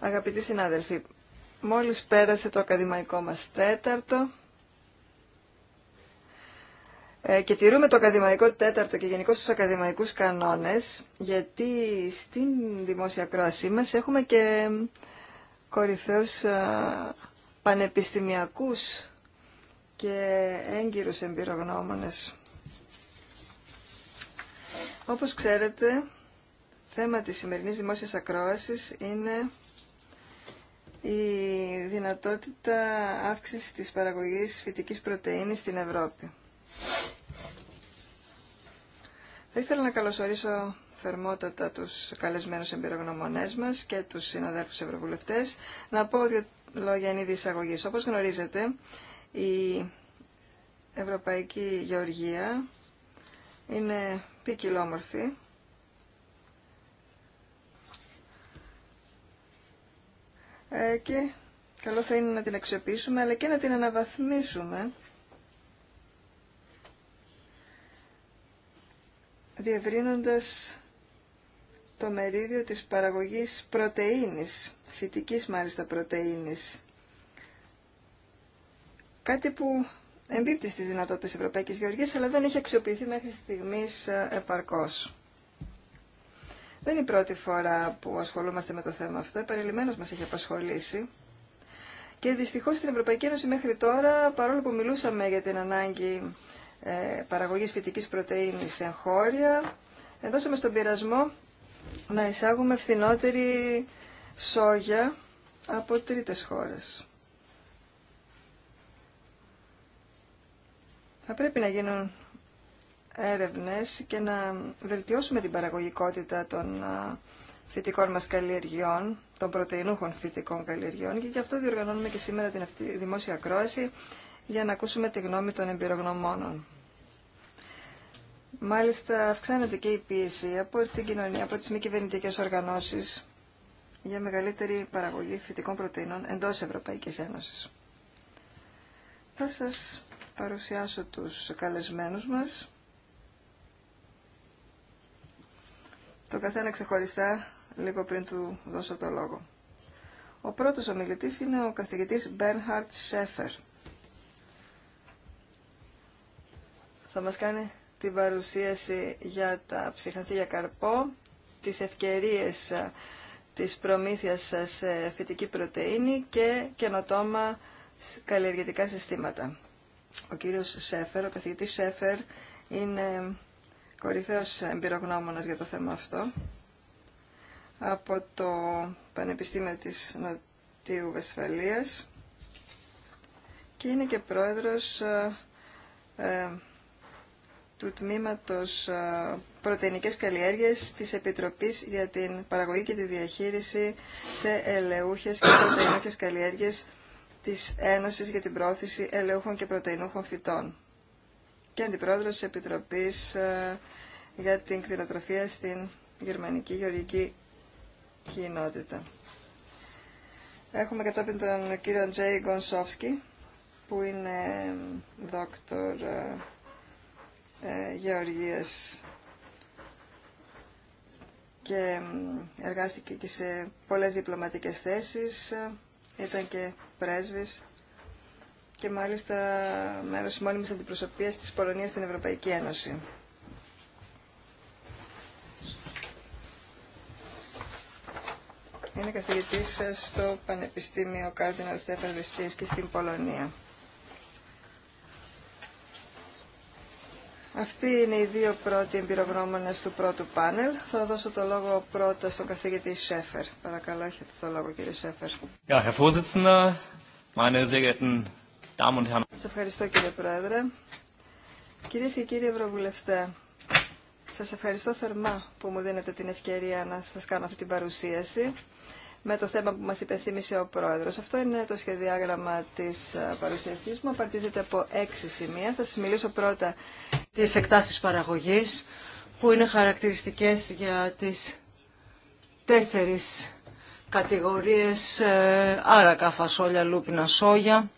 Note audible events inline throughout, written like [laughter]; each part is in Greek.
Αγαπητοί συνάδελφοι, μόλις πέρασε το ακαδημαϊκό μας τέταρτο ε, και τηρούμε το ακαδημαϊκό τέταρτο και γενικώ τους ακαδημαϊκούς κανόνες γιατί στην δημόσια κρόασή μας έχουμε και κορυφαίους ε, πανεπιστημιακούς και έγκυρους εμπειρογνώμονες. Όπως ξέρετε, θέμα της σημερινής δημόσιας ακρόασης είναι η δυνατότητα αύξησης της παραγωγής φυτικής πρωτεΐνης στην Ευρώπη. Θα ήθελα να καλωσορίσω θερμότατα τους καλεσμένους εμπειρογνωμονές μας και τους συναδέλφους ευρωβουλευτές. Να πω δύο λόγια εν είδη Όπως γνωρίζετε, η Ευρωπαϊκή Γεωργία είναι ποικιλόμορφη Ε, και καλό θα είναι να την αξιοποιήσουμε αλλά και να την αναβαθμίσουμε διευρύνοντας το μερίδιο της παραγωγής πρωτεΐνης, φυτικής μάλιστα πρωτεΐνης. Κάτι που εμπίπτει στις δυνατότητες Ευρωπαϊκής Γεωργίας, αλλά δεν έχει αξιοποιηθεί μέχρι στιγμής ε, επαρκώς. Δεν είναι η πρώτη φορά που ασχολούμαστε με το θέμα αυτό. Επανειλημμένω μα έχει απασχολήσει. Και δυστυχώ στην Ευρωπαϊκή Ένωση μέχρι τώρα, παρόλο που μιλούσαμε για την ανάγκη ε, παραγωγή φυτική πρωτενη σε χώρια, ε, δώσαμε στον πειρασμό να εισάγουμε φθηνότερη σόγια από τρίτες χώρες. Θα πρέπει να γίνουν έρευνες και να βελτιώσουμε την παραγωγικότητα των φυτικών μας καλλιεργειών, των πρωτεϊνούχων φυτικών καλλιεργειών και γι' αυτό διοργανώνουμε και σήμερα την αυτή δημόσια ακρόαση για να ακούσουμε τη γνώμη των εμπειρογνωμόνων. Μάλιστα αυξάνεται και η πίεση από την κοινωνία, από τις μη κυβερνητικέ οργανώσεις για μεγαλύτερη παραγωγή φυτικών πρωτεϊνών εντός Ευρωπαϊκής Ένωσης. Θα σας παρουσιάσω τους καλεσμένους μας. το καθένα ξεχωριστά λίγο πριν του δώσω το λόγο. Ο πρώτος ομιλητής είναι ο καθηγητής Bernhard Σέφερ. Θα μας κάνει την παρουσίαση για τα ψυχαθή καρπό, τις ευκαιρίες της προμήθειας σε φυτική πρωτεΐνη και καινοτόμα καλλιεργητικά συστήματα. Ο κύριος Σέφερ, ο καθηγητής Σέφερ, είναι κορυφαίος εμπειρογνώμονας για το θέμα αυτό από το Πανεπιστήμιο της Νοτιού Βεσφαλίας και είναι και πρόεδρος ε, ε, του Τμήματος ε, Πρωτεϊνικές Καλλιέργειες της Επιτροπής για την Παραγωγή και τη Διαχείριση σε Ελαιούχες και Πρωτεϊνούχες Καλλιέργειες της Ένωσης για την Πρόθεση Ελαιούχων και Πρωτεϊνούχων Φυτών και αντιπρόεδρος της Επιτροπής ε, για την κτηνοτροφία στην Γερμανική Γεωργική Κοινότητα. Έχουμε κατόπιν τον κύριο Τζέι Γκονσόφσκι, που είναι ε, δόκτωρ ε, γεωργίας και εργάστηκε και σε πολλές διπλωματικές θέσεις, ήταν και πρέσβης και μάλιστα μέρο μόνιμη μόνιμης τη Πολωνία στην Ευρωπαϊκή Ένωση. Είναι σα στο Πανεπιστήμιο Κάρδιναλ Στέφαν Βεσσίας και στην Πολωνία. Αυτοί είναι οι δύο πρώτοι εμπειρογνώμονες του πρώτου πάνελ. Θα δώσω το λόγο πρώτα στον καθηγητή Σέφερ. Παρακαλώ, έχετε το λόγο κύριε Σέφερ. Ja, Herr Vorsitzender, σας ευχαριστώ κύριε Πρόεδρε. Κυρίες και κύριοι Ευρωβουλευτέ, σας ευχαριστώ θερμά που μου δίνετε την ευκαιρία να σας κάνω αυτή την παρουσίαση με το θέμα που μας υπενθύμησε ο Πρόεδρος. Αυτό είναι το σχεδιάγραμμα της ε, παρουσίασής μου. Απαρτίζεται από έξι σημεία. Θα σας μιλήσω πρώτα τις εκτάσεις παραγωγής που είναι χαρακτηριστικές για τις τέσσερις κατηγορίες ε, άρακα, φασόλια, λούπινα, σόγια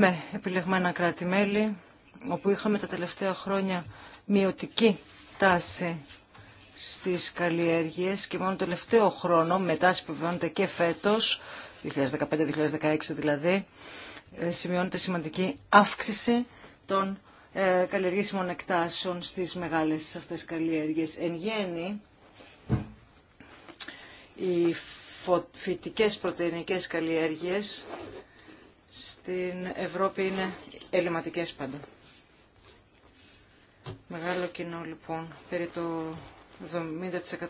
με επιλεγμένα κράτη-μέλη, όπου είχαμε τα τελευταία χρόνια μειωτική τάση στις καλλιέργειες και μόνο το τελευταίο χρόνο, με τάση που και φέτος, 2015-2016 δηλαδή, ε, σημειώνεται σημαντική αύξηση των ε, καλλιεργήσιμων εκτάσεων στις μεγάλες αυτές καλλιέργειες. Εν γέννη, οι φυτικές πρωτεϊνικές καλλιέργειες στην Ευρώπη είναι ελληματικές πάντα. Μεγάλο κοινό λοιπόν, περί το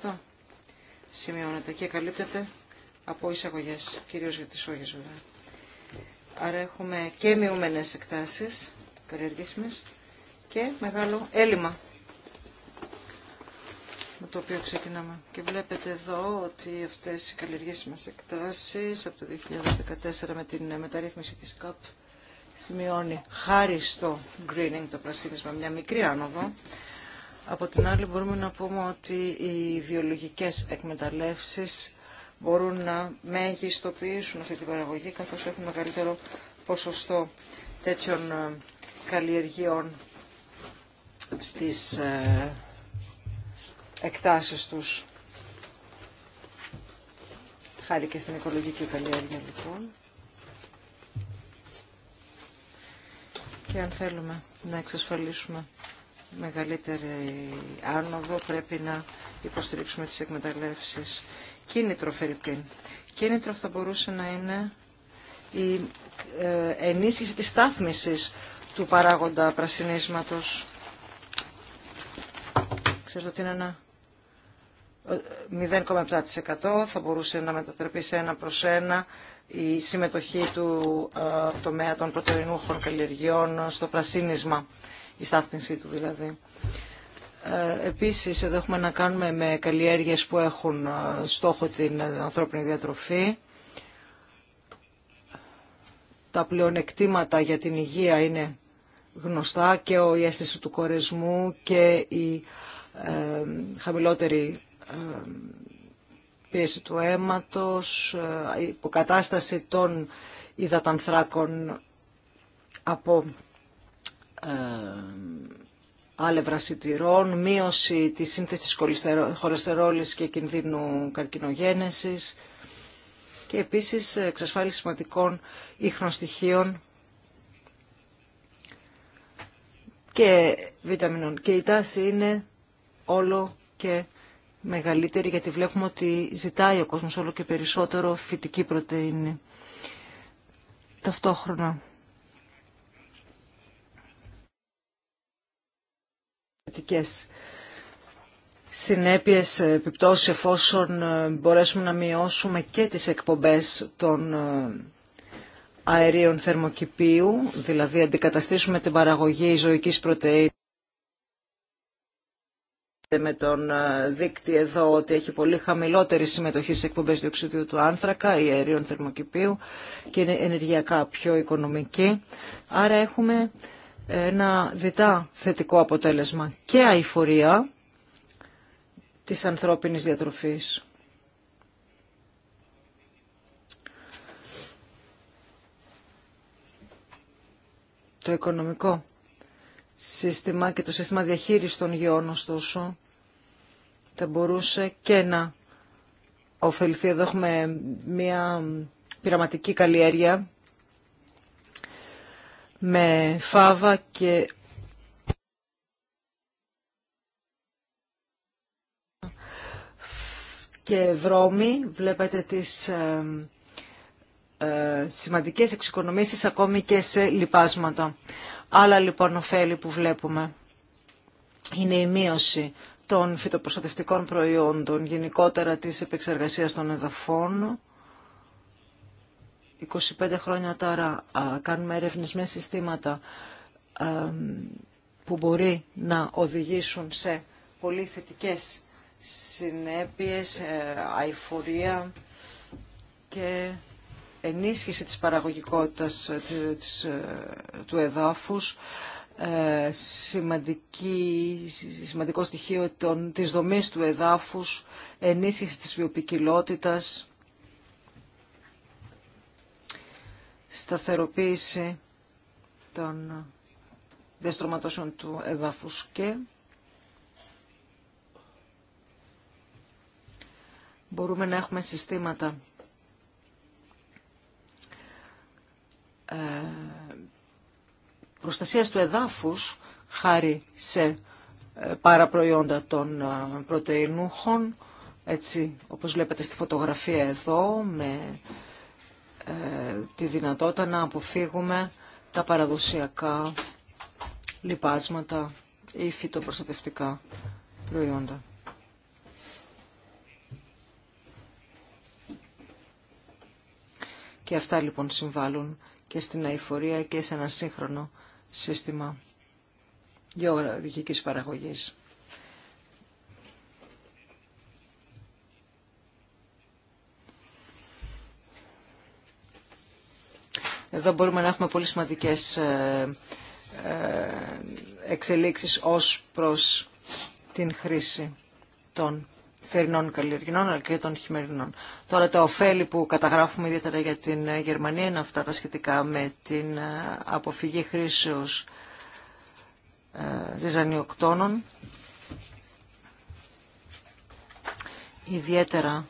70% σημειώνεται και καλύπτεται από εισαγωγές, κυρίως για τις όγες βέβαια. Άρα έχουμε και μειωμένες εκτάσεις καλλιεργήσιμες και μεγάλο έλλειμμα με το οποίο ξεκινάμε. Και βλέπετε εδώ ότι αυτές οι καλλιεργήσεις μας εκτάσεις από το 2014 με την μεταρρύθμιση της ΚΑΠ σημειώνει χάρη στο greening το πρασίνισμα μια μικρή άνοδο. Από την άλλη μπορούμε να πούμε ότι οι βιολογικές εκμεταλλεύσεις μπορούν να μεγιστοποιήσουν αυτή την παραγωγή καθώς έχουν μεγαλύτερο ποσοστό τέτοιων ε, καλλιεργειών στις ε, εκτάσεις τους. Χάρη και στην οικολογική καλλιέργεια λοιπόν. Και αν θέλουμε να εξασφαλίσουμε μεγαλύτερη άνοδο πρέπει να υποστηρίξουμε τις εκμεταλλεύσεις. Κίνητρο Φερρυπίν. Κίνητρο θα μπορούσε να είναι η ε, ενίσχυση της στάθμισης του παράγοντα πρασινίσματος. Ξέρω ότι είναι ένα 0,7% ε, ε, θα μπορούσε να μετατραπεί σε ένα προς ένα η συμμετοχή του ε, τομέα των προτεραινούχων καλλιεργειών στο πρασίνισμα, η στάθμιση του δηλαδή. Επίσης, εδώ έχουμε να κάνουμε με καλλιέργειες που έχουν στόχο την ανθρώπινη διατροφή. Τα πλεονεκτήματα για την υγεία είναι γνωστά και η αίσθηση του κορεσμού και η χαμηλότερη ε, πίεση του αίματος, ε, υποκατάσταση των υδατανθράκων από ε, άλευρα σιτηρών, μείωση της σύνθεσης της χολεστερόλης και κινδύνου καρκινογένεσης και επίσης εξασφάλιση σημαντικών ίχνων στοιχείων και βιταμινών. Και η τάση είναι όλο και μεγαλύτερη γιατί βλέπουμε ότι ζητάει ο κόσμος όλο και περισσότερο φυτική πρωτεΐνη. Ταυτόχρονα. συνέπειες ε, επιπτώσεις εφόσον ε, μπορέσουμε να μειώσουμε και τις εκπομπές των ε, αερίων θερμοκηπίου, δηλαδή αντικαταστήσουμε την παραγωγή ζωικής πρωτεΐνης με τον ε, δείκτη εδώ ότι έχει πολύ χαμηλότερη συμμετοχή σε εκπομπέ διοξιδίου του άνθρακα ή αερίων θερμοκηπίου και είναι ενεργειακά πιο οικονομική. Άρα έχουμε ένα διτά θετικό αποτέλεσμα και αηφορία της ανθρώπινης διατροφής. Το οικονομικό σύστημα και το σύστημα διαχείρισης των γεών ωστόσο θα μπορούσε και να ωφεληθεί. Εδώ έχουμε μια πειραματική καλλιέργεια με φάβα και και βρώμη. Βλέπετε τις ε, ε, σημαντικές εξοικονομήσεις ακόμη και σε λιπάσματα. Άλλα λοιπόν ωφέλη που βλέπουμε είναι η μείωση των φυτοπροστατευτικών προϊόντων, γενικότερα της επεξεργασίας των εδαφών. 25 χρόνια τώρα κάνουμε ερευνησμένα συστήματα που μπορεί να οδηγήσουν σε πολύ θετικές συνέπειες, ε, αηφορία και ενίσχυση της παραγωγικότητας ε, ε, του εδάφους, ε, σημαντική, σημαντικό στοιχείο των, της δομής του εδάφους, ενίσχυση της βιοπικιλότητας, σταθεροποίηση των διαστρωματώσεων του εδάφους και μπορούμε να έχουμε συστήματα Ε, προστασίας του εδάφους χάρη σε ε, παραπροϊόντα των ε, πρωτεϊνούχων, έτσι όπως βλέπετε στη φωτογραφία εδώ, με τη δυνατότητα να αποφύγουμε τα παραδοσιακά λιπάσματα ή φυτοπροστατευτικά προϊόντα. Και αυτά λοιπόν συμβάλλουν και στην αηφορία και σε ένα σύγχρονο σύστημα γεωργικής παραγωγής. Εδώ μπορούμε να έχουμε πολύ σημαντικές ε, ε, εξελίξεις ως προς την χρήση των θερινών καλλιεργινών αλλά και των χειμερινών. Τώρα τα ωφέλη που καταγράφουμε ιδιαίτερα για την ε, Γερμανία είναι αυτά τα σχετικά με την ε, αποφυγή χρήσεως ε, ζυζανιοκτώνων. Ιδιαίτερα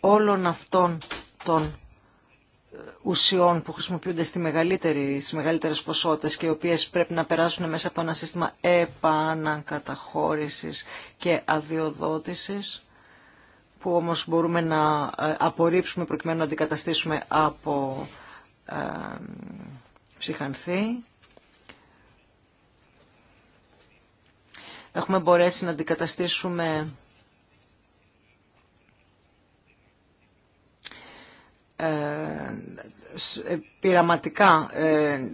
όλων αυτών των ουσιών που χρησιμοποιούνται στη μεγαλύτερη, στις μεγαλύτερες ποσότητες και οι οποίες πρέπει να περάσουν μέσα από ένα σύστημα επανακαταχώρησης και αδειοδότησης που όμως μπορούμε να ε, απορρίψουμε προκειμένου να αντικαταστήσουμε από ε, ψυχανθή. Έχουμε μπορέσει να αντικαταστήσουμε Ε, ε, πειραματικά ε,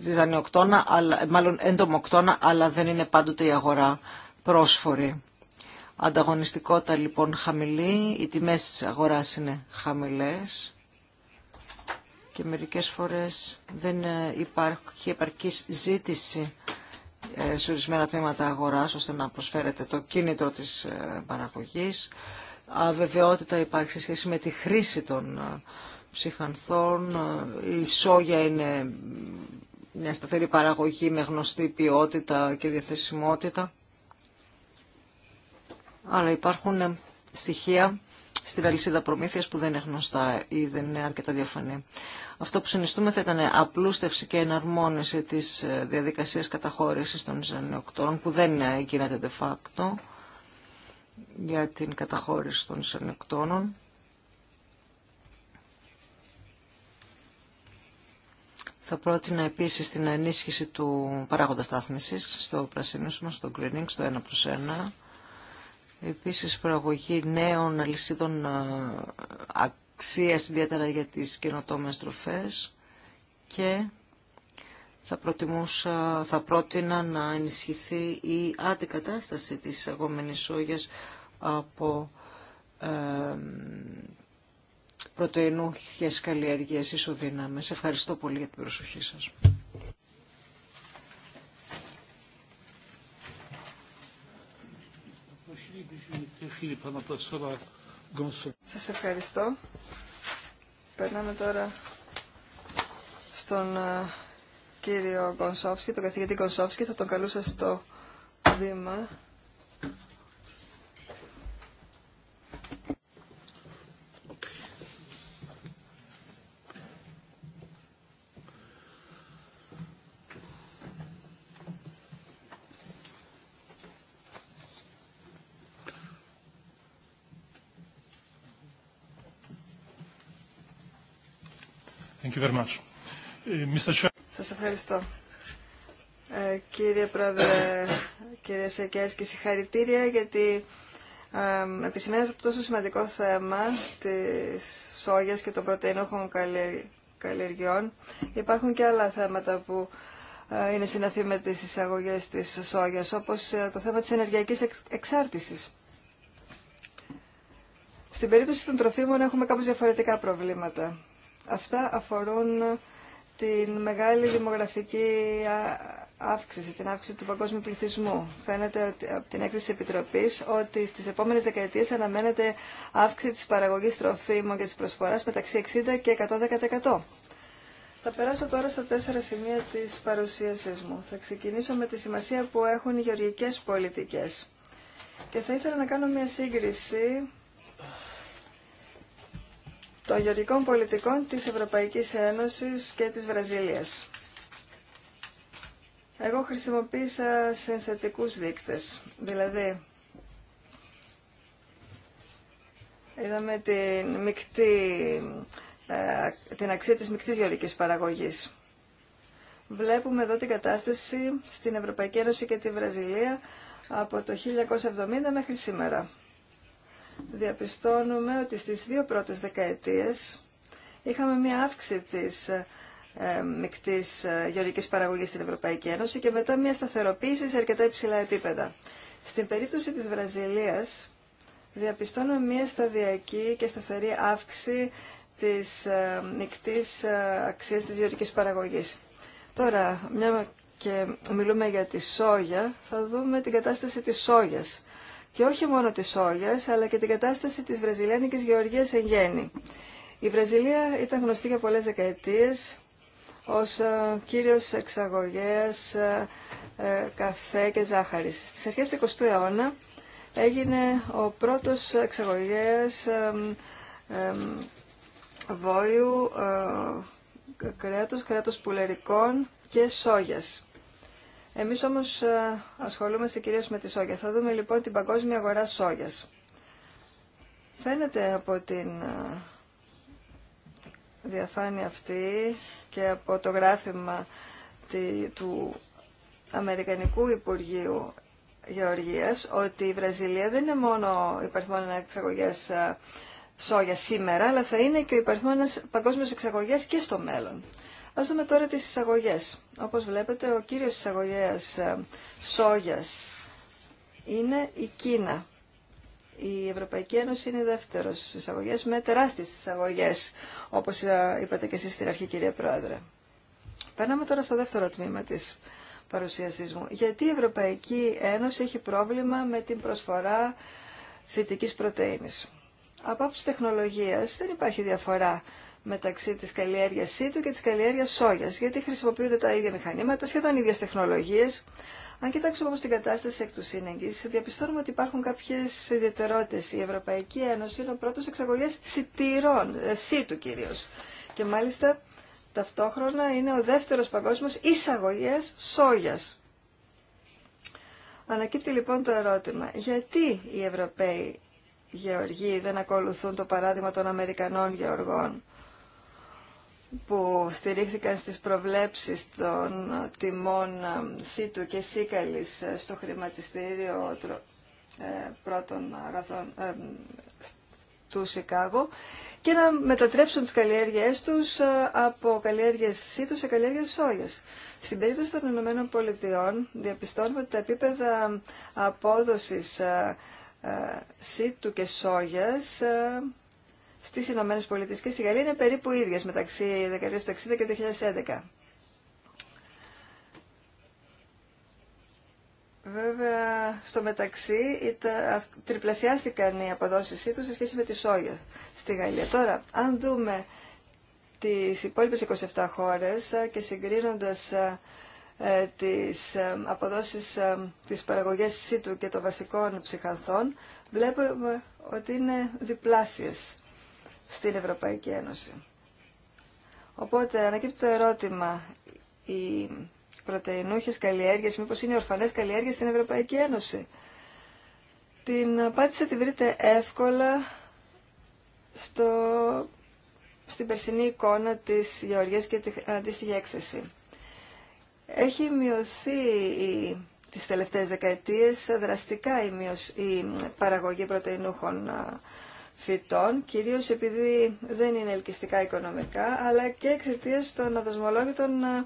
ζυζανιοκτώνα, αλλά, μάλλον εντομοκτώνα, αλλά δεν είναι πάντοτε η αγορά πρόσφορη. Ανταγωνιστικότητα λοιπόν χαμηλή, οι τιμές της αγοράς είναι χαμηλές και μερικές φορές δεν υπάρχει επαρκής ζήτηση σε ορισμένα τμήματα αγοράς ώστε να προσφέρεται το κίνητρο της παραγωγής αβεβαιότητα υπάρχει σε σχέση με τη χρήση των ε, ψυχανθών. Ε, η σόγια είναι μια σταθερή παραγωγή με γνωστή ποιότητα και διαθεσιμότητα. Αλλά υπάρχουν ε, στοιχεία στην αλυσίδα προμήθειας που δεν είναι γνωστά ή δεν είναι αρκετά διαφανή. Αυτό που συνιστούμε θα ήταν απλούστευση και εναρμόνιση της διαδικασίας καταχώρησης των ζανιοκτών που δεν γίνεται de facto για την καταχώρηση των συνεκτώνων. Θα πρότεινα επίσης την ενίσχυση του παράγοντα στάθμισης στο πρασίνισμα, στο greening, στο 1 προς 1. Επίσης προαγωγή νέων αλυσίδων αξίας, ιδιαίτερα για τις καινοτόμες τροφές και θα, προτιμούσα, θα πρότεινα να ενισχυθεί η αντικατάσταση της αγόμενης σόγιας από ε, πρωτεϊνούχες καλλιεργίες ισοδύναμες. Ευχαριστώ πολύ για την προσοχή σας. Σας ευχαριστώ. Περνάμε τώρα στον ε, κύριο Γκονσόφσκι, τον καθηγητή Γκονσόφσκι. Θα τον καλούσα στο βήμα. Ε, Σα ευχαριστώ. Ε, κύριε Πρόεδρε, κύριε και συγχαρητήρια γιατί ε, επισημαίνετε το τόσο σημαντικό θέμα τη σόγιας και των πρωτεϊνούχων καλλιεργιών. Υπάρχουν και άλλα θέματα που ε, είναι συναφή με τις εισαγωγέ της σόγιας, όπως το θέμα της ενεργειακής εξάρτησης. Στην περίπτωση των τροφίμων έχουμε κάπως διαφορετικά προβλήματα. Αυτά αφορούν την μεγάλη δημογραφική αύξηση, την αύξηση του παγκόσμιου πληθυσμού. Φαίνεται από την έκθεση της Επιτροπής ότι στις επόμενες δεκαετίες αναμένεται αύξηση της παραγωγής τροφίμων και της προσφοράς μεταξύ 60 και 110%. Θα περάσω τώρα στα τέσσερα σημεία της παρουσίασής μου. Θα ξεκινήσω με τη σημασία που έχουν οι γεωργικές πολιτικές. Και θα ήθελα να κάνω μια σύγκριση των γεωργικών πολιτικών της Ευρωπαϊκής Ένωσης και της Βραζίλιας. Εγώ χρησιμοποίησα συνθετικούς δείκτες, δηλαδή είδαμε την, μικτή, ε, την αξία της μικτής γεωργικής παραγωγής. Βλέπουμε εδώ την κατάσταση στην Ευρωπαϊκή Ένωση και τη Βραζιλία από το 1970 μέχρι σήμερα διαπιστώνουμε ότι στις δύο πρώτες δεκαετίες είχαμε μία αύξηση της ε, μεικτής ε, γεωργικής παραγωγής στην Ευρωπαϊκή Ένωση και μετά μία σταθεροποίηση σε αρκετά υψηλά επίπεδα. Στην περίπτωση της Βραζιλίας διαπιστώνουμε μία σταδιακή και σταθερή αύξηση της ε, μεικτής ε, αξίας της γεωργικής παραγωγής. Τώρα, μια και μιλούμε για τη σόγια, θα δούμε την κατάσταση της σόγιας και όχι μόνο της σόγιας, αλλά και την κατάσταση της βραζιλιάνικης γεωργίας εν γέννη. Η Βραζιλία ήταν γνωστή για πολλές δεκαετίες ως ε, κύριος εξαγωγέας ε, ε, καφέ και ζάχαρης. Στις αρχές του 20ου αιώνα έγινε ο πρώτος εξαγωγέας βόλου κρέατος, κρέατος πουλερικών και σόγιας. Εμείς όμως ε, ασχολούμαστε κυρίως με τη σόγια. Θα δούμε λοιπόν την παγκόσμια αγορά σόγιας. Φαίνεται από την ε, διαφάνεια αυτή και από το γράφημα του Αμερικανικού Υπουργείου Γεωργίας ότι η Βραζιλία δεν είναι μόνο υπαριθμόν εξαγωγές ε, σόγια σήμερα, αλλά θα είναι και ο υπαριθμόν Παγκόσμιο εξαγωγές και στο μέλλον. Ας δούμε τώρα τις εισαγωγέ. Όπως βλέπετε, ο κύριος εισαγωγέας ε, σόγιας είναι η Κίνα. Η Ευρωπαϊκή Ένωση είναι δεύτερος εισαγωγέ, με τεράστιες εισαγωγές, όπως ε, είπατε και εσείς στην αρχή, κύριε Πρόεδρε. Περνάμε τώρα στο δεύτερο τμήμα της παρουσίασής μου. Γιατί η Ευρωπαϊκή Ένωση έχει πρόβλημα με την προσφορά φυτικής πρωτεΐνης. Από τεχνολογίας δεν υπάρχει διαφορά μεταξύ της καλλιέργειας σίτου και της καλλιέργειας σόγιας, γιατί χρησιμοποιούνται τα ίδια μηχανήματα, σχεδόν ίδιες τεχνολογίες. Αν κοιτάξουμε όμως την κατάσταση εκ του σύνεγγης, διαπιστώνουμε ότι υπάρχουν κάποιες ιδιαιτερότητες. Η Ευρωπαϊκή Ένωση είναι ο πρώτος εξαγωγές σιτήρων, ε, σίτου κυρίως. Και μάλιστα ταυτόχρονα είναι ο δεύτερος παγκόσμιος εισαγωγές σόγιας. Ανακύπτει λοιπόν το ερώτημα, γιατί οι Ευρωπαίοι γεωργοί δεν ακολουθούν το παράδειγμα των Αμερικανών γεωργών που στηρίχθηκαν στις προβλέψεις των τιμών ε, ΣΥΤΟΥ και ΣΥΚΑΛΙΣ ε, στο χρηματιστήριο ε, πρώτων αγαθών του Σικάγο και να μετατρέψουν τις καλλιέργειές τους από καλλιέργειες ΣΥΤΟΥ σε καλλιέργειες σόγιας. Στην περίπτωση των Ηνωμένων Πολιτειών διαπιστώνουμε ότι τα επίπεδα απόδοσης ΣΥΤΟΥ και σόγιας στις Ηνωμένε Πολιτείε και στη Γαλλία είναι περίπου ίδιες μεταξύ δεκαετίας του και του 2011. Βέβαια, στο μεταξύ τριπλασιάστηκαν οι αποδόσεις του σε σχέση με τη σόγια στη Γαλλία. Τώρα, αν δούμε τις υπόλοιπες 27 χώρες και συγκρίνοντας ε, τις ε, αποδόσεις της παραγωγής σύτου και των βασικών ψυχανθών, βλέπουμε ότι είναι διπλάσιες στην Ευρωπαϊκή Ένωση. Οπότε ανακύπτει το ερώτημα, οι πρωτεϊνούχες καλλιέργειες μήπως είναι ορφανές καλλιέργειες στην Ευρωπαϊκή Ένωση. Την απάντηση τη βρείτε εύκολα στο, στην περσινή εικόνα της Γεωργίας και την αντίστοιχη έκθεση. Έχει μειωθεί η τις τελευταίες δεκαετίες δραστικά η, μείωση, η παραγωγή πρωτεϊνούχων φυτών, κυρίως επειδή δεν είναι ελκυστικά οικονομικά, αλλά και εξαιτία των αδοσμολόγητων ε,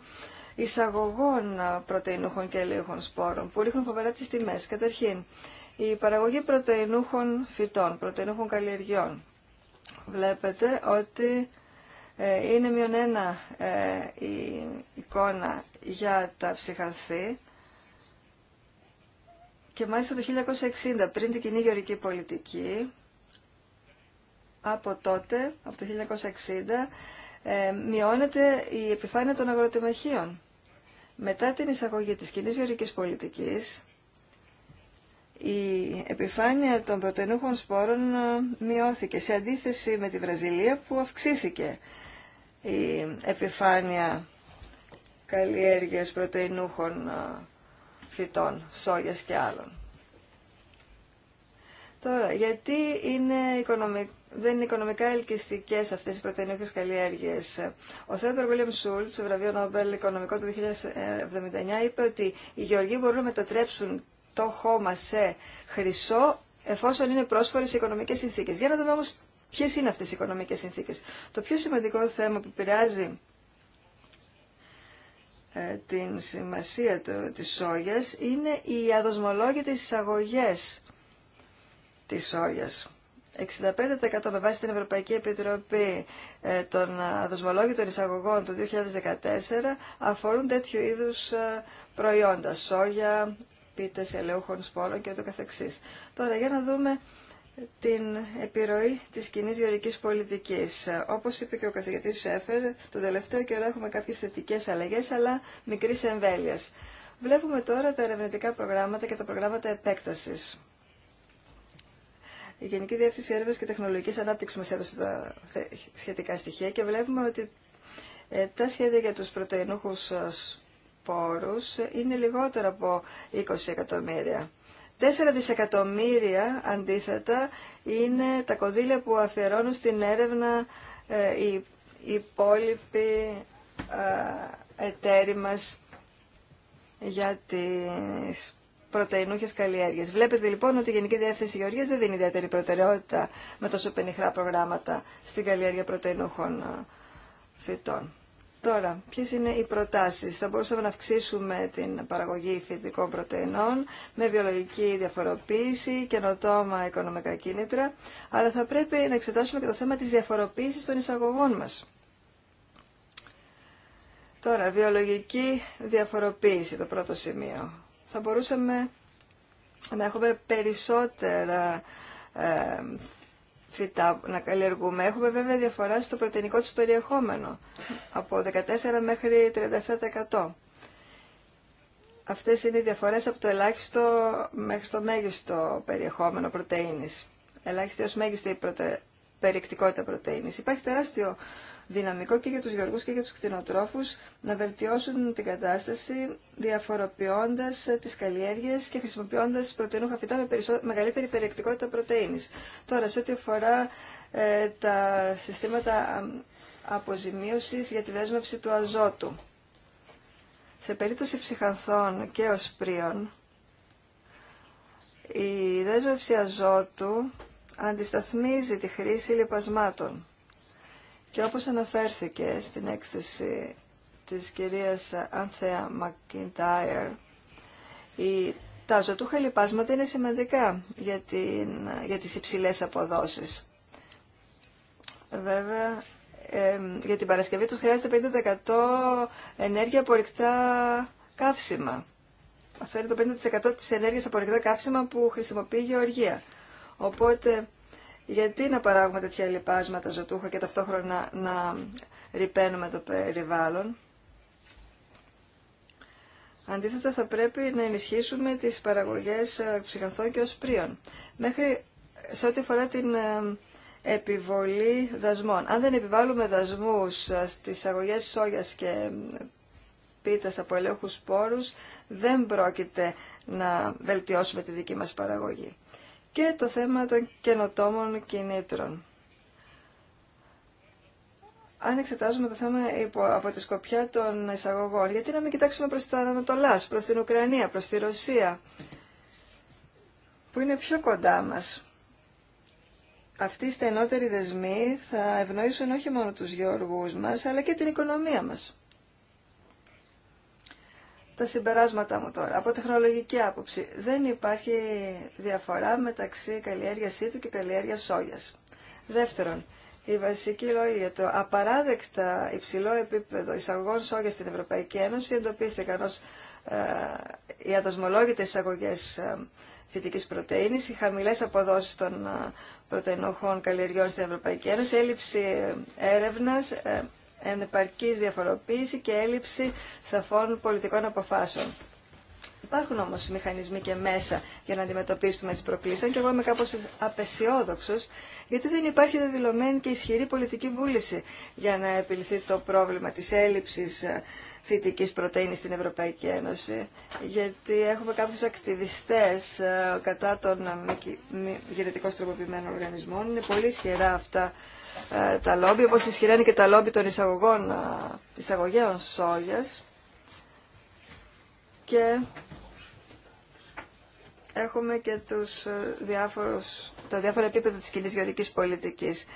εισαγωγών ε, πρωτεϊνούχων και ελαιούχων σπόρων, που ρίχνουν φοβερά τις τιμές. Καταρχήν, η παραγωγή πρωτεϊνούχων φυτών, πρωτεϊνούχων καλλιεργιών. Βλέπετε ότι ε, είναι μειον η εικόνα για τα ψυχαθή και μάλιστα το 1960, πριν την κοινή γεωρική πολιτική, από τότε, από το 1960, ε, μειώνεται η επιφάνεια των αγροτεμαχίων. Μετά την εισαγωγή της κοινή γεωρικής πολιτικής, η επιφάνεια των πρωτενούχων σπόρων ε, μειώθηκε, σε αντίθεση με τη Βραζιλία που αυξήθηκε η επιφάνεια καλλιέργειας πρωτεϊνούχων ε, φυτών, σόγιας και άλλων. Τώρα, γιατί είναι οικονομικό δεν είναι οικονομικά ελκυστικέ αυτέ οι πρωτενούχε καλλιέργειε. Ο Θέοδρο Βίλιαμ Σούλτ, βραβείο Νόμπελ Οικονομικό του 1979, είπε ότι οι γεωργοί μπορούν να μετατρέψουν το χώμα σε χρυσό εφόσον είναι πρόσφορε οι οικονομικέ συνθήκε. Για να δούμε όμω ποιε είναι αυτέ οι οικονομικέ συνθήκε. Το πιο σημαντικό θέμα που επηρεάζει ε, την σημασία τη της σόγιας είναι οι αδοσμολόγητες εισαγωγέ της σόγιας. 65% με βάση την Ευρωπαϊκή Επιτροπή ε, των ε, των εισαγωγών του 2014 αφορούν τέτοιου είδους ε, προϊόντα, σόγια, πίτες, ελαιούχων σπόλων και ούτω καθεξής. Τώρα για να δούμε την επιρροή της κοινή γεωρικής πολιτικής. Όπως είπε και ο καθηγητής Σέφερ, το τελευταίο καιρό έχουμε κάποιες θετικές αλλαγές, αλλά μικρής εμβέλειας. Βλέπουμε τώρα τα ερευνητικά προγράμματα και τα προγράμματα επέκτασης. Η Γενική Διεύθυνση Έρευνα και Τεχνολογική Ανάπτυξη μα έδωσε τα σχετικά στοιχεία και βλέπουμε ότι ε, τα σχέδια για του πρωτεϊνούχου ε, πόρου ε, είναι λιγότερα από 20 εκατομμύρια. 4 δισεκατομμύρια αντίθετα είναι τα κονδύλια που αφιερώνουν στην έρευνα οι υπόλοιποι εταίροι μας για τις πρωτεϊνούχε καλλιέργειε. Βλέπετε λοιπόν ότι η Γενική Διεύθυνση Γεωργία δεν δίνει ιδιαίτερη προτεραιότητα με τόσο πενιχρά προγράμματα στην καλλιέργεια πρωτεϊνούχων ε, φυτών. Τώρα, ποιε είναι οι προτάσει. Θα μπορούσαμε να αυξήσουμε την παραγωγή φυτικών πρωτεϊνών με βιολογική διαφοροποίηση, καινοτόμα οικονομικά κίνητρα, αλλά θα πρέπει να εξετάσουμε και το θέμα τη διαφοροποίηση των εισαγωγών μα. Τώρα, βιολογική διαφοροποίηση, το πρώτο σημείο θα μπορούσαμε να έχουμε περισσότερα ε, φυτά να καλλιεργούμε. Έχουμε βέβαια διαφορά στο πρωτεϊνικό τους περιεχόμενο, από 14 μέχρι 37%. Αυτές είναι οι διαφορές από το ελάχιστο μέχρι το μέγιστο περιεχόμενο πρωτεΐνης. Ελάχιστη ως μέγιστη περιεκτικότητα πρωτεΐνης. Υπάρχει τεράστιο δυναμικό και για τους γεωργούς και για τους κτηνοτρόφους να βελτιώσουν την κατάσταση διαφοροποιώντας ε, τις καλλιέργειες και χρησιμοποιώντας πρωτεϊνούχα φυτά με μεγαλύτερη περιεκτικότητα πρωτεΐνης. Τώρα, σε ό,τι αφορά ε, τα συστήματα αποζημίωσης για τη δέσμευση του αζότου. Σε περίπτωση ψυχανθών και οσπρίων, η δέσμευση αζότου αντισταθμίζει τη χρήση λιπασμάτων. Και όπως αναφέρθηκε στην έκθεση της κυρίας Ανθέα Μακκίνταιρ, τα ζωτούχα λοιπάσματα είναι σημαντικά για, την, για τις υψηλές αποδόσεις. Βέβαια, για την Παρασκευή τους χρειάζεται 50% ενέργεια από ρηκτά καύσιμα. Αυτό είναι το 50% της ενέργειας από ρηκτά καύσιμα που χρησιμοποιεί η γεωργία. Οπότε γιατί να παράγουμε τέτοια λοιπάσματα ζωτούχα και ταυτόχρονα να ρηπαίνουμε το περιβάλλον. Αντίθετα θα πρέπει να ενισχύσουμε τις παραγωγές ε, ψυχαθών και οσπρίων. Μέχρι σε ό,τι αφορά την ε, επιβολή δασμών. Αν δεν επιβάλλουμε δασμούς ε, στις αγωγές σόγιας και πίτας από ελέγχους σπόρους, δεν πρόκειται να βελτιώσουμε τη δική μας παραγωγή και το θέμα των καινοτόμων κινήτρων. Αν εξετάζουμε το θέμα από τη σκοπιά των εισαγωγών, γιατί να μην κοιτάξουμε προς τα Ανατολά, προς την Ουκρανία, προς τη Ρωσία, που είναι πιο κοντά μας. Αυτοί οι στενότεροι δεσμοί θα ευνοήσουν όχι μόνο τους γεωργούς μας, αλλά και την οικονομία μας τα συμπεράσματά μου τώρα. Από τεχνολογική άποψη, δεν υπάρχει διαφορά μεταξύ καλλιέργειας ήτου και καλλιέργειας σόγιας. Δεύτερον, η βασική λόγη για το απαράδεκτα υψηλό επίπεδο εισαγωγών σόγιας στην Ευρωπαϊκή Ένωση εντοπίστηκαν ως ε, οι ατασμολόγητες εισαγωγές ε, φυτικής πρωτεΐνης, οι χαμηλές αποδόσεις των ε, πρωτεϊνοχών καλλιεργιών στην Ευρωπαϊκή Ένωση, έλλειψη ε, έρευνας, ε, ενεπαρκής διαφοροποίηση και έλλειψη σαφών πολιτικών αποφάσεων. Υπάρχουν όμως μηχανισμοί και μέσα για να αντιμετωπίσουμε τις προκλήσεις, αν και εγώ είμαι κάπως απεσιόδοξος, γιατί δεν υπάρχει δεδηλωμένη και ισχυρή πολιτική βούληση για να επιληθεί το πρόβλημα της έλλειψης ε, φυτικής πρωτεΐνης στην Ευρωπαϊκή Ένωση, γιατί έχουμε κάποιους ακτιβιστές ε, κατά των γενετικώς τροποποιημένων οργανισμών. Είναι πολύ ισχυρά αυτά ε, τα λόμπι, όπως ισχυρά είναι και τα λόμπι των εισαγωγών, ε, εισαγωγέων σόγιας. Και έχουμε και τους ε, διάφορους, τα διάφορα επίπεδα της κοινής γεωρικής πολιτικής.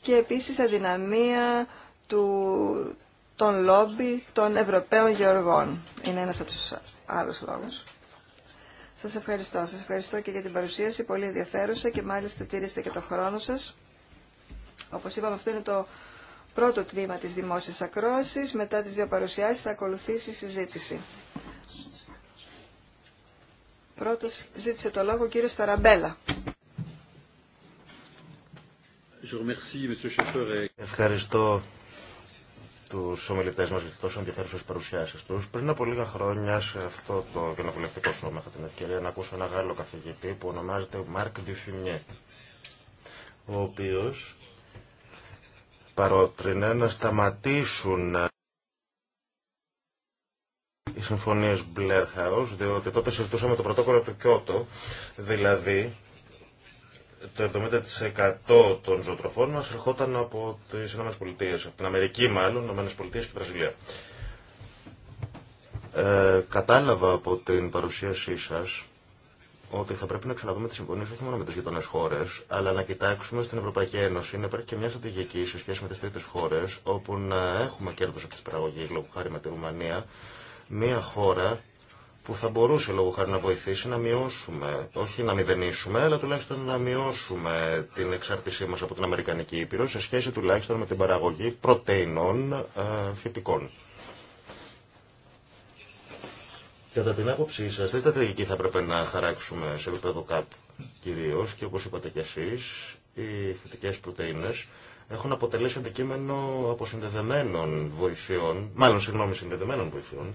Και επίσης αδυναμία του, των λόμπι των Ευρωπαίων γεωργών. Είναι ένας από τους άλλους λόγους. Σας ευχαριστώ. Σας ευχαριστώ και για την παρουσίαση, πολύ ενδιαφέρουσα και μάλιστα τήρησε και το χρόνο σας. Όπως είπαμε, αυτό είναι το πρώτο τμήμα της δημόσιας ακρόασης. Μετά τις δύο παρουσιάσεις θα ακολουθήσει η συζήτηση. Πρώτος ζήτησε το λόγο ο κύριος Ταραμπέλα. Ευχαριστώ του ομιλητέ μα για τι τόσο ενδιαφέρουσε παρουσιάσει του. Πριν από λίγα χρόνια, σε αυτό το κοινοβουλευτικό σώμα, είχα την ευκαιρία να ακούσω ένα Γάλλο καθηγητή που ονομάζεται Μάρκ Ντιφινιέ, ο οποίο παρότρινε να σταματήσουν ε, οι συμφωνίες Blair House, διότι τότε συζητούσαμε το πρωτόκολλο του Κιώτο, δηλαδή το 70% των ζωοτροφών μας ερχόταν από τις Πολιτείες, από την Αμερική μάλλον, ΗΠΑ και Βραζιλία. Ε, κατάλαβα από την παρουσίασή σας ότι θα πρέπει να ξαναδούμε τι συμφωνίε όχι μόνο με τι γειτονέ χώρε, αλλά να κοιτάξουμε στην Ευρωπαϊκή Ένωση να υπάρχει και μια στρατηγική σε σχέση με τι τρίτε χώρε, όπου να έχουμε κέρδο από τι παραγωγέ, λόγω χάρη με τη Ρουμανία, μια χώρα που θα μπορούσε λόγω χάρη να βοηθήσει να μειώσουμε, όχι να μηδενίσουμε, αλλά τουλάχιστον να μειώσουμε την εξάρτησή μα από την Αμερικανική Ήπειρο σε σχέση τουλάχιστον με την παραγωγή πρωτεϊνών ε, φυτικών. Κατά την άποψή σα, τι στρατηγική θα έπρεπε να χαράξουμε σε επίπεδο ΚΑΠ κυρίω και όπω είπατε κι εσεί, οι θετικέ πρωτενε έχουν αποτελέσει αντικείμενο αποσυνδεδεμένων βοηθειών, μάλλον συγγνώμη, συνδεδεμένων βοηθειών.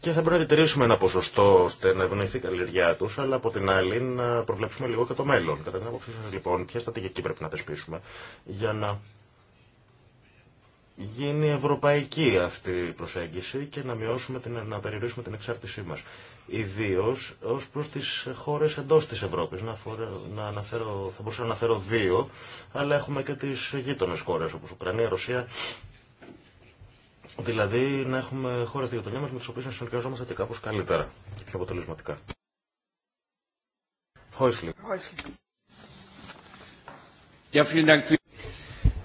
Και θα πρέπει να διατηρήσουμε ένα ποσοστό ώστε να ευνοηθεί η καλλιεργιά του, αλλά από την άλλη να προβλέψουμε λίγο και το μέλλον. Κατά την άποψή σα, λοιπόν, ποια στρατηγική πρέπει να θεσπίσουμε για να γίνει ευρωπαϊκή αυτή η προσέγγιση και να, μειώσουμε την, να περιορίσουμε την εξάρτησή μας. Ιδίω ως προς τις χώρες εντός της Ευρώπης. Να, να αναφέρω, θα μπορούσα να αναφέρω δύο, αλλά έχουμε και τις γείτονες χώρες όπως Ουκρανία, Ρωσία. Δηλαδή να έχουμε χώρες γειτονιά μας με τις οποίες να συνεργαζόμαστε και κάπως καλύτερα και πιο αποτελεσματικά.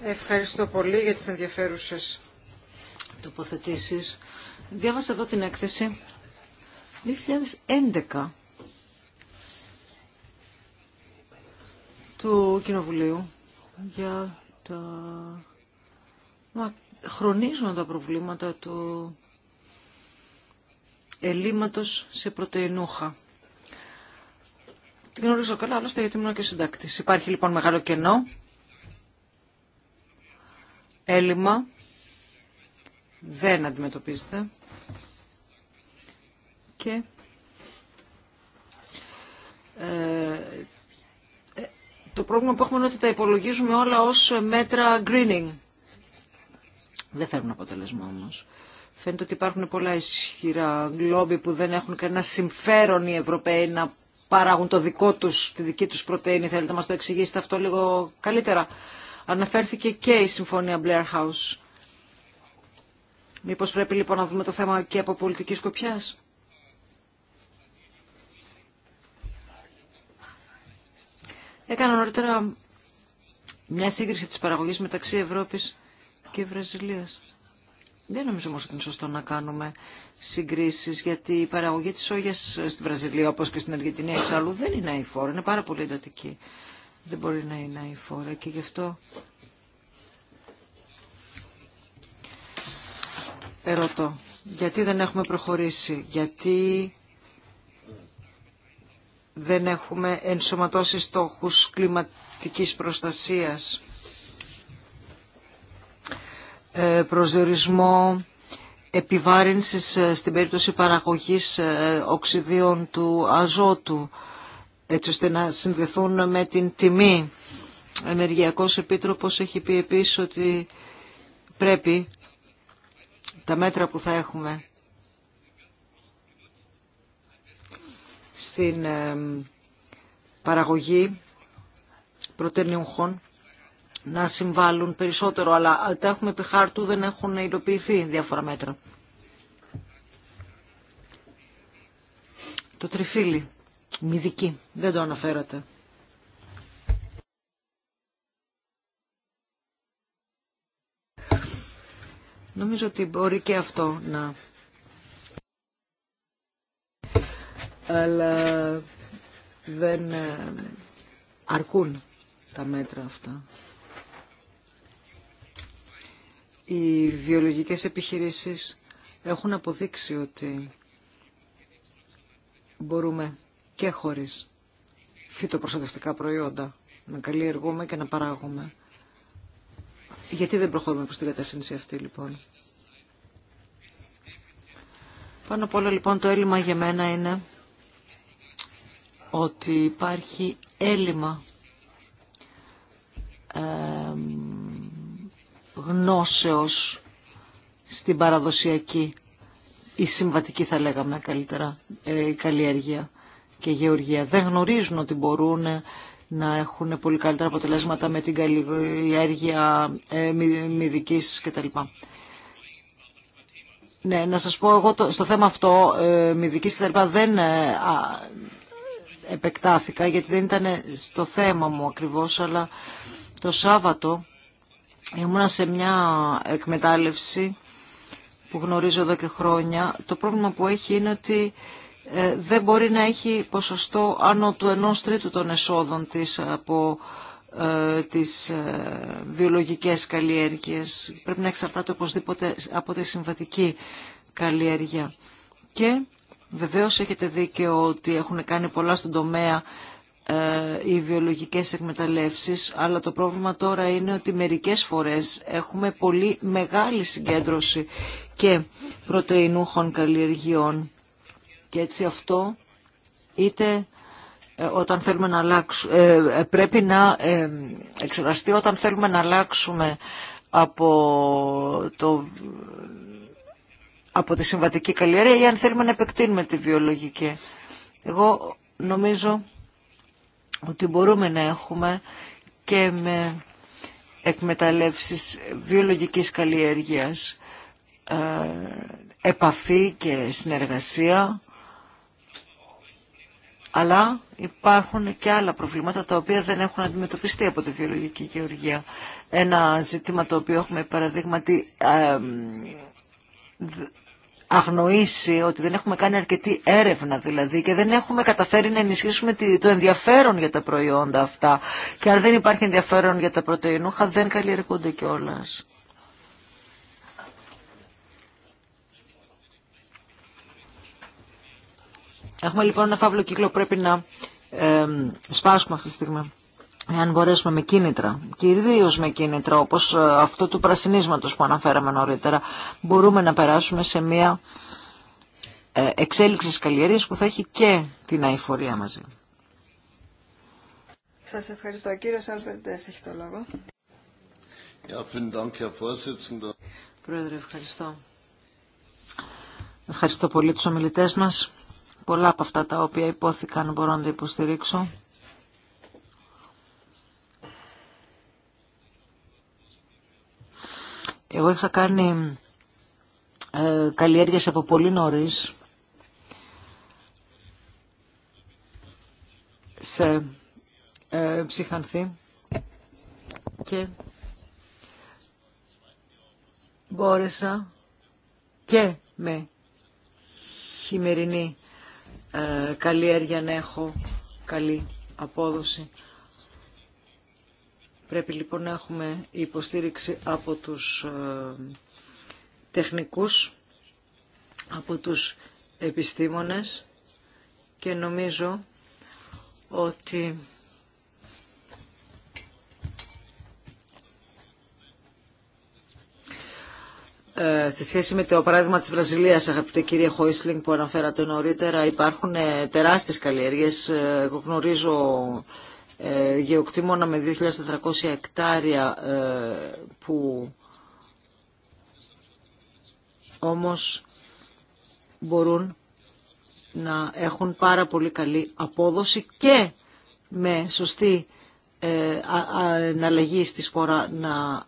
Ευχαριστώ πολύ για τις ενδιαφέρουσες τοποθετήσεις. Διάβασα εδώ την έκθεση 2011 του Κοινοβουλίου για τα Μα χρονίζουν τα προβλήματα του ελλείμματος σε πρωτεϊνούχα. Την γνωρίζω καλά, άλλωστε γιατί ήμουν και συντάκτης. Υπάρχει λοιπόν μεγάλο κενό έλλειμμα δεν αντιμετωπίζεται και ε, ε, το πρόβλημα που έχουμε είναι ότι τα υπολογίζουμε όλα ως μέτρα greening. Δεν φέρνουν αποτέλεσμα όμως. Φαίνεται ότι υπάρχουν πολλά ισχυρά γκλόμπι που δεν έχουν κανένα συμφέρον οι Ευρωπαίοι να παράγουν το δικό τους, τη δική τους πρωτεΐνη. Θέλετε να μας το εξηγήσετε αυτό λίγο καλύτερα. Αναφέρθηκε και η συμφωνία Blair House. Μήπως πρέπει λοιπόν να δούμε το θέμα και από πολιτική σκοπιάς. Έκανα νωρίτερα μια σύγκριση της παραγωγής μεταξύ Ευρώπης και Βραζιλίας. Δεν νομίζω όμως ότι είναι σωστό να κάνουμε συγκρίσεις, γιατί η παραγωγή της σόγιας στη Βραζιλία, όπως και στην Αργεντινή εξάλλου, δεν είναι αηφόρο, είναι πάρα πολύ εντατική δεν μπορεί να είναι η φόρα και γι' αυτό ερωτώ. Γιατί δεν έχουμε προχωρήσει, γιατί δεν έχουμε ενσωματώσει στόχους κλιματικής προστασίας, ε, προσδιορισμό επιβάρυνσης ε, στην περίπτωση παραγωγής ε, οξυδίων του αζότου, έτσι ώστε να συνδεθούν με την τιμή. Ο Ενεργειακός Επίτροπος έχει πει επίσης ότι πρέπει τα μέτρα που θα έχουμε στην παραγωγή πρωτενιούχων να συμβάλλουν περισσότερο, αλλά τα έχουμε επί χάρτου, δεν έχουν υλοποιηθεί διάφορα μέτρα. Το τριφύλι. Μηδική Δεν το αναφέρατε. Νομίζω ότι μπορεί και αυτό να... Αλλά δεν ε, αρκούν τα μέτρα αυτά. Οι βιολογικές επιχειρήσεις έχουν αποδείξει ότι μπορούμε και χωρίς φυτοπροστατευτικά προϊόντα να καλλιεργούμε και να παράγουμε. Γιατί δεν προχωρούμε προς την κατεύθυνση αυτή λοιπόν. Πάνω απ' όλα λοιπόν το έλλειμμα για μένα είναι ότι υπάρχει έλλειμμα ε, γνώσεως στην παραδοσιακή ή συμβατική θα λέγαμε καλύτερα η ε, καλλιέργεια και γεωργία. Δεν γνωρίζουν ότι μπορούν να έχουν πολύ καλύτερα αποτελέσματα με την καλλιέργεια ε, τα κτλ. Ναι, να σας πω εγώ το, στο θέμα αυτό ε, μυδικής κτλ. δεν ε, επεκτάθηκα γιατί δεν ήταν στο θέμα μου ακριβώς, αλλά το Σάββατο ήμουνα σε μια εκμετάλλευση που γνωρίζω εδώ και χρόνια. Το πρόβλημα που έχει είναι ότι ε, δεν μπορεί να έχει ποσοστό άνω του 1 τρίτου των εσόδων της από ε, τις ε, βιολογικές καλλιέργειες. Πρέπει να εξαρτάται οπωσδήποτε από τη συμβατική καλλιέργεια. Και βεβαίως έχετε δίκαιο ότι έχουν κάνει πολλά στον τομέα οι βιολογικές εκμεταλλεύσεις, αλλά το πρόβλημα τώρα είναι ότι μερικές φορές έχουμε πολύ μεγάλη συγκέντρωση και πρωτεϊνούχων καλλιεργειών και έτσι αυτό είτε ε, όταν θέλουμε να αλλάξουμε, ε, ε, πρέπει να εξεταστεί όταν θέλουμε να αλλάξουμε από, το, από τη συμβατική καλλιέργεια ή αν θέλουμε να επεκτείνουμε τη βιολογική. Εγώ νομίζω ότι μπορούμε να έχουμε και με εκμεταλλεύσεις βιολογικής καλλιέργειας επαφή και συνεργασία αλλά υπάρχουν και άλλα προβλήματα τα οποία δεν έχουν αντιμετωπιστεί από τη βιολογική γεωργία. Ένα ζήτημα το οποίο έχουμε παραδείγματι αγνοήσει ότι δεν έχουμε κάνει αρκετή έρευνα δηλαδή και δεν έχουμε καταφέρει να ενισχύσουμε το ενδιαφέρον για τα προϊόντα αυτά και αν δεν υπάρχει ενδιαφέρον για τα πρωτεϊνούχα δεν καλλιεργούνται κιόλας. Έχουμε λοιπόν ένα φαύλο κύκλο που πρέπει να σπάσουμε αυτή τη στιγμή. Εάν μπορέσουμε με κίνητρα, κυρίω με κίνητρα όπω ε, αυτό του πρασινίσματο που αναφέραμε νωρίτερα, μπορούμε να περάσουμε σε μια ε, εξέλιξη καλλιέργεια που θα έχει και την αηφορία μαζί. Σα ευχαριστώ. Κύριο Άλφερντ, έχει το λόγο. Πρόεδρε, ευχαριστώ. Ευχαριστώ πολύ τους ομιλητές μας. Πολλά από αυτά τα οποία υπόθηκαν μπορώ να τα υποστηρίξω. Εγώ είχα κάνει ε, καλλιέργειες από πολύ νωρίς σε ε, ψυχανθή και μπόρεσα και με χειμερινή ε, καλλιέργεια να έχω καλή απόδοση. Πρέπει λοιπόν να έχουμε υποστήριξη από τους ε, τεχνικούς, από τους επιστήμονες και νομίζω ότι Ε, σε σχέση με το παράδειγμα της Βραζιλίας, αγαπητέ κυρία Χόισλινγκ που αναφέρατε νωρίτερα, υπάρχουν ε, τεράστιες καλλιέργειες. Ε, εγώ γνωρίζω γεωκτήμονα με 2.400 εκτάρια που όμως μπορούν να έχουν πάρα πολύ καλή απόδοση και με σωστή εναλλαγή στη σπορά να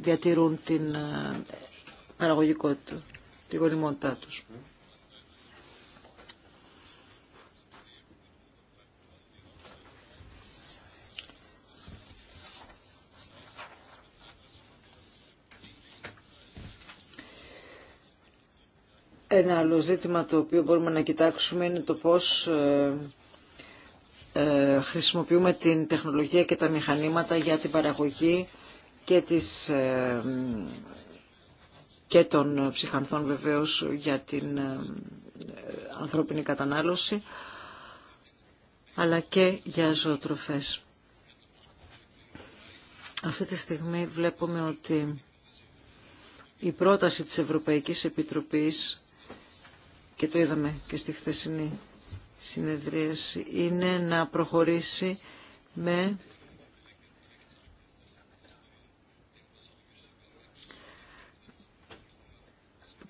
διατηρούν την παραγωγικότητα, τη γονιμότητά τους. Ένα άλλο ζήτημα το οποίο μπορούμε να κοιτάξουμε είναι το πώς ε, ε, χρησιμοποιούμε την τεχνολογία και τα μηχανήματα για την παραγωγή και τις ε, και των ε, ψυχανθών βεβαίως για την ε, ε, ανθρώπινη κατανάλωση, αλλά και για ζωοτροφές. Αυτή τη στιγμή βλέπουμε ότι η πρόταση της Ευρωπαϊκής Επιτροπής, και το είδαμε και στη χθεσινή συνεδρίαση, είναι να προχωρήσει με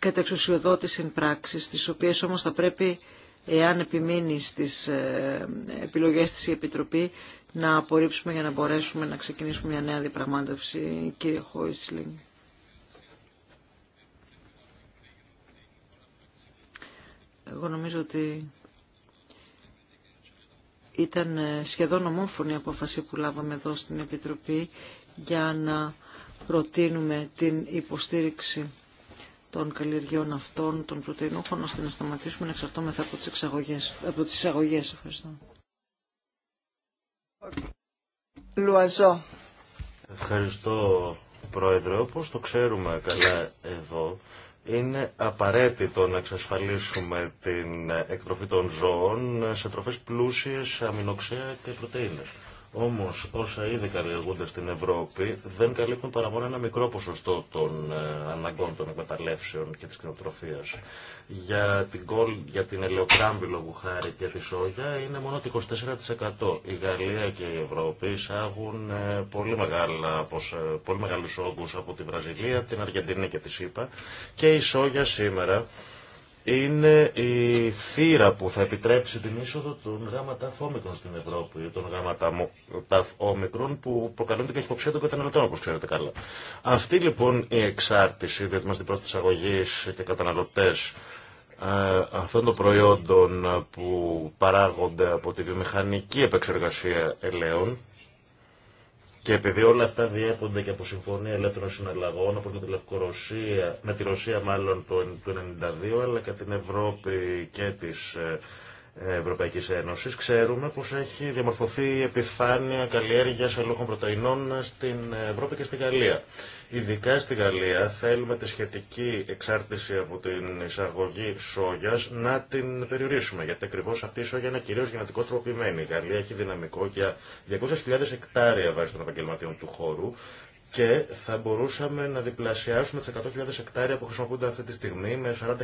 κατεξουσιοδότηση πράξης, τις οποίες όμως θα πρέπει, εάν επιμείνει στις ε, επιλογές της η Επιτροπή, να απορρίψουμε για να μπορέσουμε να ξεκινήσουμε μια νέα διαπραγμάτευση, κύριε Χόισλινγκ. Εγώ νομίζω ότι ήταν ε, σχεδόν ομόφωνη η απόφαση που λάβαμε εδώ στην Επιτροπή για να προτείνουμε την υποστήριξη των καλλιεργειών αυτών, των πρωτεϊνούχων, ώστε να σταματήσουμε να εξαρτώμεθα από τις, εξαγωγές, από τις εισαγωγές. Ευχαριστώ. Λουαζό. Ευχαριστώ, Πρόεδρε. Όπως το ξέρουμε καλά εδώ, είναι απαραίτητο να εξασφαλίσουμε την εκτροφή των ζώων σε τροφές πλούσιες αμινοξέα και πρωτεΐνες. Όμω, όσα ήδη καλλιεργούνται στην Ευρώπη δεν καλύπτουν παρά μόνο ένα μικρό ποσοστό των ε, αναγκών των εκμεταλλεύσεων και τη κοινοτροφία. Για την, για την ελαιοκράμπη λόγου χάρη και τη σόγια είναι μόνο το 24%. Η Γαλλία και η Ευρώπη εισάγουν ε, πολύ, μεγάλα, πολύ μεγάλου όγκου από τη Βραζιλία, την Αργεντινή και τη ΣΥΠΑ και η σόγια σήμερα είναι η θύρα που θα επιτρέψει την είσοδο των γάμα ταφ στην Ευρώπη, των γάμα ταφ όμικρων που προκαλούνται και υποψία των καταναλωτών, όπω ξέρετε καλά. Αυτή λοιπόν η εξάρτηση, διότι είμαστε προ τη αγωγή και καταναλωτέ ε, αυτών των προϊόντων που παράγονται από τη βιομηχανική επεξεργασία ελαίων, και επειδή όλα αυτά διέπονται και από συμφωνία ελεύθερων συναλλαγών, όπω με τη Λευκορωσία, με τη Ρωσία μάλλον το 1992, αλλά και την Ευρώπη και τις ε, Ευρωπαϊκή Ένωση, ξέρουμε πως έχει διαμορφωθεί η επιφάνεια καλλιέργειας ελόγων πρωτεϊνών στην Ευρώπη και στη Γαλλία. Ειδικά στη Γαλλία θέλουμε τη σχετική εξάρτηση από την εισαγωγή σόγιας να την περιορίσουμε, γιατί ακριβώς αυτή η σόγια είναι κυρίως γενετικώς τροποποιημένη. Η Γαλλία έχει δυναμικό για 200.000 εκτάρια βάσει των επαγγελματίων του χώρου, και θα μπορούσαμε να διπλασιάσουμε τις 100.000 εκτάρια που χρησιμοποιούνται αυτή τη στιγμή με 40.000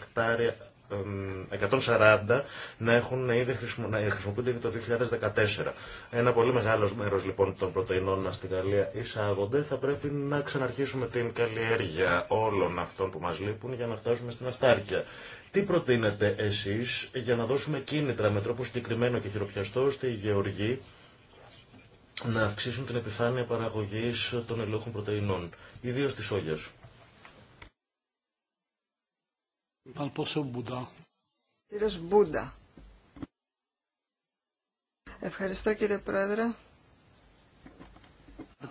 εκτάρια 140 να, έχουν ήδη χρησιμο... να χρησιμοποιούνται ήδη το 2014. Ένα πολύ μεγάλο μέρο λοιπόν των πρωτεϊνών μα στη Γαλλία εισάγονται. Θα πρέπει να ξαναρχίσουμε την καλλιέργεια όλων αυτών που μα λείπουν για να φτάσουμε στην αυτάρκεια. Τι προτείνετε εσεί για να δώσουμε κίνητρα με τρόπο συγκεκριμένο και χειροπιαστό στη οι να αυξήσουν την επιφάνεια παραγωγή των ελόχων πρωτεϊνών, ιδίω τη όγια. Κύριος Μπούντα. Ευχαριστώ κύριε Πρόεδρε.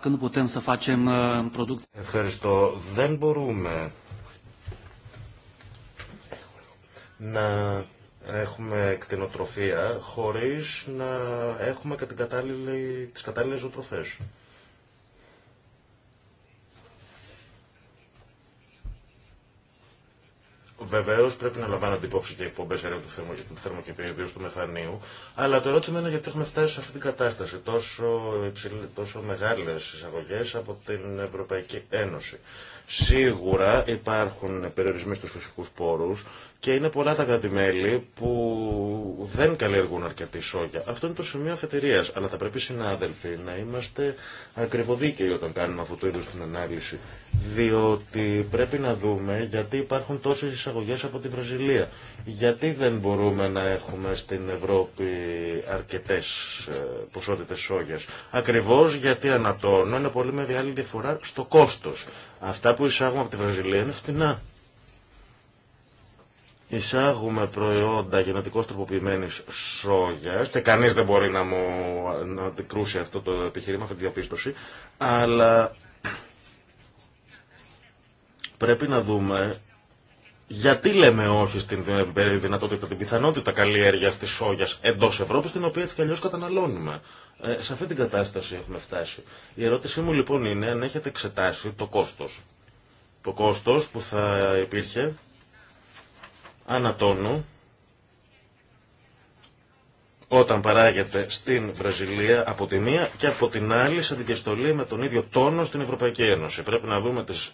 Uh, Ευχαριστώ. Δεν μπορούμε να έχουμε κτηνοτροφία χωρίς να έχουμε και την κατάλληλη, τις κατάλληλες ζωοτροφές. Βεβαίω πρέπει να λαμβάνονται υπόψη και οι εκπομπέ αερίου του, θερμοκηπίου, του του μεθανίου. Αλλά το ερώτημα είναι γιατί έχουμε φτάσει σε αυτή την κατάσταση. Τόσο, τόσο μεγάλε εισαγωγέ από την Ευρωπαϊκή Ένωση. Σίγουρα υπάρχουν περιορισμοί στου φυσικού πόρου, και είναι πολλά τα κρατημέλη που δεν καλλιεργούν αρκετή σόγια. Αυτό είναι το σημείο αφετηρίας. Αλλά θα πρέπει, συνάδελφοι, να είμαστε ακριβοδίκαιοι όταν κάνουμε αυτό το είδου την ανάλυση. Διότι πρέπει να δούμε γιατί υπάρχουν τόσε εισαγωγέ από τη Βραζιλία. Γιατί δεν μπορούμε να έχουμε στην Ευρώπη αρκετέ ε, ποσότητε σόγια. Ακριβώ γιατί ανατώνω είναι πολύ μεγάλη διαφορά στο κόστο. Αυτά που εισάγουμε από τη Βραζιλία είναι φτηνά εισάγουμε προϊόντα γενετικώς τροποποιημένης σόγιας και κανείς δεν μπορεί να μου να αντικρούσει αυτό το επιχειρήμα, αυτή τη διαπίστωση, αλλά πρέπει να δούμε γιατί λέμε όχι στην ε, δυνατότητα, την πιθανότητα καλλιέργειας της σόγιας εντό Ευρώπη την οποία έτσι κι αλλιώ καταναλώνουμε. Ε, σε αυτή την κατάσταση έχουμε φτάσει. Η ερώτησή μου λοιπόν είναι αν έχετε εξετάσει το κόστος. Το κόστος που θα υπήρχε ανατόνου όταν παράγεται στην Βραζιλία από τη μία και από την άλλη σε αντιδιαστολή με τον ίδιο τόνο στην Ευρωπαϊκή Ένωση. Πρέπει να δούμε τις ε,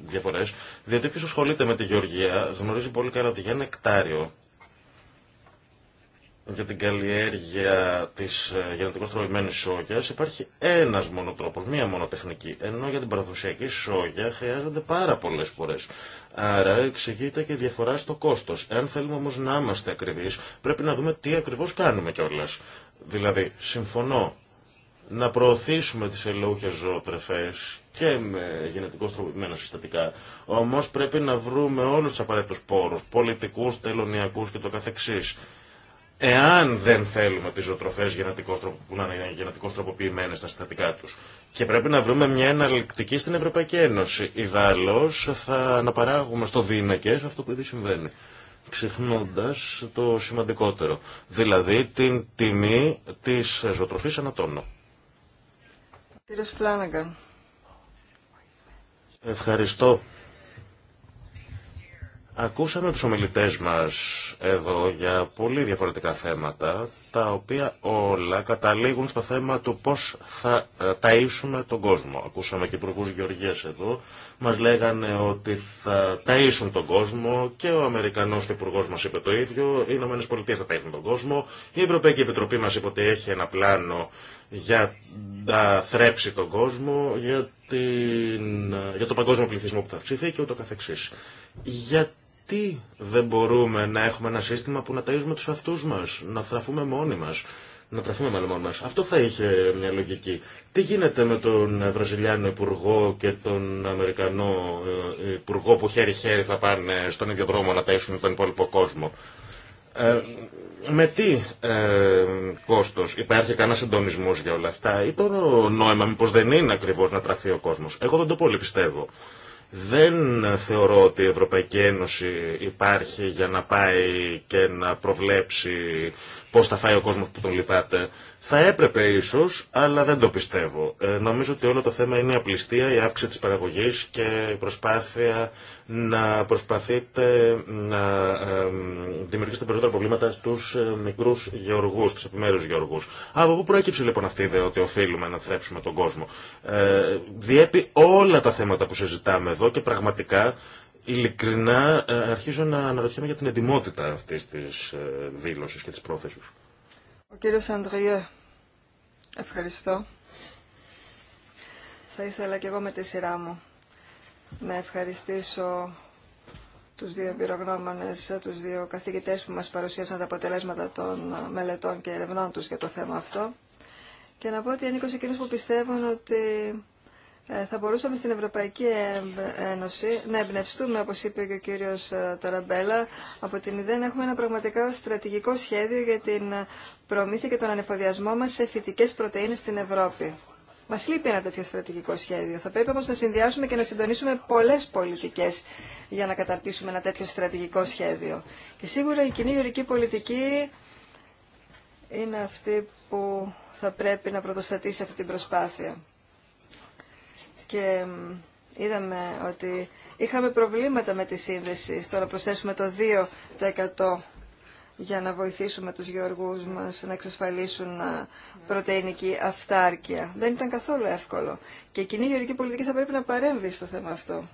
διαφορές, διότι ποιος ασχολείται με τη Γεωργία γνωρίζει πολύ καλά ότι για ένα εκτάριο για την καλλιέργεια της ε, γενετικώς τροπημένης σόγιας υπάρχει ένας τρόπος, μία μονοτεχνική. Ενώ για την παραδοσιακή σόγια χρειάζονται πάρα πολλές φορές. Άρα εξηγείται και διαφορά στο κόστο. Εάν θέλουμε όμω να είμαστε ακριβεί, πρέπει να δούμε τι ακριβώ κάνουμε κιόλα. Δηλαδή, συμφωνώ να προωθήσουμε τι ελαιούχε ζωοτρεφέ και με γενετικώ τροποποιημένα συστατικά. Όμω πρέπει να βρούμε όλου του απαραίτητου πόρου, πολιτικού, τελωνιακού και το καθεξής εάν δεν θέλουμε τις ζωοτροφές που να είναι γενετικώ τροποποιημένες στα συστατικά του. Και πρέπει να βρούμε μια εναλλακτική στην Ευρωπαϊκή Ένωση. Ιδαλώ θα αναπαράγουμε στο δίνακε αυτό που ήδη συμβαίνει. ξεχνώντα το σημαντικότερο. Δηλαδή την τιμή της ζωοτροφής ανατόνω. Ευχαριστώ Ακούσαμε τους ομιλητές μας εδώ για πολύ διαφορετικά θέματα, τα οποία όλα καταλήγουν στο θέμα του πώς θα ε, ταΐσουμε τον κόσμο. Ακούσαμε και υπουργούς Γεωργίας εδώ, μας λέγανε ότι θα ταΐσουν τον κόσμο και ο Αμερικανός υπουργό μας είπε το ίδιο, οι Ηνωμένες Πολιτείες θα ταΐσουν τον κόσμο, η Ευρωπαϊκή Επιτροπή μας είπε ότι έχει ένα πλάνο για να θρέψει τον κόσμο, για, την, ε, για τον παγκόσμιο πληθυσμό που θα αυξηθεί και ούτω καθεξής. Γιατί τι δεν μπορούμε να έχουμε ένα σύστημα που να ταΐζουμε τους αυτούς μας, να θραφούμε μόνοι μας. Να τραφούμε μόνοι μας. Αυτό θα είχε μια λογική. Τι γίνεται με τον Βραζιλιάνο Υπουργό και τον Αμερικανό ε, Υπουργό που χέρι-χέρι θα πάνε στον ίδιο δρόμο να ταΐσουν τον υπόλοιπο κόσμο. Ε, με τι ε, κόστος υπάρχει κανένα συντονισμό για όλα αυτά ή το νόημα μήπως δεν είναι ακριβώς να τραφεί ο κόσμος. Εγώ δεν το πολύ πιστεύω. Δεν θεωρώ ότι η Ευρωπαϊκή Ένωση υπάρχει για να πάει και να προβλέψει Πώ θα φάει ο κόσμο που τον λυπάται. Θα έπρεπε ίσω, αλλά δεν το πιστεύω. Ε, νομίζω ότι όλο το θέμα είναι η απληστία, η αύξηση τη παραγωγή και η προσπάθεια να προσπαθείτε να ε, δημιουργήσετε περισσότερα προβλήματα στου ε, μικρούς γεωργούς, στους επιμέρους γεωργούς. Από πού προέκυψε λοιπόν αυτή η ιδέα ότι οφείλουμε να θρέψουμε τον κόσμο. Ε, διέπει όλα τα θέματα που συζητάμε εδώ και πραγματικά ειλικρινά ε, αρχίζω να αναρωτιέμαι για την εντυμότητα αυτής της ε, δήλωσης και της πρόθεσης. Ο κύριος Ανδριέ, ευχαριστώ. Θα ήθελα και εγώ με τη σειρά μου να ευχαριστήσω τους δύο εμπειρογνώμονες, τους δύο καθηγητές που μας παρουσίασαν τα αποτελέσματα των ε, μελετών και ερευνών τους για το θέμα αυτό. Και να πω ότι ανήκω σε εκείνους που πιστεύουν ότι ε, θα μπορούσαμε στην Ευρωπαϊκή Ένωση να εμπνευστούμε, όπως είπε και ο κύριος ε, Ταραμπέλα, από την ιδέα να έχουμε ένα πραγματικά στρατηγικό σχέδιο για την ε, προμήθεια και τον ανεφοδιασμό μας σε φυτικές πρωτεΐνες στην Ευρώπη. Μας λείπει ένα τέτοιο στρατηγικό σχέδιο. Θα πρέπει όμως να συνδυάσουμε και να συντονίσουμε πολλές πολιτικές για να καταρτήσουμε ένα τέτοιο στρατηγικό σχέδιο. Και σίγουρα η κοινή γεωρική πολιτική είναι αυτή που θα πρέπει να πρωτοστατήσει αυτή την προσπάθεια και είδαμε ότι είχαμε προβλήματα με τη σύνδεση στο να προσθέσουμε το 2% για να βοηθήσουμε τους γεωργούς μας να εξασφαλίσουν πρωτεϊνική αυτάρκεια. Δεν ήταν καθόλου εύκολο. Και η κοινή γεωργική πολιτική θα πρέπει να παρέμβει στο θέμα αυτό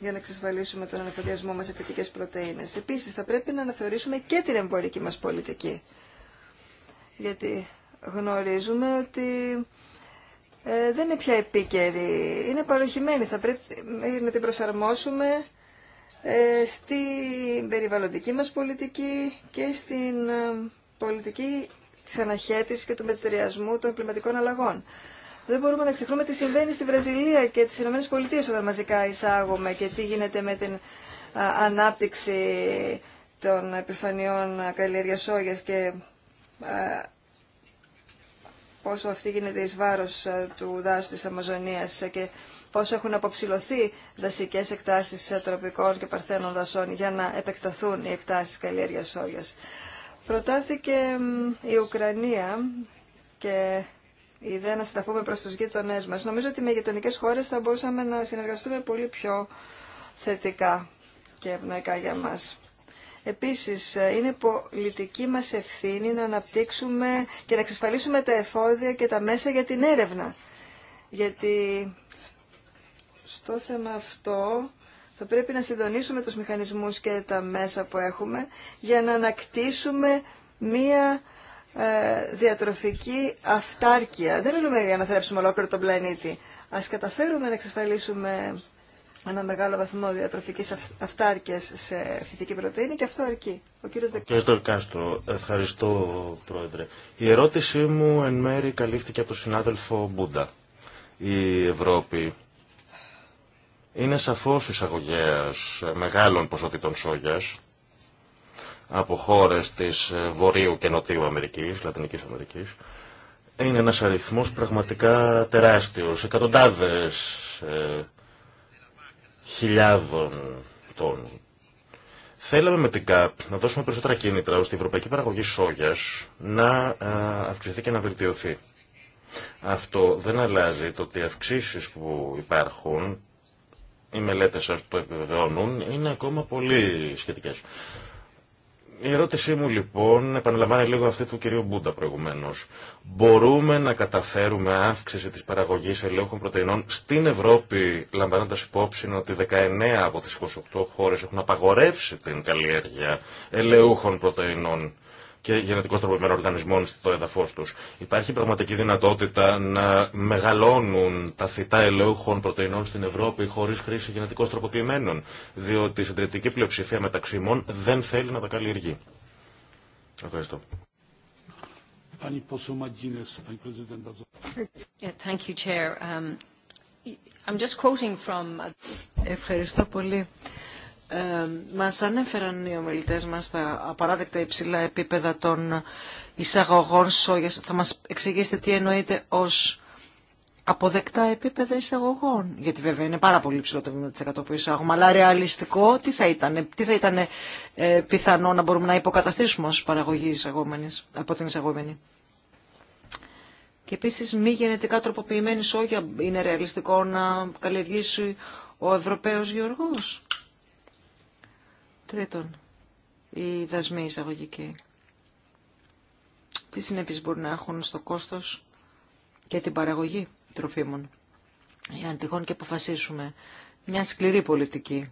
για να εξασφαλίσουμε τον ανεφοδιασμό μας σε θετικές πρωτεΐνες. Επίσης, θα πρέπει να αναθεωρήσουμε και την εμπορική μας πολιτική. Γιατί γνωρίζουμε ότι ε, δεν είναι πια επίκαιρη, είναι παροχημένη. Θα πρέπει να την προσαρμόσουμε ε, στην περιβαλλοντική μας πολιτική και στην ε, πολιτική της αναχέτησης και του μετριασμού των κλιματικών αλλαγών. Δεν μπορούμε να ξεχνούμε τι συμβαίνει στη Βραζιλία και τις ΗΠΑ όταν μαζικά εισάγουμε και τι γίνεται με την ε, ανάπτυξη των επιφανειών καλλιέργειας όγιας και πόσο αυτή γίνεται εις βάρος ε, του δάσους της Αμαζονίας ε, και πόσο έχουν αποψηλωθεί δασικές εκτάσεις ε, τροπικών και παρθένων δασών για να επεκταθούν οι εκτάσεις καλλιέργειας σόγιας. Προτάθηκε η Ουκρανία και η ιδέα να στραφούμε προς τους γείτονές μας. Νομίζω ότι με γειτονικέ χώρες θα μπορούσαμε να συνεργαστούμε πολύ πιο θετικά και ευνοϊκά για μας. Επίσης, ε, είναι πολιτική μας ευθύνη να αναπτύξουμε και να εξασφαλίσουμε τα εφόδια και τα μέσα για την έρευνα. Γιατί στο θέμα αυτό θα πρέπει να συντονίσουμε τους μηχανισμούς και τα μέσα που έχουμε για να ανακτήσουμε μία ε, διατροφική αυτάρκεια. Δεν μιλούμε για να θρέψουμε ολόκληρο τον πλανήτη. Ας καταφέρουμε να εξασφαλίσουμε ένα μεγάλο βαθμό διατροφικής αυτάρκεια σε φυτική πρωτεΐνη και αυτό αρκεί. Ο κύριος Δεκάστρο, ευχαριστώ πρόεδρε. Η ερώτησή μου εν μέρη καλύφθηκε από τον συνάδελφο Μπούντα. Η Ευρώπη είναι σαφώς εισαγωγέας μεγάλων ποσοτήτων σόγιας από χώρες της Βορείου και Νοτιού Αμερικής, Λατινικής Αμερικής. Είναι ένα αριθμό πραγματικά τεράστιος, εκατοντάδες ε, χιλιάδων τόνων. Θέλαμε με την ΚΑΠ να δώσουμε περισσότερα κίνητρα ώστε η ευρωπαϊκή παραγωγή σόγιας να αυξηθεί και να βελτιωθεί. Αυτό δεν αλλάζει το ότι οι αυξήσει που υπάρχουν, οι μελέτες σας το επιβεβαιώνουν, είναι ακόμα πολύ σχετικές. Η ερώτησή μου λοιπόν επαναλαμβάνει λίγο αυτή του κυρίου Μπούντα προηγουμένω. Μπορούμε να καταφέρουμε αύξηση τη παραγωγή ελαιόχων πρωτεϊνών στην Ευρώπη, λαμβάνοντα υπόψη ότι 19 από τι 28 χώρε έχουν απαγορεύσει την καλλιέργεια ελαιούχων πρωτεϊνών και γενετικώ τροποποιημένων οργανισμών στο εδαφός τους. Υπάρχει πραγματική δυνατότητα να μεγαλώνουν τα φυτά ελαιούχων πρωτεϊνών στην Ευρώπη χωρίς χρήση γενετικώ τροποποιημένων, διότι η συντριπτική πλειοψηφία μεταξύ μόν δεν θέλει να τα καλλιεργεί. Ευχαριστώ. Ευχαριστώ πολύ. Ε, μας ανέφεραν οι ομιλητές μας τα απαράδεκτα υψηλά επίπεδα των εισαγωγών σόγιας. Θα μας εξηγήσετε τι εννοείται ως αποδεκτά επίπεδα εισαγωγών. Γιατί βέβαια είναι πάρα πολύ ψηλό το 70% που εισάγουμε, αλλά ρεαλιστικό τι θα ήταν, τι θα ήταν ε, πιθανό να μπορούμε να υποκαταστήσουμε ως παραγωγή από την εισαγόμενη. Και επίσης μη γενετικά τροποποιημένη σόγια είναι ρεαλιστικό να καλλιεργήσει ο Ευρωπαίος Γεωργός. Τρίτον, οι δασμοί εισαγωγικοί. Τι συνέπειες μπορούν να έχουν στο κόστος και την παραγωγή τροφίμων. Εάν τυχόν και αποφασίσουμε μια σκληρή πολιτική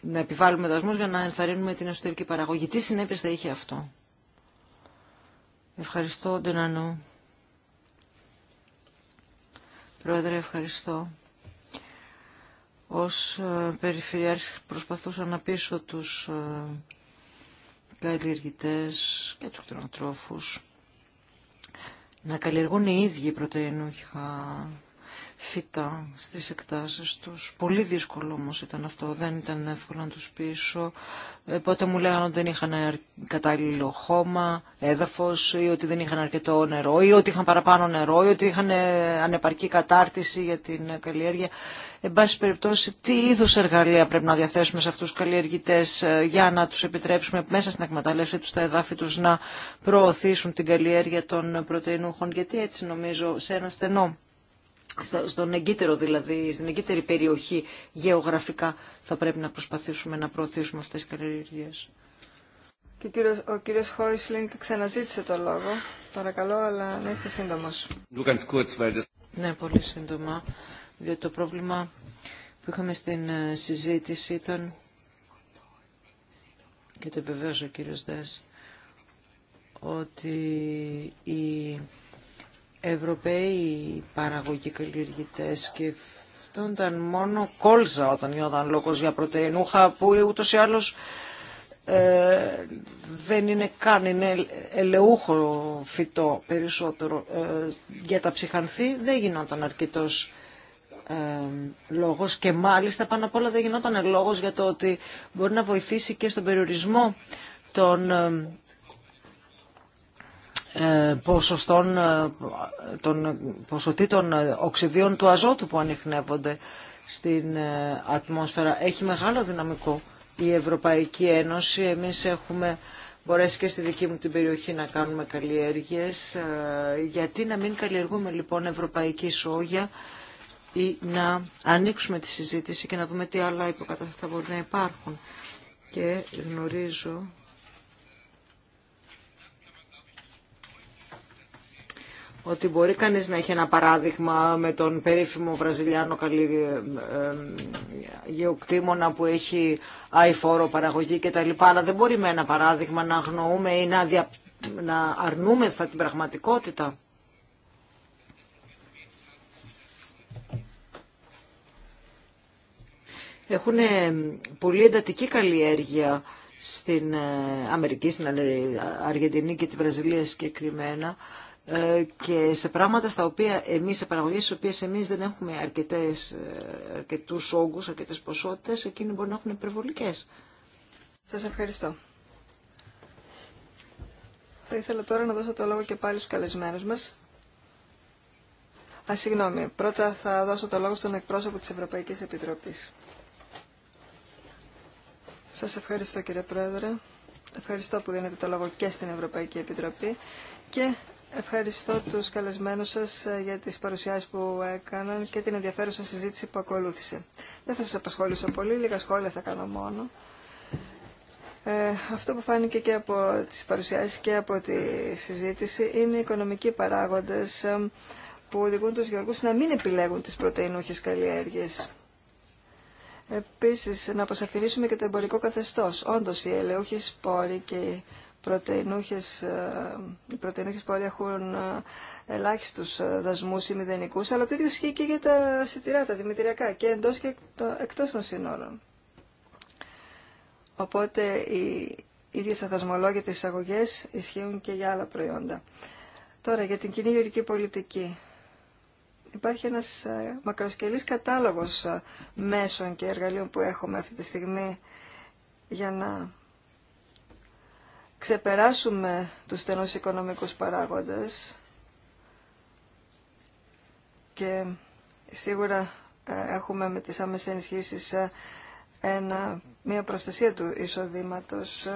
να επιβάλλουμε δασμούς για να ενθαρρύνουμε την εσωτερική παραγωγή. Τι συνέπειες θα είχε αυτό. Ευχαριστώ, Ντενανού. Πρόεδρε, ευχαριστώ ως ε, περιφερειάρχης προσπαθούσα να πείσω τους ε, καλλιεργητές και τους κτηνοτρόφους να καλλιεργούν οι ίδιοι πρωτεϊνούχα φυτά στις εκτάσεις τους. Πολύ δύσκολο όμως ήταν αυτό, δεν ήταν εύκολο να τους πείσω. Ε, πότε μου λέγανε ότι δεν είχαν κατάλληλο χώμα, έδαφος ή ότι δεν είχαν αρκετό νερό ή ότι είχαν παραπάνω νερό ή ότι είχαν ε, ανεπαρκή κατάρτιση για την ε, καλλιέργεια. Εν πάση περιπτώσει, τι είδους εργαλεία πρέπει να διαθέσουμε σε αυτούς τους καλλιεργητές για να τους επιτρέψουμε μέσα στην εκμεταλλεύση τους τα εδάφη τους να προωθήσουν την καλλιέργεια των πρωτεϊνούχων, γιατί έτσι νομίζω σε ένα στενό στον εγκύτερο δηλαδή, στην εγκύτερη περιοχή γεωγραφικά θα πρέπει να προσπαθήσουμε να προωθήσουμε αυτές τις καλλιεργίες. Και ο κύριος, Χόισλινγκ ξαναζήτησε το λόγο. Παρακαλώ, αλλά να είστε σύντομος. Ναι, πολύ σύντομα, διότι το πρόβλημα που είχαμε στην ε, συζήτηση ήταν και το επιβεβαίωσε ο κύριος Δες ότι η Ευρωπαίοι παραγωγοί καλλιεργητές και φτώνταν μόνο κόλζα όταν γινόταν λόγος για πρωτεϊνούχα που ούτως ή ε, δεν είναι καν, είναι ελαιούχο φυτό περισσότερο. Ε, για τα ψυχανθή δεν γινόταν αρκετός ε, λόγος και μάλιστα πάνω απ' όλα δεν γινόταν λόγος για το ότι μπορεί να βοηθήσει και στον περιορισμό των ε, ποσοστών, ε, των ποσοτήτων ε, οξυδίων του αζότου που ανοιχνεύονται στην ατμόσφαιρα. Έχει μεγάλο δυναμικό η Ευρωπαϊκή Ένωση. Εμείς έχουμε μπορέσει και στη δική μου την περιοχή να κάνουμε καλλιέργειες. Γιατί να μην καλλιεργούμε λοιπόν ευρωπαϊκή σόγια ή να ανοίξουμε τη συζήτηση και να δούμε τι άλλα υποκατάστατα μπορεί να υπάρχουν. Και γνωρίζω ότι μπορεί κανείς να έχει ένα παράδειγμα με τον περίφημο βραζιλιάνο γεωκτήμονα που έχει αηφόρο παραγωγή κτλ. Αλλά δεν μπορεί με ένα παράδειγμα να αγνοούμε ή να, να αρνούμε θα την πραγματικότητα. Έχουν ε, πολύ εντατική καλλιέργεια στην ε, Αμερική, στην Αργεντινή και τη Βραζιλία συγκεκριμένα ε, και σε πράγματα στα οποία εμείς, σε παραγωγές στις οποίες εμείς δεν έχουμε αρκετές, ε, αρκετούς όγκους, αρκετές ποσότητες, εκείνοι μπορεί να έχουν υπερβολικές. Σας ευχαριστώ. Θα ήθελα τώρα να δώσω το λόγο και πάλι στους καλεσμένους μας. Α, συγγνώμη. Πρώτα θα δώσω το λόγο στον εκπρόσωπο της Ευρωπαϊκής Επιτροπής. Σας ευχαριστώ κύριε Πρόεδρε. Ευχαριστώ που δίνετε το λόγο και στην Ευρωπαϊκή Επιτροπή Ευχαριστώ τους καλεσμένους σας ε, για τις παρουσιάσεις που έκαναν και την ενδιαφέρουσα συζήτηση που ακολούθησε. Δεν θα σας απασχολήσω πολύ, λίγα σχόλια θα κάνω μόνο. Ε, αυτό που φάνηκε και από τις παρουσιάσεις και από τη συζήτηση είναι οι οικονομικοί παράγοντες ε, που οδηγούν τους γεωργούς να μην επιλέγουν τις πρωτεϊνούχες καλλιέργειες. Επίσης, να αποσαφηρήσουμε και το εμπορικό καθεστώς. Όντως, οι ελαιούχοι σπόροι και ε, οι πρωτεϊνούχες πόλοι έχουν ε, ελάχιστους ε, δασμούς ή μηδενικούς, αλλά το ίδιο ισχύει και για τα σιτηρά, τα δημητριακά, και εντός και εκτός των συνόρων. Οπότε οι ίδιες αθασμολόγια της εισαγωγές ισχύουν και για άλλα προϊόντα. Τώρα για την κοινή γεωργική πολιτική. Υπάρχει ένας μακροσκελής κατάλογος μέσων και εργαλείων που έχουμε αυτή τη στιγμή για να ξεπεράσουμε τους στενούς οικονομικούς παράγοντες και σίγουρα ε, έχουμε με τις άμεσες ενισχύσεις ε, ένα, μια προστασία του εισοδήματος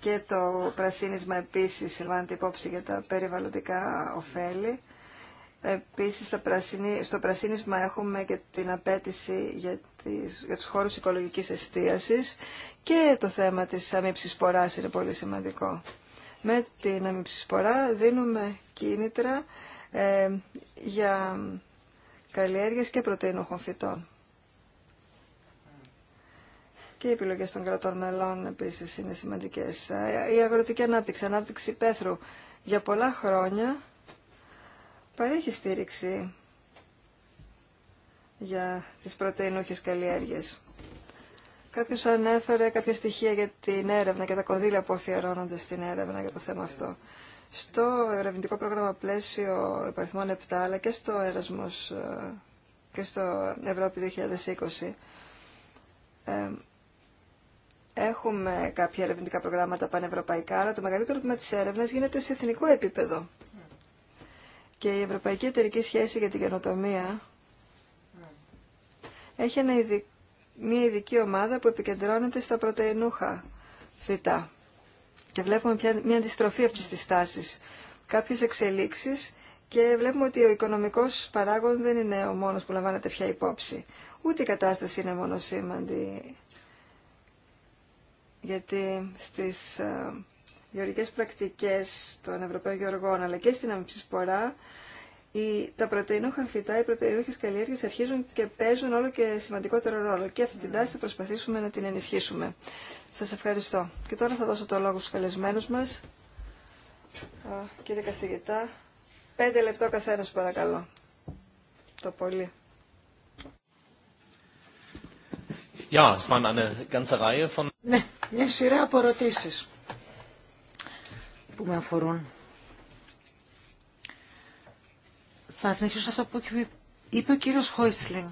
και το πρασίνισμα επίσης λαμβάνεται υπόψη για τα περιβαλλοντικά ωφέλη Επίσης στο πρασίνισμα έχουμε και την απέτηση για, τις, για τους χώρους οικολογικής εστίασης και το θέμα της αμύψης ποράς είναι πολύ σημαντικό. Με την αμύψης πορά δίνουμε κίνητρα ε, για καλλιέργειες και πρωτεϊνούχων φυτών. Και οι επιλογές των κρατών μελών επίσης είναι σημαντικές. Ε, η αγροτική ανάπτυξη, ανάπτυξη πέθρου για πολλά χρόνια παρέχει στήριξη για τις πρωτεϊνούχες καλλιέργειες. Κάποιος ανέφερε κάποια στοιχεία για την έρευνα και τα κονδύλια που αφιερώνονται στην έρευνα για το θέμα αυτό. Στο ερευνητικό πρόγραμμα πλαίσιο υπαριθμών 7, αλλά και στο Erasmus ε, και στο Ευρώπη 2020, ε, έχουμε κάποια ερευνητικά προγράμματα πανευρωπαϊκά, αλλά το μεγαλύτερο τμήμα της έρευνας γίνεται σε εθνικό επίπεδο. Και η Ευρωπαϊκή Εταιρική Σχέση για την Καινοτομία έχει μια ειδική ομάδα που επικεντρώνεται στα πρωτεϊνούχα φυτά. Και βλέπουμε μια αντιστροφή αυτής της τάσης. Κάποιες εξελίξεις και βλέπουμε ότι ο οικονομικός παράγον δεν είναι ο μόνος που λαμβάνεται πια υπόψη. Ούτε η κατάσταση είναι μονοσήμαντη. Γιατί στις ε, γεωργικές πρακτικές των Ευρωπαίων Γεωργών αλλά και στην αμυψησπορά οι, τα πρωτεϊνούχα φυτά, οι πρωτεϊνούχες καλλιέργειες αρχίζουν και παίζουν όλο και σημαντικότερο ρόλο και αυτή την ναι. τάση θα προσπαθήσουμε να την ενισχύσουμε. Σας ευχαριστώ. Και τώρα θα δώσω το λόγο στους καλεσμένους μας. Κύριε καθηγητά, πέντε λεπτό καθένας παρακαλώ. Το πολύ. Ja, es waren eine ganze Reihe von... Ναι, μια σειρά από που με αφορούν. Θα συνεχίσω αυτό που είπε ο κύριος Χόισλινγκ.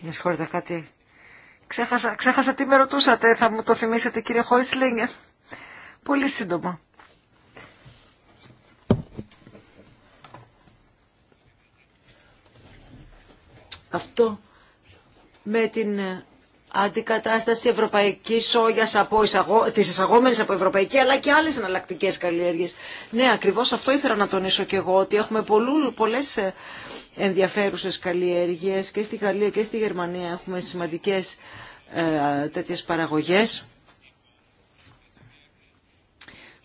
Με συγχωρείτε κάτι. Ξέχασα, ξέχασα τι με ρωτούσατε. Θα μου το θυμίσετε κύριε Χόισλινγκ. Πολύ σύντομα. Αυτό με την αντικατάσταση ευρωπαϊκής σόγιας από εισαγω... της από ευρωπαϊκή αλλά και άλλες εναλλακτικέ καλλιέργειες. Ναι, ακριβώς αυτό ήθελα να τονίσω και εγώ, ότι έχουμε πολλέ πολλές ε, ενδιαφέρουσες καλλιέργειες και στη Γαλλία και στη Γερμανία έχουμε σημαντικές ε, τέτοιες παραγωγές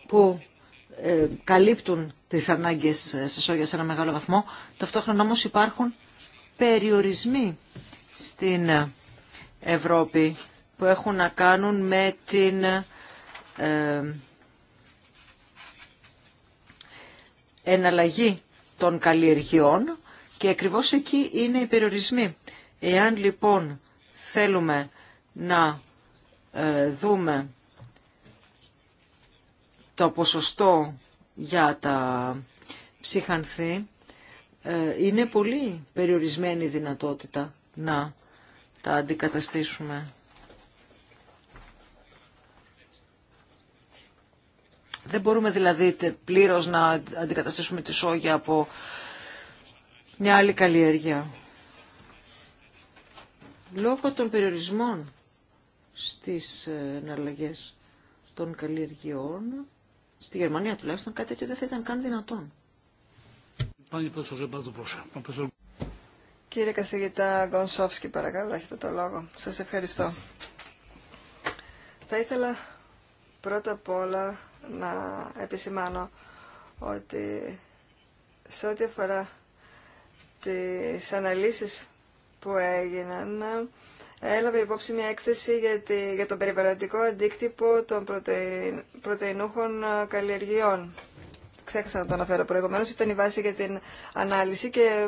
που ε, καλύπτουν τις ανάγκες ε, σε σόγια σε ένα μεγάλο βαθμό. Ταυτόχρονα όμως υπάρχουν περιορισμοί στην Ευρώπη που έχουν να κάνουν με την ε, εναλλαγή των καλλιεργειών και ακριβώς εκεί είναι οι περιορισμοί. Εάν λοιπόν θέλουμε να ε, δούμε το ποσοστό για τα ψυχανθή, ε, είναι πολύ περιορισμένη η δυνατότητα να τα αντικαταστήσουμε. Δεν μπορούμε δηλαδή πλήρως να αντικαταστήσουμε τη σόγια από μια άλλη καλλιέργεια. Λόγω των περιορισμών στις ε, εναλλαγέ των καλλιεργειών, στη Γερμανία τουλάχιστον κάτι τέτοιο δεν θα ήταν καν δυνατόν. Κύριε καθηγητά Γκονσόφσκι, παρακαλώ, έχετε το λόγο. Σας ευχαριστώ. Θα ήθελα πρώτα απ' όλα να επισημάνω ότι σε ό,τι αφορά τις αναλύσεις που έγιναν, έλαβε υπόψη μια έκθεση για, για τον περιβαλλοντικό αντίκτυπο των πρωτεϊν, πρωτεϊνούχων καλλιεργειών. Ξέχασα να το αναφέρω προηγουμένως, ήταν η βάση για την ανάλυση και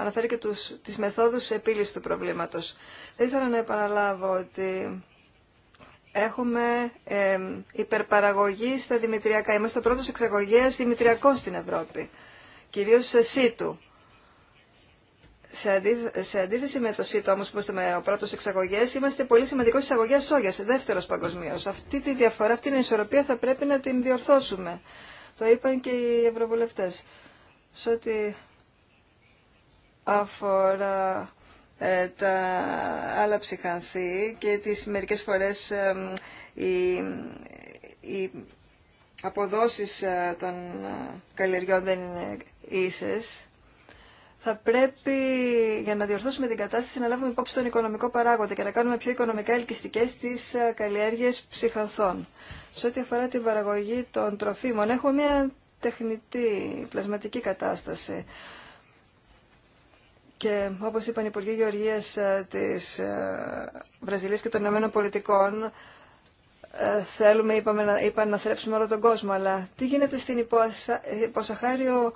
αναφέρει και τους, τις μεθόδους επίλυσης του προβλήματος. Δεν ήθελα να επαναλάβω ότι έχουμε ε, υπερπαραγωγή στα δημητριακά. Είμαστε ο πρώτος εξαγωγέας δημητριακών στην Ευρώπη, κυρίως σε ΣΥΤΟΥ. Σε, αντίθεση με το ΣΥΤΟΥ όμως που είμαστε με ο πρώτος εξαγωγέας, είμαστε πολύ σημαντικός εξαγωγέας σόγιας, δεύτερος παγκοσμίως. Αυτή τη διαφορά, αυτή την ισορροπία θα πρέπει να την διορθώσουμε. Το είπαν και οι ευρωβουλευτές. Σε ό,τι αφορά ε, τα άλλα ψυχανθή και τις μερικές φορές οι, οι αποδόσεις ε, των ε, καλλιεργιών δεν είναι ίσες. Θα πρέπει για να διορθώσουμε την κατάσταση να λάβουμε υπόψη τον οικονομικό παράγοντα και να κάνουμε πιο οικονομικά ελκυστικέ τις καλλιέργειε ψυχανθών. Σε ό,τι αφορά την παραγωγή των τροφίμων έχουμε μια τεχνητή πλασματική κατάσταση και όπως είπαν οι Υπουργοί Γεωργίας ε, της ε, Βραζιλίας και των Ηνωμένων Πολιτικών, ε, θέλουμε, είπαμε, να, είπαν να θρέψουμε όλο τον κόσμο, αλλά τι γίνεται στην υποσαχάριο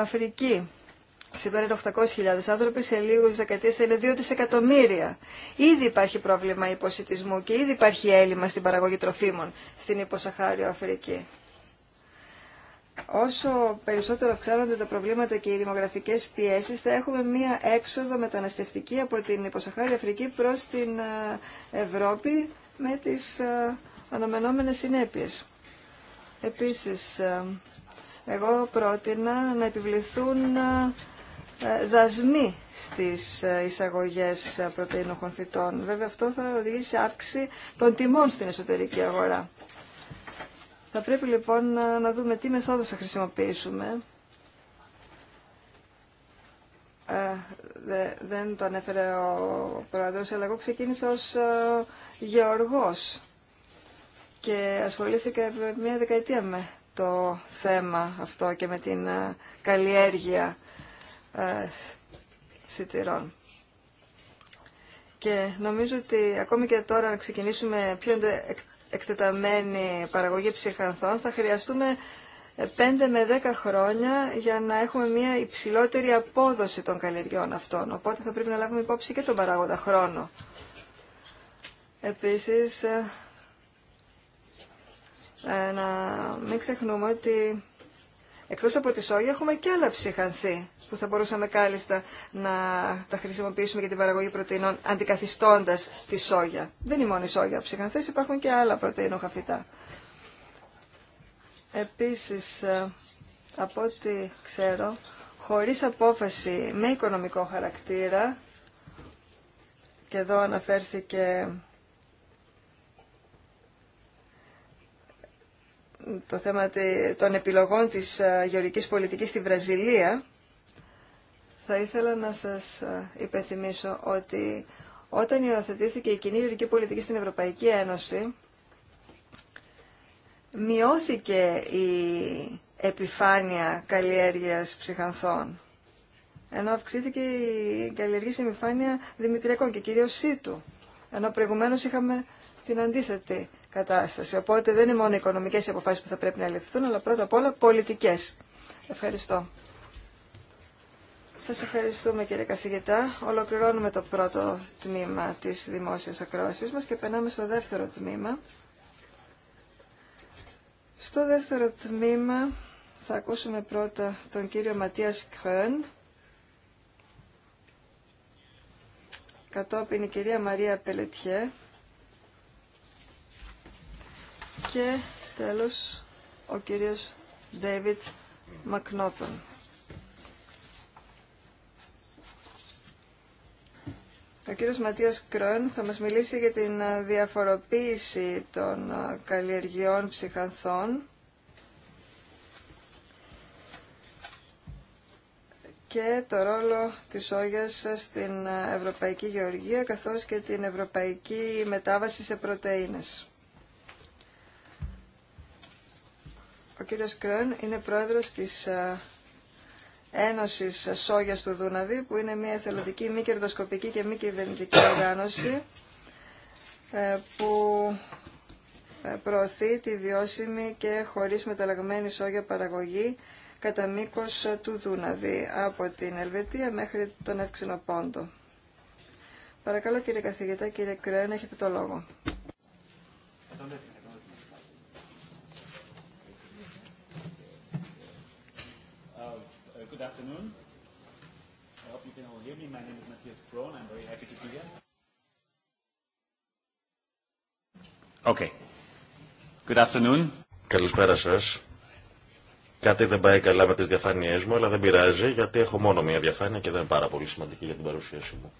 Αφρική. Σήμερα είναι 800.000 άνθρωποι, σε λίγους δεκαετίες θα είναι 2 δισεκατομμύρια. Ήδη υπάρχει πρόβλημα υποσυτισμού και ήδη υπάρχει έλλειμμα στην παραγωγή τροφίμων στην υποσαχάριο Αφρική όσο περισσότερο αυξάνονται τα προβλήματα και οι δημογραφικές πιέσεις, θα έχουμε μία έξοδο μεταναστευτική από την υποσαχάρια Αφρική προς την ε, Ευρώπη με τις ε, αναμενόμενες συνέπειες. Επίσης, ε, εγώ πρότεινα να επιβληθούν δασμοί στις εισαγωγές πρωτεϊνοχων φυτών. Βέβαια αυτό θα οδηγήσει σε αύξηση των τιμών στην εσωτερική αγορά. Θα πρέπει λοιπόν ε, να δούμε τι μεθόδους θα χρησιμοποιήσουμε. Ε, δεν το ανέφερε ο πρόεδρος, αλλά εγώ ξεκίνησα ως ε, γεωργός και ασχολήθηκα μια δεκαετία με το θέμα αυτό και με την καλλιέργεια σιτηρών. Και νομίζω ότι ακόμη και τώρα να ξεκινήσουμε πιο εκτεταμένη παραγωγή ψυχανθών θα χρειαστούμε 5 με 10 χρόνια για να έχουμε μια υψηλότερη απόδοση των καλλιεργιών αυτών. Οπότε θα πρέπει να λάβουμε υπόψη και τον παράγοντα χρόνο. Επίσης, ε, ε, να μην ξεχνούμε ότι Εκτός από τη σόγια έχουμε και άλλα ψυχανθή που θα μπορούσαμε κάλλιστα να τα χρησιμοποιήσουμε για την παραγωγή πρωτεϊνών αντικαθιστώντας τη σόγια. Δεν είναι μόνο η σόγια ψυχανθές, υπάρχουν και άλλα πρωτεϊνούχα φυτά. Επίσης, ε, από ό,τι ξέρω, χωρίς απόφαση με οικονομικό χαρακτήρα, και εδώ αναφέρθηκε το θέμα των επιλογών της ε, γεωργικής πολιτικής στη Βραζιλία, θα ήθελα να σας ε, υπενθυμίσω ότι όταν υιοθετήθηκε η κοινή γεωργική πολιτική στην Ευρωπαϊκή Ένωση, μειώθηκε η επιφάνεια καλλιέργειας ψυχανθών, ενώ αυξήθηκε η καλλιέργηση επιφάνεια δημητριακών και κυρίως σύτου, ενώ προηγουμένως είχαμε την αντίθετη κατάσταση. Οπότε δεν είναι μόνο οικονομικές οι αποφάσεις που θα πρέπει να ληφθούν, αλλά πρώτα απ' όλα πολιτικές. Ευχαριστώ. Σας ευχαριστούμε κύριε καθηγητά. Ολοκληρώνουμε το πρώτο τμήμα της δημόσιας ακρόασης μας και περνάμε στο δεύτερο τμήμα. Στο δεύτερο τμήμα θα ακούσουμε πρώτα τον κύριο Ματίας Κχέν. κατόπιν η κυρία Μαρία Πελετιέ, και τέλος ο κύριος Ντέιβιτ Μακνότον. Ο κύριος Ματίας Κρόν θα μας μιλήσει για την ε, διαφοροποίηση των ε, καλλιεργειών ψυχανθών και το ρόλο της όγιας στην ε, Ευρωπαϊκή Γεωργία καθώς και την Ευρωπαϊκή Μετάβαση σε πρωτεΐνες. Ο κύριος Κρέν είναι πρόεδρος της ε, Ένωσης Σόγιας του Δούναβη, που είναι μια εθελοντική, μη κερδοσκοπική και μη κυβερνητική οργάνωση ε, που ε, προωθεί τη βιώσιμη και χωρίς μεταλλαγμένη σόγια παραγωγή κατά μήκο του Δούναβη από την Ελβετία μέχρι τον Ευξηνοπόντο. Παρακαλώ κύριε καθηγητά, κύριε Κρέν, έχετε το λόγο. Good afternoon. I hope you can all hear me. My name is Matthias Krohn. I'm very happy to be here. Okay. Good afternoon. Καλησπέρα σας. Κάτι δεν πάει καλά με τις διαφάνειές μου, αλλά δεν πειράζει, γιατί έχω μόνο μία διαφάνεια και δεν είναι πάρα πολύ σημαντική για την παρουσίαση μου.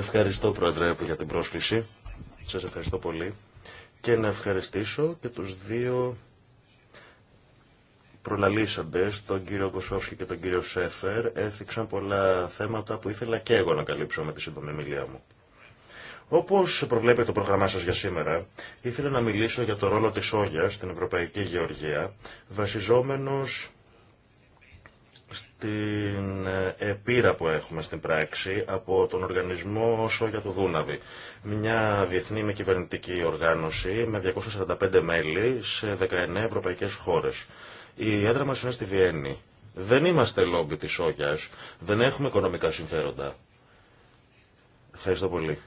Ευχαριστώ, Πρόεδρε, για την πρόσκληση. Σας ευχαριστώ πολύ. Και να ευχαριστήσω και τους δύο προλαλήσαντες, τον κύριο Κοσόφσκι και τον κύριο Σέφερ, έθιξαν πολλά θέματα που ήθελα και εγώ να καλύψω με τη σύντομη μιλία μου. Όπως προβλέπει το πρόγραμμά σας για σήμερα, ήθελα να μιλήσω για το ρόλο της όγιας στην Ευρωπαϊκή Γεωργία, βασιζόμενος στην ε, επίρα που έχουμε στην πράξη από τον οργανισμό Σόγια του Δούναβη. Μια διεθνή με κυβερνητική οργάνωση με 245 μέλη σε 19 ευρωπαϊκές χώρες. Η έδρα μας είναι στη Βιέννη. Δεν είμαστε λόμπι της Σόγιας, δεν έχουμε οικονομικά συμφέροντα. Ευχαριστώ πολύ.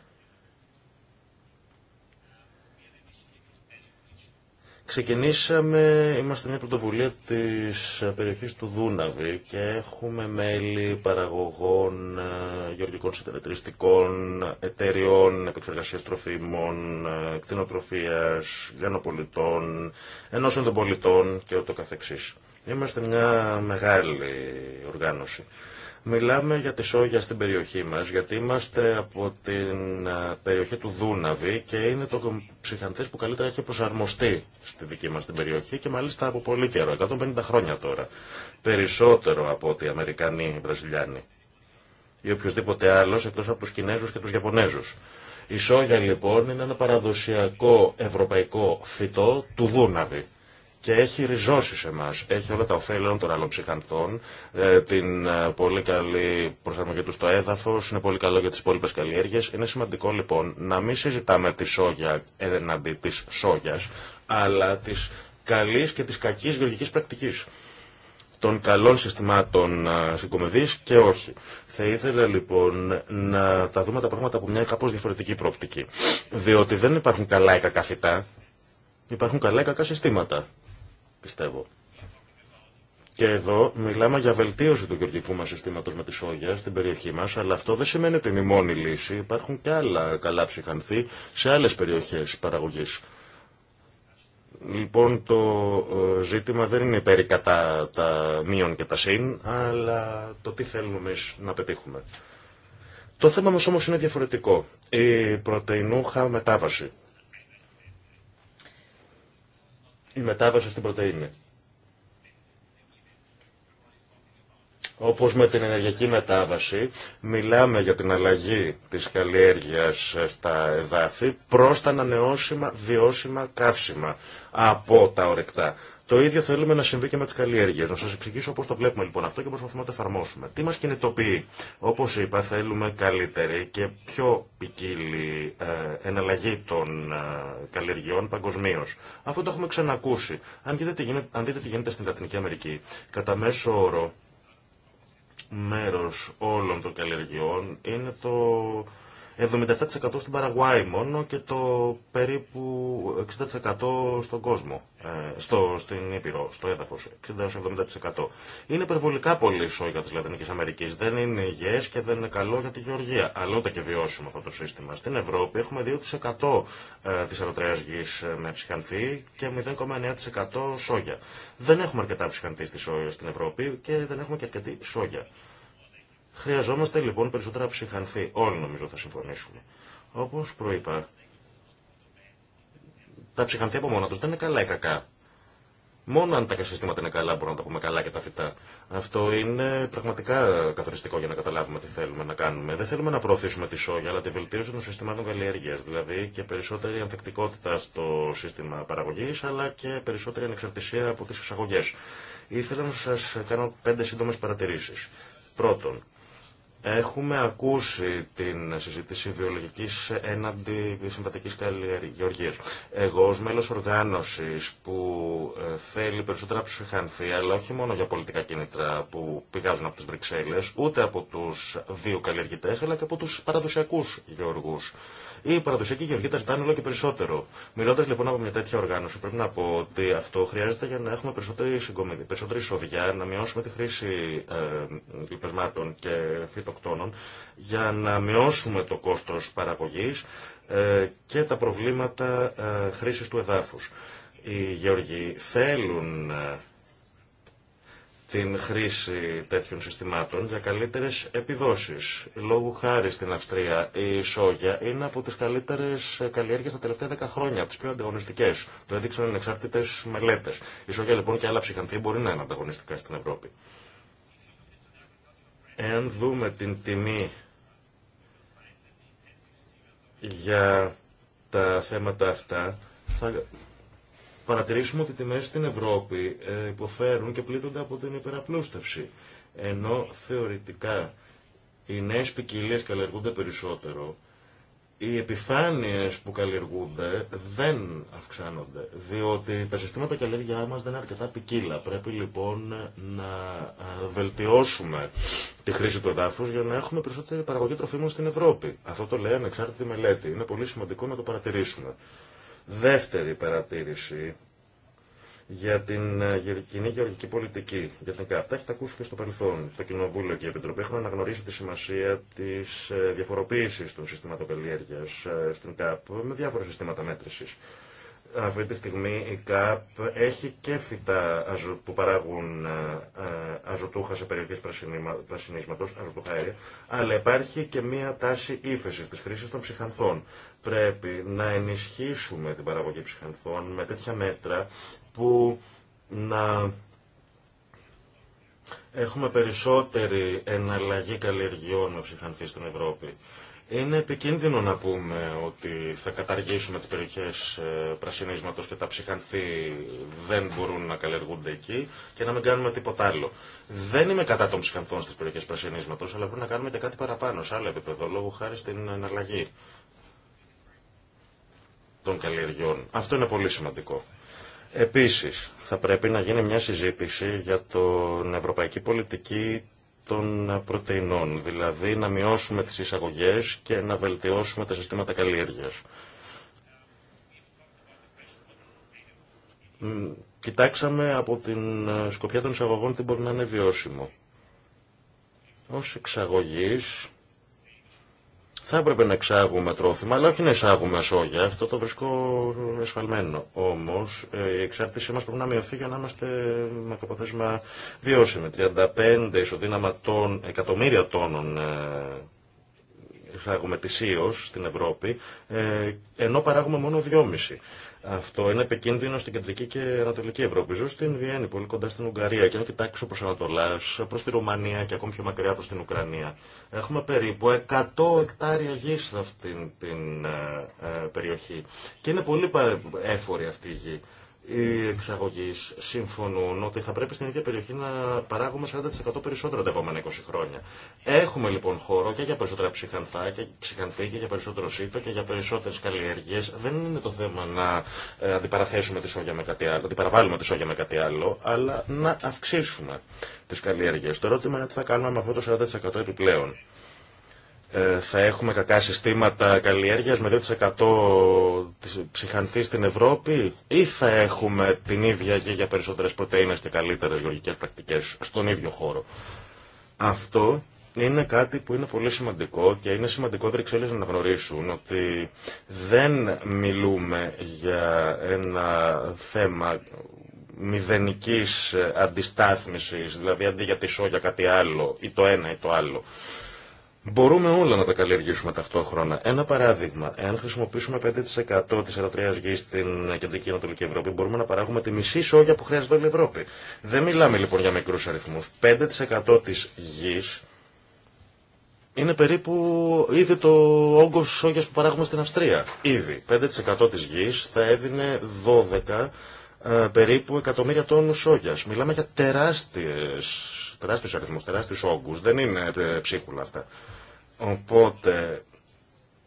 Ξεκινήσαμε, είμαστε μια πρωτοβουλία της περιοχής του Δούναβη και έχουμε μέλη παραγωγών ε, γεωργικών συνεταιριστικών, εταιριών επεξεργασίας τροφίμων, ε, κτηνοτροφίας, γενοπολιτών, ενώσεων των πολιτών και ούτω καθεξής. Είμαστε μια μεγάλη οργάνωση. Μιλάμε για τη σόγια στην περιοχή μας, γιατί είμαστε από την περιοχή του Δούναβη και είναι το ψυχανθές που καλύτερα έχει προσαρμοστεί στη δική μας την περιοχή και μάλιστα από πολύ καιρό, 150 χρόνια τώρα. Περισσότερο από ότι οι Αμερικανοί, οι Βραζιλιάνοι ή οποιοδήποτε άλλος εκτός από τους Κινέζους και τους Ιαπωνέζους. Η σόγια λοιπόν είναι ένα παραδοσιακό ευρωπαϊκό φυτό του Δούναβη και έχει ριζώσει σε εμά. Έχει όλα τα ωφέλη των άλλων ψυχανθών, ε, την ε, πολύ καλή προσαρμογή του στο έδαφο, είναι πολύ καλό για τι υπόλοιπε καλλιέργειε. Είναι σημαντικό λοιπόν να μην συζητάμε τη σόγια εναντί τη σόγια, αλλά τη καλή και τη κακή γεωργική πρακτική. Των καλών συστημάτων ε, συγκομιδή και όχι. Θα ήθελα λοιπόν να τα δούμε τα πράγματα από μια κάπω διαφορετική προοπτική. Διότι δεν υπάρχουν καλά ή κακά φυτά, υπάρχουν καλά ή κακά συστήματα πιστεύω. Και εδώ μιλάμε για βελτίωση του γεωργικού μα συστήματο με τη σόγια στην περιοχή μα, αλλά αυτό δεν σημαίνει ότι είναι η μόνη λύση. Υπάρχουν και άλλα καλά ψυχανθή σε άλλε περιοχέ παραγωγή. Λοιπόν, το ε, ζήτημα δεν είναι υπέρ κατά τα μείον και τα συν, αλλά το τι θέλουμε εμεί να πετύχουμε. Το θέμα μας όμως είναι διαφορετικό. Η πρωτεϊνούχα μετάβαση η μετάβαση στην πρωτεΐνη. Όπως με την ενεργειακή μετάβαση, μιλάμε για την αλλαγή της καλλιέργειας στα εδάφη προς τα ανανεώσιμα βιώσιμα καύσιμα από τα ορεκτά. Το ίδιο θέλουμε να συμβεί και με τι καλλιέργειε. Να σα εξηγήσω πώ το βλέπουμε λοιπόν αυτό και προσπαθούμε να το εφαρμόσουμε. Τι μα κινητοποιεί. Όπω είπα, θέλουμε καλύτερη και πιο ποικίλη ε, εναλλαγή των ε, καλλιεργειών παγκοσμίω. Αυτό το έχουμε ξανακούσει. Αν δείτε, τι γίνεται, αν δείτε στην Λατινική Αμερική, κατά μέσο όρο μέρο όλων των καλλιεργειών είναι το 77% στην Παραγουάη μόνο και το περίπου 60% στον κόσμο, ε, στο, στην Ήπειρο, στο έδαφος, Είναι υπερβολικά πολύ η σόγια της Λατίνική Αμερικής, δεν είναι υγιές και δεν είναι καλό για τη γεωργία, αλλά ούτε και βιώσιμο αυτό το σύστημα. Στην Ευρώπη έχουμε 2% ε, της αεροτρέας γης ε, με ψυχανθή και 0,9% σόγια. Δεν έχουμε αρκετά ψυχανθή σόγια στην Ευρώπη και δεν έχουμε και αρκετή σόγια. Χρειαζόμαστε λοιπόν περισσότερα ψυχανθή. Όλοι νομίζω θα συμφωνήσουμε. Όπω προείπα, τα ψυχανθή από μόνα του δεν είναι καλά ή κακά. Μόνο αν τα συστήματα είναι καλά μπορούμε να τα πούμε καλά και τα φυτά. Αυτό είναι πραγματικά καθοριστικό για να καταλάβουμε τι θέλουμε να κάνουμε. Δεν θέλουμε να προωθήσουμε τη σόγια, αλλά τη βελτίωση των συστημάτων καλλιέργεια. Δηλαδή και περισσότερη ανθεκτικότητα στο σύστημα παραγωγή, αλλά και περισσότερη ανεξαρτησία από τι εξαγωγέ. Ήθελα να σα κάνω πέντε σύντομε παρατηρήσει. Πρώτον, Έχουμε ακούσει την συζήτηση βιολογικής έναντι συμβατική καλλιεργίας. Εγώ ως μέλος οργάνωσης που ε, θέλει περισσότερα ψυχανθεί, αλλά όχι μόνο για πολιτικά κίνητρα που πηγάζουν από τις Βρυξέλλες, ούτε από τους δύο καλλιεργητές, αλλά και από τους παραδοσιακούς γεωργούς η παραδοσιακή γεωργία τα ζητάνε όλο και περισσότερο. Μιλώντα λοιπόν από μια τέτοια οργάνωση, πρέπει να πω ότι αυτό χρειάζεται για να έχουμε περισσότερη συγκομιδή, περισσότερη σοβιά, να μειώσουμε τη χρήση ε, και φυτοκτόνων, για να μειώσουμε το κόστο παραγωγή ε, και τα προβλήματα ε, χρήση του εδάφου. Οι γεωργοί θέλουν ε, την χρήση τέτοιων συστημάτων για καλύτερες επιδόσεις. λόγω χάρη στην Αυστρία η σόγια είναι από τις καλύτερες καλλιέργειε τα τελευταία 10 χρόνια, από τις πιο ανταγωνιστικές. Το έδειξαν ανεξάρτητες μελέτες. Η σόγια λοιπόν και άλλα ψυχανθή μπορεί να είναι ανταγωνιστικά στην Ευρώπη. Εάν δούμε την τιμή για τα θέματα αυτά, παρατηρήσουμε ότι οι τιμέ στην Ευρώπη ε, υποφέρουν και πλήττονται από την υπεραπλούστευση. Ενώ θεωρητικά οι νέε ποικιλίε καλλιεργούνται περισσότερο, οι επιφάνειες που καλλιεργούνται δεν αυξάνονται, διότι τα συστήματα καλλιέργειά μας δεν είναι αρκετά ποικίλα. Πρέπει λοιπόν να ε, βελτιώσουμε τη χρήση του εδάφους για να έχουμε περισσότερη παραγωγή τροφίμων στην Ευρώπη. Αυτό το λέει ανεξάρτητη μελέτη. Είναι πολύ σημαντικό να το παρατηρήσουμε. Δεύτερη παρατήρηση για την ε, κοινή γεωργική πολιτική. Για την ΚΑΠ. Τα έχετε ακούσει και στο παρελθόν. Το Κοινοβούλιο και η Επιτροπή έχουν αναγνωρίσει τη σημασία τη ε, διαφοροποίηση των συστηματοκαλλιέργεια ε, στην ΚΑΠ με διάφορα συστήματα μέτρηση. Αυτή τη στιγμή η ΚΑΠ έχει και φυτά που παράγουν ε, ε, αζωτούχα σε περιοχές πρασινίσματος, αζωτούχα αέρια, αλλά υπάρχει και μία τάση ύφεσης της χρήσης των ψυχανθών. Πρέπει να ενισχύσουμε την παραγωγή ψυχανθών με τέτοια μέτρα που να έχουμε περισσότερη εναλλαγή καλλιεργιών με ψυχανθή στην Ευρώπη. Είναι επικίνδυνο να πούμε ότι θα καταργήσουμε τις περιοχές ε, πρασινίσματος και τα ψυχανθή δεν μπορούν να καλλιεργούνται εκεί και να μην κάνουμε τίποτα άλλο. Δεν είμαι κατά των ψυχανθών στις περιοχές πρασινίσματος, αλλά πρέπει να κάνουμε και κάτι παραπάνω, σε άλλο επίπεδο, λόγω χάρη στην εναλλαγή των καλλιεργιών. Αυτό είναι πολύ σημαντικό. Επίσης, θα πρέπει να γίνει μια συζήτηση για την ευρωπαϊκή πολιτική των πρωτεϊνών, δηλαδή να μειώσουμε τις εισαγωγές και να βελτιώσουμε τα συστήματα καλλιέργειας. Κοιτάξαμε από την ε, σκοπιά των εισαγωγών τι μπορεί να είναι βιώσιμο. Ως εξαγωγής θα έπρεπε να εξάγουμε τρόφιμα, αλλά όχι να εισάγουμε σόγια. Αυτό το βρίσκω εσφαλμένο. Όμω ε, η εξάρτησή μα πρέπει να μειωθεί για να είμαστε μακροποθέσμα βιώσιμοι. 35 ισοδύναμα των εκατομμύρια τόνων ε, εισάγουμε ετησίω στην Ευρώπη, ε, ενώ παράγουμε μόνο 2,5. Αυτό είναι επικίνδυνο στην κεντρική και ανατολική Ευρώπη. Ζω στην Βιέννη, πολύ κοντά στην Ουγγαρία. Και αν κοιτάξω προ Ανατολά, προ τη Ρουμανία και ακόμη πιο μακριά προ την Ουκρανία, έχουμε περίπου 100 εκτάρια γη σε αυτή την ε, ε, περιοχή. Και είναι πολύ έφορη αυτή η γη οι εξαγωγεί συμφωνούν ότι θα πρέπει στην ίδια περιοχή να παράγουμε 40% περισσότερο τα επόμενα 20 χρόνια. Έχουμε λοιπόν χώρο και για περισσότερα ψυχανθά και ψυχανθή και για περισσότερο σύτο και για περισσότερε καλλιέργειε. Δεν είναι το θέμα να ε, αντιπαραθέσουμε τη σόγια με κάτι άλλο, αντιπαραβάλλουμε τη σόγια με κάτι άλλο, αλλά να αυξήσουμε τι καλλιέργειε. Το ερώτημα είναι τι θα κάνουμε με αυτό το 40% επιπλέον. Ε, θα έχουμε κακά συστήματα καλλιέργειας με 2% ψυχανθή στην Ευρώπη ή θα έχουμε την ίδια και για περισσότερες πρωτεΐνες και καλύτερες γεωργικές πρακτικές στον ίδιο χώρο. Αυτό είναι κάτι που είναι πολύ σημαντικό και είναι σημαντικό οι να γνωρίσουν ότι δεν μιλούμε για ένα θέμα μηδενικής αντιστάθμισης, δηλαδή αντί για τη σόγια κάτι άλλο ή το ένα ή το άλλο. Μπορούμε όλα να τα καλλιεργήσουμε ταυτόχρονα. Ένα παράδειγμα, εάν χρησιμοποιήσουμε 5% τη ερωτρέας γη στην κεντρική Ανατολική Ευρώπη, μπορούμε να παράγουμε τη μισή σόγια που χρειάζεται όλη η Ευρώπη. Δεν μιλάμε λοιπόν για μικρού αριθμού, 5% τη γη είναι περίπου ήδη το όγκο σόγια που παράγουμε στην Αυστρία. Ήδη. 5% τη γη θα έδινε 12 ε, περίπου εκατομμύρια τόνου σόγιας. Μιλάμε για τεράστιες, τεράστιους αριθμούς, τεράστιους Δεν είναι ε, ψίχουλα αυτά. Οπότε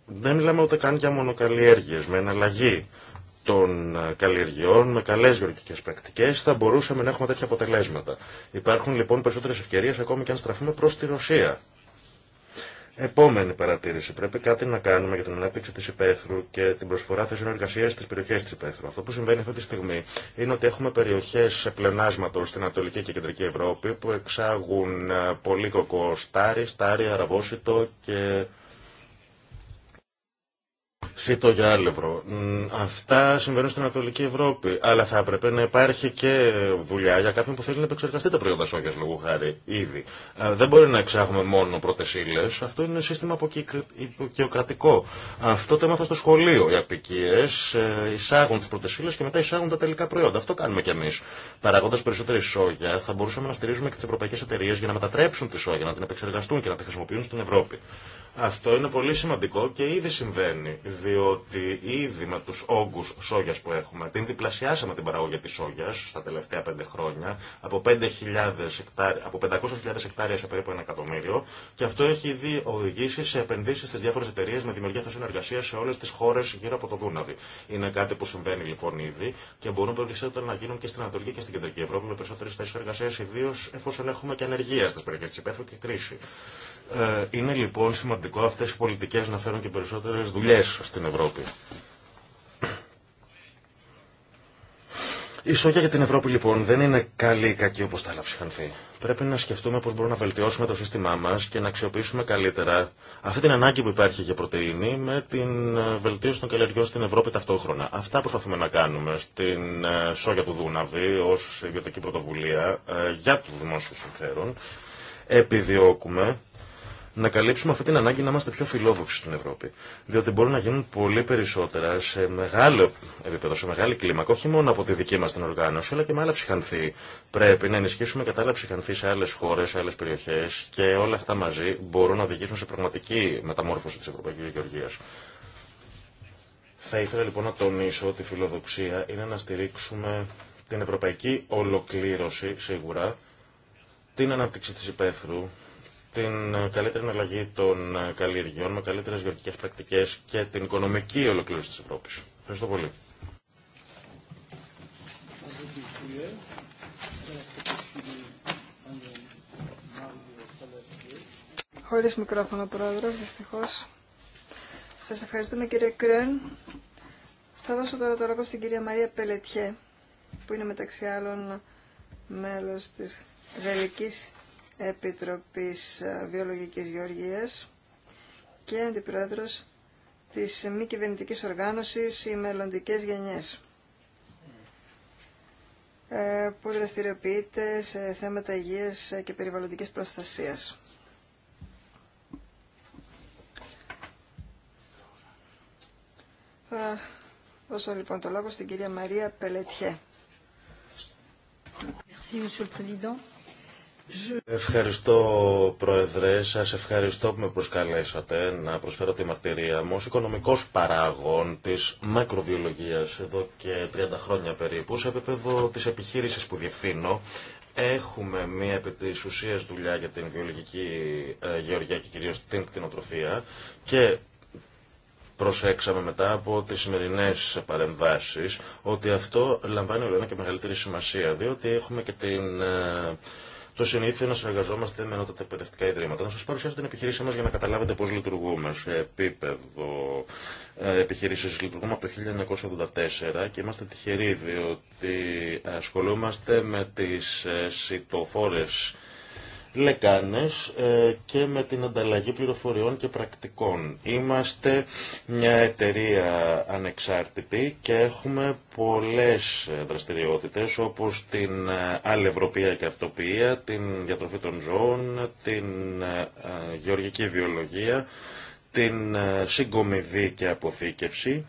δεν μιλάμε ούτε καν για μονοκαλλιέργειες. Με εναλλαγή των ε, καλλιεργειών, με καλέ γεωργικέ πρακτικέ, θα μπορούσαμε να έχουμε τέτοια αποτελέσματα. Υπάρχουν λοιπόν περισσότερε ευκαιρίε ακόμη και αν στραφούμε προ τη Ρωσία Επόμενη παρατήρηση. Πρέπει κάτι να κάνουμε για την ανάπτυξη τη υπαίθρου και την προσφορά θέσεων εργασία στι περιοχέ τη υπαίθρου. Αυτό που συμβαίνει αυτή τη στιγμή είναι ότι έχουμε περιοχέ πλεονάσματο στην Ανατολική και Κεντρική Ευρώπη που εξάγουν ε, πολύ κοκό στάρι, στάρι, αραβόσιτο και φύτο για άλευρο. Αυτά συμβαίνουν στην Ανατολική Ευρώπη. Αλλά θα έπρεπε να υπάρχει και βουλιά για κάποιον που θέλει να επεξεργαστεί τα προϊόντα σόγια λόγου χάρη ήδη. Δεν μπορεί να εξάγουμε μόνο πρώτε ύλε. Αυτό είναι σύστημα αποκαιοκρατικό. Αυτό το έμαθα στο σχολείο. Οι απικίε ε, εισάγουν τι πρώτε ύλε και μετά εισάγουν τα τελικά προϊόντα. Αυτό κάνουμε κι εμεί. Παραγώντα περισσότερη σόγια θα μπορούσαμε να στηρίζουμε και τι ευρωπαϊκέ εταιρείε για να μετατρέψουν τη σόγια, να την επεξεργαστούν και να τη χρησιμοποιούν στην Ευρώπη. Αυτό είναι πολύ σημαντικό και ήδη συμβαίνει, διότι ήδη με τους όγκους σόγιας που έχουμε, την διπλασιάσαμε την παραγωγή της σόγιας στα τελευταία πέντε χρόνια, από, 5.000 εκτάρια, από 500.000 εκτάρια σε περίπου ένα εκατομμύριο, και αυτό έχει ήδη οδηγήσει σε επενδύσεις στις διάφορες εταιρείες με δημιουργία θέσεων εργασία σε όλες τις χώρες γύρω από το Δούναβι. Είναι κάτι που συμβαίνει λοιπόν ήδη και μπορούν περισσότερο να γίνουν και στην Ανατολική και στην Κεντρική Ευρώπη με περισσότερες θέσεις εργασία, ιδίω εφόσον έχουμε και ανεργία στις περιοχές της Υπέθρου και κρίση. Ε, είναι λοιπόν σημαντικό αυτές οι πολιτικές να φέρουν και περισσότερες δουλειές στην Ευρώπη. Η σόγια για την Ευρώπη λοιπόν δεν είναι καλή ή κακή όπως τα άλλα Πρέπει να σκεφτούμε πώς μπορούμε να βελτιώσουμε το σύστημά μας και να αξιοποιήσουμε καλύτερα αυτή την ανάγκη που υπάρχει για πρωτεΐνη με την ε, βελτίωση των καλλιεργιών στην Ευρώπη ταυτόχρονα. Αυτά προσπαθούμε να κάνουμε στην ε, σόγια του Δούναβη ως ιδιωτική πρωτοβουλία για του δημόσιου συμφέρον. Επιδιώκουμε να καλύψουμε αυτή την ανάγκη να είμαστε πιο φιλόδοξοι στην Ευρώπη. Διότι μπορούν να γίνουν πολύ περισσότερα σε μεγάλο επίπεδο, σε μεγάλη κλίμακα, όχι μόνο από τη δική μα την οργάνωση, αλλά και με άλλα ψυχανθή. Πρέπει να ενισχύσουμε κατά άλλα ψυχανθή σε άλλε χώρε, σε άλλε περιοχέ και όλα αυτά μαζί μπορούν να οδηγήσουν σε πραγματική μεταμόρφωση τη Ευρωπαϊκή Γεωργία. Θα ήθελα λοιπόν να τονίσω ότι η φιλοδοξία είναι να στηρίξουμε την ευρωπαϊκή ολοκλήρωση σίγουρα, την ανάπτυξη της υπαίθρου, την ε, καλύτερη αλλαγή των ε, καλλιεργειών με καλύτερες γεωργικές πρακτικές και την οικονομική ολοκλήρωση της Ευρώπης. Ευχαριστώ πολύ. Χωρίς μικρόφωνο, Πρόεδρος, δυστυχώς. Σας ευχαριστούμε, κύριε Κρέν. Θα δώσω τώρα το λόγο στην κυρία Μαρία Πελετιέ, που είναι μεταξύ άλλων μέλος της Γαλλικής Επιτροπής ε, Βιολογικής Γεωργίας και Αντιπρόεδρος της μη κυβερνητική οργάνωσης «Οι μελλοντικές γενιές» ε, που δραστηριοποιείται σε θέματα υγείας και περιβαλλοντικής προστασίας. Θα δώσω λοιπόν το λόγο στην κυρία Μαρία Πελετιέ. Merci, Monsieur le Ευχαριστώ Πρόεδρε, σας ευχαριστώ που με προσκαλέσατε να προσφέρω τη μαρτυρία μου ως οικονομικός παράγων της μακροβιολογίας εδώ και 30 χρόνια περίπου σε επίπεδο της επιχείρησης που διευθύνω Έχουμε μία επί της ουσίας δουλειά για την βιολογική ε, γεωργία και κυρίως την κτηνοτροφία και προσέξαμε μετά από τις σημερινές παρεμβάσεις ότι αυτό λαμβάνει όλο ένα και μεγαλύτερη σημασία διότι έχουμε και την ε, το είναι να συνεργαζόμαστε με τα εκπαιδευτικά ιδρύματα. Να σα παρουσιάσω την επιχείρησή μα για να καταλάβετε πώ λειτουργούμε σε επίπεδο ε, επιχειρήση Λειτουργούμε από το 1984 και είμαστε τυχεροί διότι ασχολούμαστε με τι ε, σιτοφόρε λεκάνες ε, και με την ανταλλαγή πληροφοριών και πρακτικών. Είμαστε μια εταιρεία ανεξάρτητη και έχουμε πολλές ε, δραστηριότητες όπως την αλευροπία ε, και αρτοπία, την διατροφή των ζώων, την γεωργική βιολογία, την συγκομιδή και αποθήκευση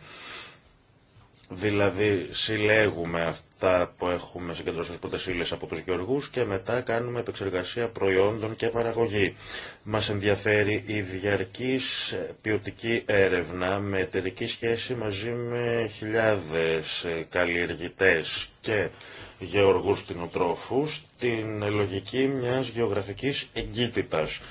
δηλαδή συλλέγουμε θα που έχουμε συγκεντρώσει ως πρώτες από τους γεωργούς και μετά κάνουμε επεξεργασία προϊόντων και παραγωγή. Μας ενδιαφέρει η διαρκής ποιοτική έρευνα με εταιρική σχέση μαζί με χιλιάδες καλλιεργητές και γεωργούς κτηνοτρόφους την λογική μιας γεωγραφικής εγκύτητας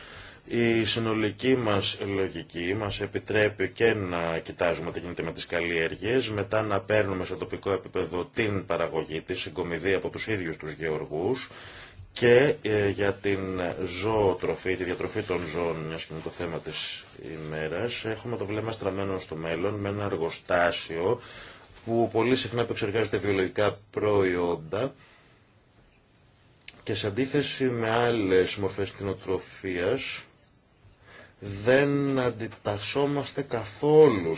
η συνολική μας λογική μας επιτρέπει και να κοιτάζουμε τι γίνεται με τις καλλιέργειες, μετά να παίρνουμε σε τοπικό επίπεδο την παραγωγή της, συγκομιδή από τους ίδιους τους γεωργούς και ε, για την ζωοτροφή, τη διατροφή των ζώων, μιας και είναι το θέμα της ημέρας, έχουμε το βλέμμα στραμμένο στο μέλλον με ένα εργοστάσιο που πολύ συχνά επεξεργάζεται βιολογικά προϊόντα και σε αντίθεση με άλλες μορφές κτηνοτροφίας δεν αντιτασσόμαστε καθόλου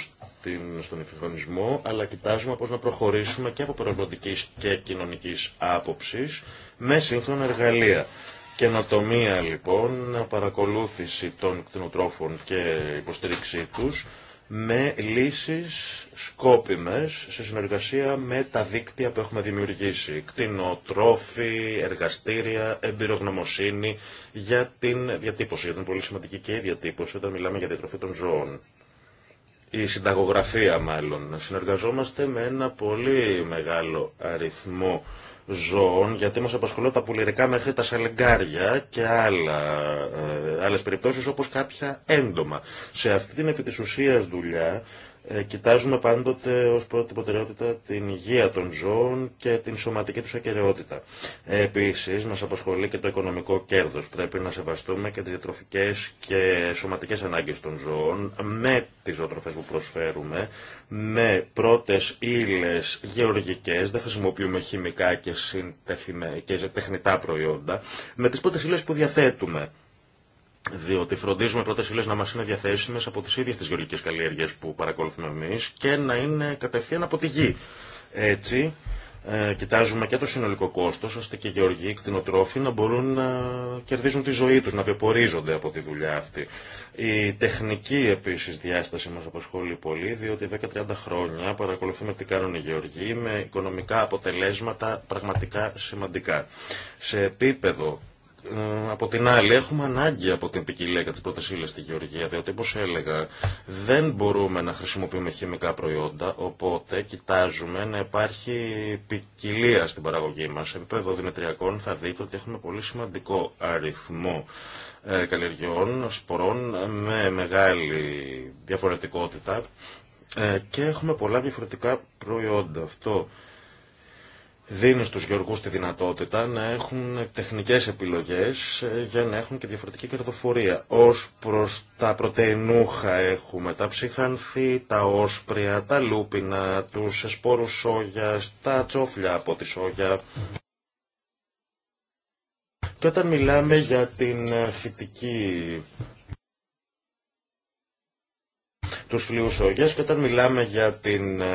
στον εφηγονισμό, αλλά κοιτάζουμε πώς να προχωρήσουμε και από περιβαλλοντικής και κοινωνικής άποψης με σύγχρονα εργαλεία. Καινοτομία λοιπόν, παρακολούθηση των κτηνοτρόφων και υποστήριξή τους, με λύσεις σκόπιμες σε συνεργασία με τα δίκτυα που έχουμε δημιουργήσει. Κτηνοτρόφοι, εργαστήρια, εμπειρογνωμοσύνη για την διατύπωση, για την πολύ σημαντική και η διατύπωση όταν μιλάμε για διατροφή των ζώων. Η συνταγογραφία μάλλον. Συνεργαζόμαστε με ένα πολύ μεγάλο αριθμό ζώων, γιατί μας απασχολούν τα πουλερικά μέχρι τα σαλεγκάρια και άλλα, ε, άλλες περιπτώσεις όπως κάποια έντομα. Σε αυτή την επί της ουσίας δουλειά ε, κοιτάζουμε πάντοτε ως πρώτη προτεραιότητα την υγεία των ζώων και την σωματική τους ακαιρεότητα. Ε, επίσης, μας απασχολεί και το οικονομικό κέρδος. Πρέπει να σεβαστούμε και τις διατροφικές και σωματικές ανάγκες των ζώων με τις ζωοτροφές που προσφέρουμε, με πρώτες ύλες γεωργικές, δεν χρησιμοποιούμε χημικά και τεχνητά προϊόντα, με τις πρώτες ύλες που διαθέτουμε διότι φροντίζουμε πρώτε ύλε να μα είναι διαθέσιμε από τι ίδιε τι γεωργικέ καλλιέργειε που παρακολουθούμε εμεί και να είναι κατευθείαν από τη γη. Έτσι, ε, κοιτάζουμε και το συνολικό κόστο ώστε και οι γεωργοί κτηνοτρόφοι να μπορούν να κερδίζουν τη ζωή του, να βιοπορίζονται από τη δουλειά αυτή. Η τεχνική επίση διάσταση μας απασχολεί πολύ, διότι εδώ και 30 χρόνια παρακολουθούμε τι κάνουν οι γεωργοί με οικονομικά αποτελέσματα πραγματικά σημαντικά. Σε επίπεδο από την άλλη έχουμε ανάγκη από την ποικιλία και τι πρώτες ύλες στη γεωργία, διότι όπω έλεγα δεν μπορούμε να χρησιμοποιούμε χημικά προϊόντα, οπότε κοιτάζουμε να υπάρχει ποικιλία στην παραγωγή μας. Σε επίπεδο δημητριακών θα δείτε ότι έχουμε πολύ σημαντικό αριθμό ε, καλλιεργιών, σπορών με μεγάλη διαφορετικότητα ε, και έχουμε πολλά διαφορετικά προϊόντα. Αυτό δίνει στους γεωργούς τη δυνατότητα να έχουν τεχνικές επιλογές ε, για να έχουν και διαφορετική κερδοφορία. Ως προς τα πρωτεϊνούχα έχουμε τα ψυχανθή, τα όσπρια, τα λούπινα, τους σπόρους σόγιας, τα τσόφλια από τη σόγια. Και όταν μιλάμε για την φυτική τους φλοιουσόγειας και όταν μιλάμε για την ε,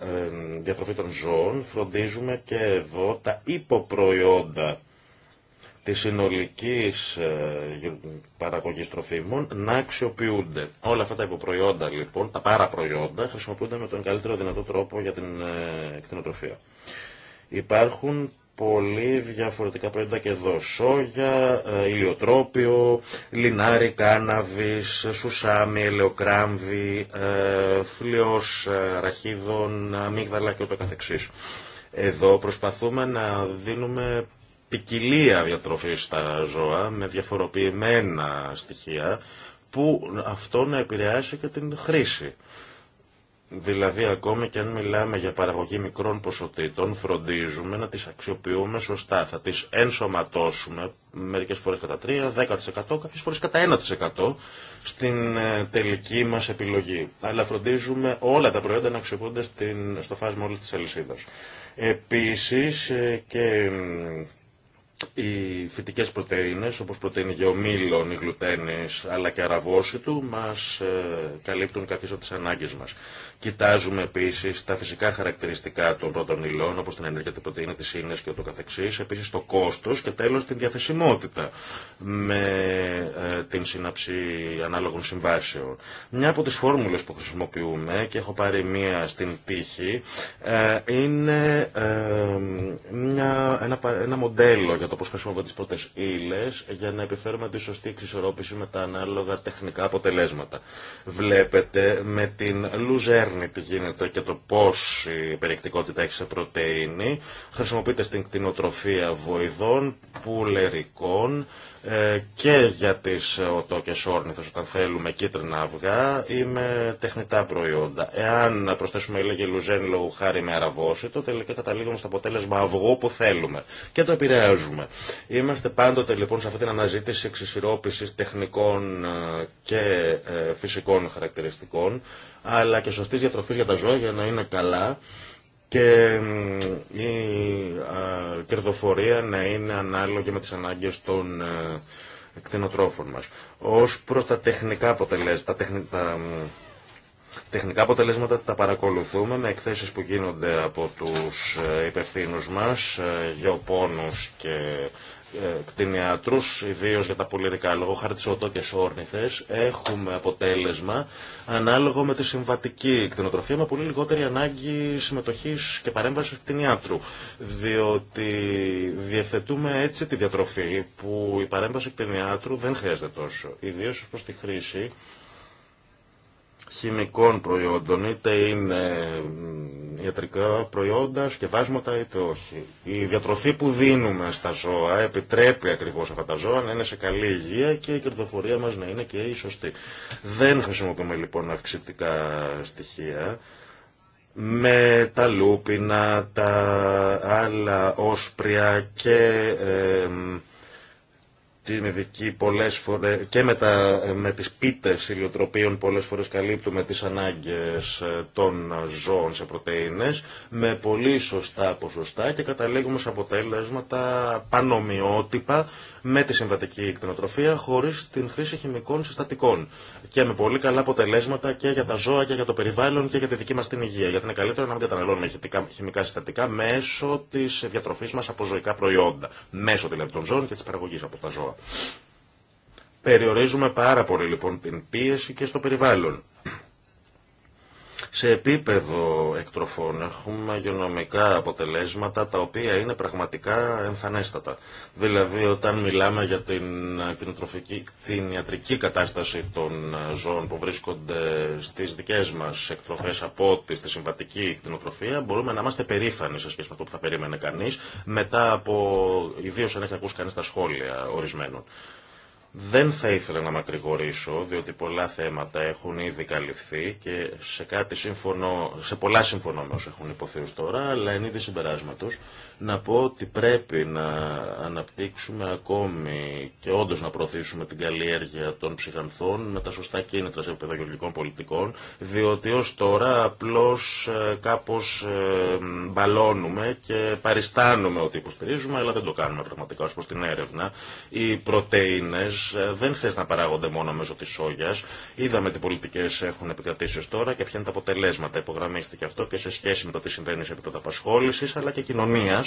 ε, διατροφή των ζώων φροντίζουμε και εδώ τα υποπροϊόντα της συνολικής ε, παραγωγής τροφίμων να αξιοποιούνται. Όλα αυτά τα υποπροϊόντα λοιπόν, τα παραπροϊόντα, χρησιμοποιούνται με τον καλύτερο δυνατό τρόπο για την κτηνοτροφία. Υπάρχουν πολύ διαφορετικά προϊόντα και εδώ. Σόγια, ε, ηλιοτρόπιο, λινάρι, κάναβης, σουσάμι, ελαιοκράμβη, φλοιός ε, ε, ραχίδων, αμύγδαλα και ούτω καθεξής. Εδώ προσπαθούμε να δίνουμε ποικιλία διατροφής στα ζώα με διαφοροποιημένα στοιχεία που αυτό να επηρεάσει και την χρήση. Δηλαδή ακόμη και αν μιλάμε για παραγωγή μικρών ποσοτήτων φροντίζουμε να τις αξιοποιούμε σωστά. Θα τις ενσωματώσουμε μερικές φορές κατά 3, 10%, κάποιες φορές κατά 1% στην ε, τελική μας επιλογή. Αλλά φροντίζουμε όλα τα προϊόντα να αξιοποιούνται στην, στο φάσμα όλη της αλυσίδας. Επίσης ε, και ε, οι φυτικές πρωτεΐνες όπως πρωτεΐνη γεωμήλων, η γλουτένες, αλλά και αραβόσιτου μας καλύπτουν κάποιες από τις ανάγκες μας. Κοιτάζουμε επίση τα φυσικά χαρακτηριστικά των πρώτων υλών, όπω την ενέργεια, την πρωτενη, τι ίνε και ούτω καθεξή. Επίση το κόστο και τέλο την διαθεσιμότητα με ε, την σύναψη ανάλογων συμβάσεων. Μια από τι φόρμουλε που χρησιμοποιούμε και έχω πάρει μία στην τύχη ε, είναι ε, μια, ένα, ενα μοντέλο για το πώ χρησιμοποιούμε τι πρώτε ύλε για να επιφέρουμε τη σωστή εξισορρόπηση με τα ανάλογα τεχνικά αποτελέσματα. Βλέπετε με την Λουζέρ δείχνει τι γίνεται και το πώς η περιεκτικότητα έχει σε πρωτεΐνη. Χρησιμοποιείται στην κτηνοτροφία βοηδών, πουλερικών, ε, και για τις ε, και σόρνηθες όταν θέλουμε κίτρινα αυγά ή με τεχνητά προϊόντα. Εάν προσθέσουμε έλεγε λουζέν λόγου χάρη με αραβόσιτο τελικά καταλήγουμε στο αποτέλεσμα αυγό που θέλουμε και το επηρεάζουμε. Είμαστε πάντοτε λοιπόν σε αυτή την αναζήτηση εξισυρώπησης τεχνικών ε, και φυσικών χαρακτηριστικών αλλά και σωστής διατροφής για τα ζώα για να είναι καλά και η κερδοφορία να είναι ανάλογη με τις ανάγκες των ε, κτηνοτρόφων μας. Ως προς τα τεχνικά αποτελέσματα, τα τεχνικά αποτελέσματα τα παρακολουθούμε με εκθέσεις που γίνονται από τους ε, υπευθύνους μας, ε, γεωπόνους και ε, κτηνιατρούς, ιδίω για τα πολυερικά λόγω οτό και σόρνηθες, έχουμε αποτέλεσμα ανάλογο με τη συμβατική κτηνοτροφία με πολύ λιγότερη ανάγκη συμμετοχής και παρέμβασης κτηνιάτρου. Διότι διευθετούμε έτσι τη διατροφή που η παρέμβαση κτηνιάτρου δεν χρειάζεται τόσο, Ιδίω προς τη χρήση χημικών προϊόντων, είτε είναι ιατρικά προϊόντα, σκευάσματα είτε όχι. Η διατροφή που δίνουμε στα ζώα επιτρέπει ακριβώς αυτά τα ζώα να είναι σε καλή υγεία και η κερδοφορία μας να είναι και η σωστή. Δεν χρησιμοποιούμε λοιπόν αυξητικά στοιχεία με τα λούπινα, τα άλλα όσπρια και... Ε, την ειδική πολλές και με, τα, με τις πίτες ηλιοτροπίων πολλές φορές καλύπτουμε τις ανάγκες ε, των ζώων σε πρωτεΐνες με πολύ σωστά ποσοστά και καταλήγουμε σε αποτέλεσματα πανομοιότυπα με τη συμβατική εκτενοτροφία χωρίς την χρήση χημικών συστατικών και με πολύ καλά αποτελέσματα και για τα ζώα και για το περιβάλλον και για τη δική μας την υγεία γιατί είναι καλύτερο να μην καταναλώνουμε χημικά συστατικά μέσω της διατροφής μας από ζωικά προϊόντα μέσω δηλαδή των ζώων και τη παραγωγή από τα ζώα. Περιορίζουμε πάρα πολύ λοιπόν την πίεση και στο περιβάλλον. Σε επίπεδο εκτροφών έχουμε γεωνομικά αποτελέσματα τα οποία είναι πραγματικά εμφανέστατα. Δηλαδή όταν μιλάμε για την, την, τροφική, την ιατρική κατάσταση των ζώων που βρίσκονται στις δικές μας εκτροφές από τη στη συμβατική κτηνοτροφία μπορούμε να είμαστε περήφανοι σε σχέση με αυτό που θα περίμενε κανείς μετά από ιδίως αν έχει ακούσει κανείς τα σχόλια ορισμένων. Δεν θα ήθελα να μακρηγορήσω, διότι πολλά θέματα έχουν ήδη καλυφθεί και σε, κάτι συμφωνώ, σε πολλά συμφωνώ με όσους έχουν υποθεί τώρα, αλλά εν είδη συμπεράσματος να πω ότι πρέπει να αναπτύξουμε ακόμη και όντω να προωθήσουμε την καλλιέργεια των ψυχανθών με τα σωστά κίνητρα σε επίπεδο πολιτικών, διότι ω τώρα απλώ ε, κάπω ε, μπαλώνουμε και παριστάνουμε ότι υποστηρίζουμε, αλλά δεν το κάνουμε πραγματικά ω προ την έρευνα. Οι πρωτενε ε, δεν χρειάζεται να παράγονται μόνο μέσω τη σόγια. Είδαμε τι πολιτικέ έχουν επικρατήσει ω τώρα και ποια είναι τα αποτελέσματα. Υπογραμμίστηκε αυτό και σε σχέση με το τι συμβαίνει σε επίπεδο απασχόληση αλλά και κοινωνία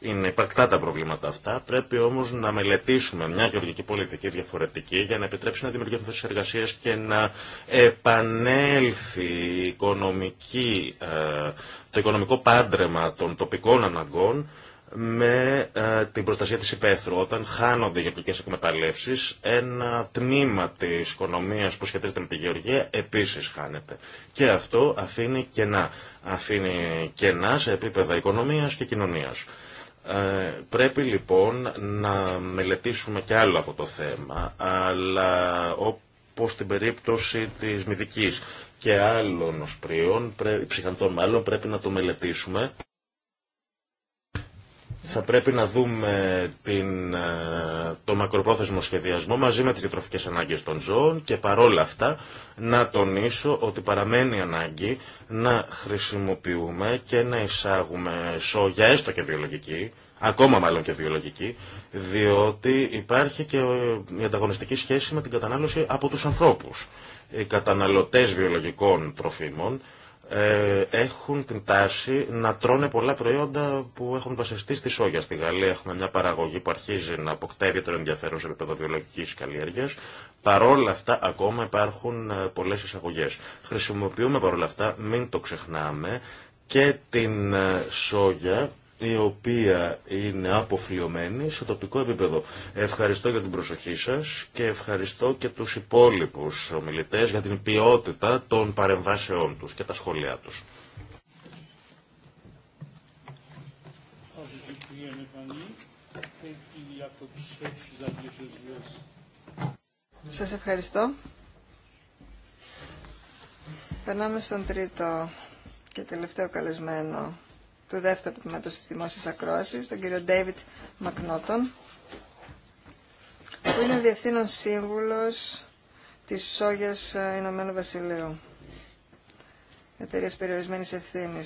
είναι υπαρκτά τα προβλήματα αυτά. Πρέπει όμω να μελετήσουμε μια γεωργική πολιτική διαφορετική για να επιτρέψει να δημιουργηθούν θέσει εργασία και να επανέλθει οικονομική, ε, το οικονομικό πάντρεμα των τοπικών αναγκών με ε, την προστασία της υπαίθρου. Όταν χάνονται οι γεωργικές εκμεταλλεύσεις, ένα τμήμα της οικονομίας που σχετίζεται με τη γεωργία επίσης χάνεται. Και αυτό αφήνει κενά. Αφήνει κενά σε επίπεδα οικονομίας και κοινωνίας. Ε, πρέπει λοιπόν να μελετήσουμε και άλλο αυτό το θέμα, αλλά όπως στην περίπτωση της μυδικής και άλλων πρέ, ψυχανθών μάλλον, πρέπει να το μελετήσουμε θα πρέπει να δούμε την, ε, το μακροπρόθεσμο σχεδιασμό μαζί με τις διατροφικές ανάγκες των ζώων και παρόλα αυτά να τονίσω ότι παραμένει ανάγκη να χρησιμοποιούμε και να εισάγουμε σόγια έστω και βιολογική, ακόμα μάλλον και βιολογική, διότι υπάρχει και ε, η ανταγωνιστική σχέση με την κατανάλωση από τους ανθρώπους. Οι καταναλωτές βιολογικών τροφίμων ε, έχουν την τάση να τρώνε πολλά προϊόντα που έχουν βασιστεί στη σόγια. Στη Γαλλία έχουμε μια παραγωγή που αρχίζει να αποκτά τον ενδιαφέρον σε επίπεδο βιολογική καλλιέργεια. Παρόλα αυτά, ακόμα υπάρχουν ε, πολλέ εισαγωγέ. Χρησιμοποιούμε παρόλα αυτά, μην το ξεχνάμε, και την ε, σόγια η οποία είναι αποφλειωμένη σε τοπικό επίπεδο. Ευχαριστώ για την προσοχή σας και ευχαριστώ και τους υπόλοιπους ομιλητές για την ποιότητα των παρεμβάσεών τους και τα σχόλιά τους. Σας ευχαριστώ. Περνάμε στον τρίτο και τελευταίο καλεσμένο του δεύτερου τμήματο τη δημόσια ακρόαση, τον κύριο Ντέιβιτ Μακνότον, που είναι διευθύνων σύμβουλος της Σόγιας Ηνωμένου Βασιλείου, εταιρεία περιορισμένης Ευθύνη,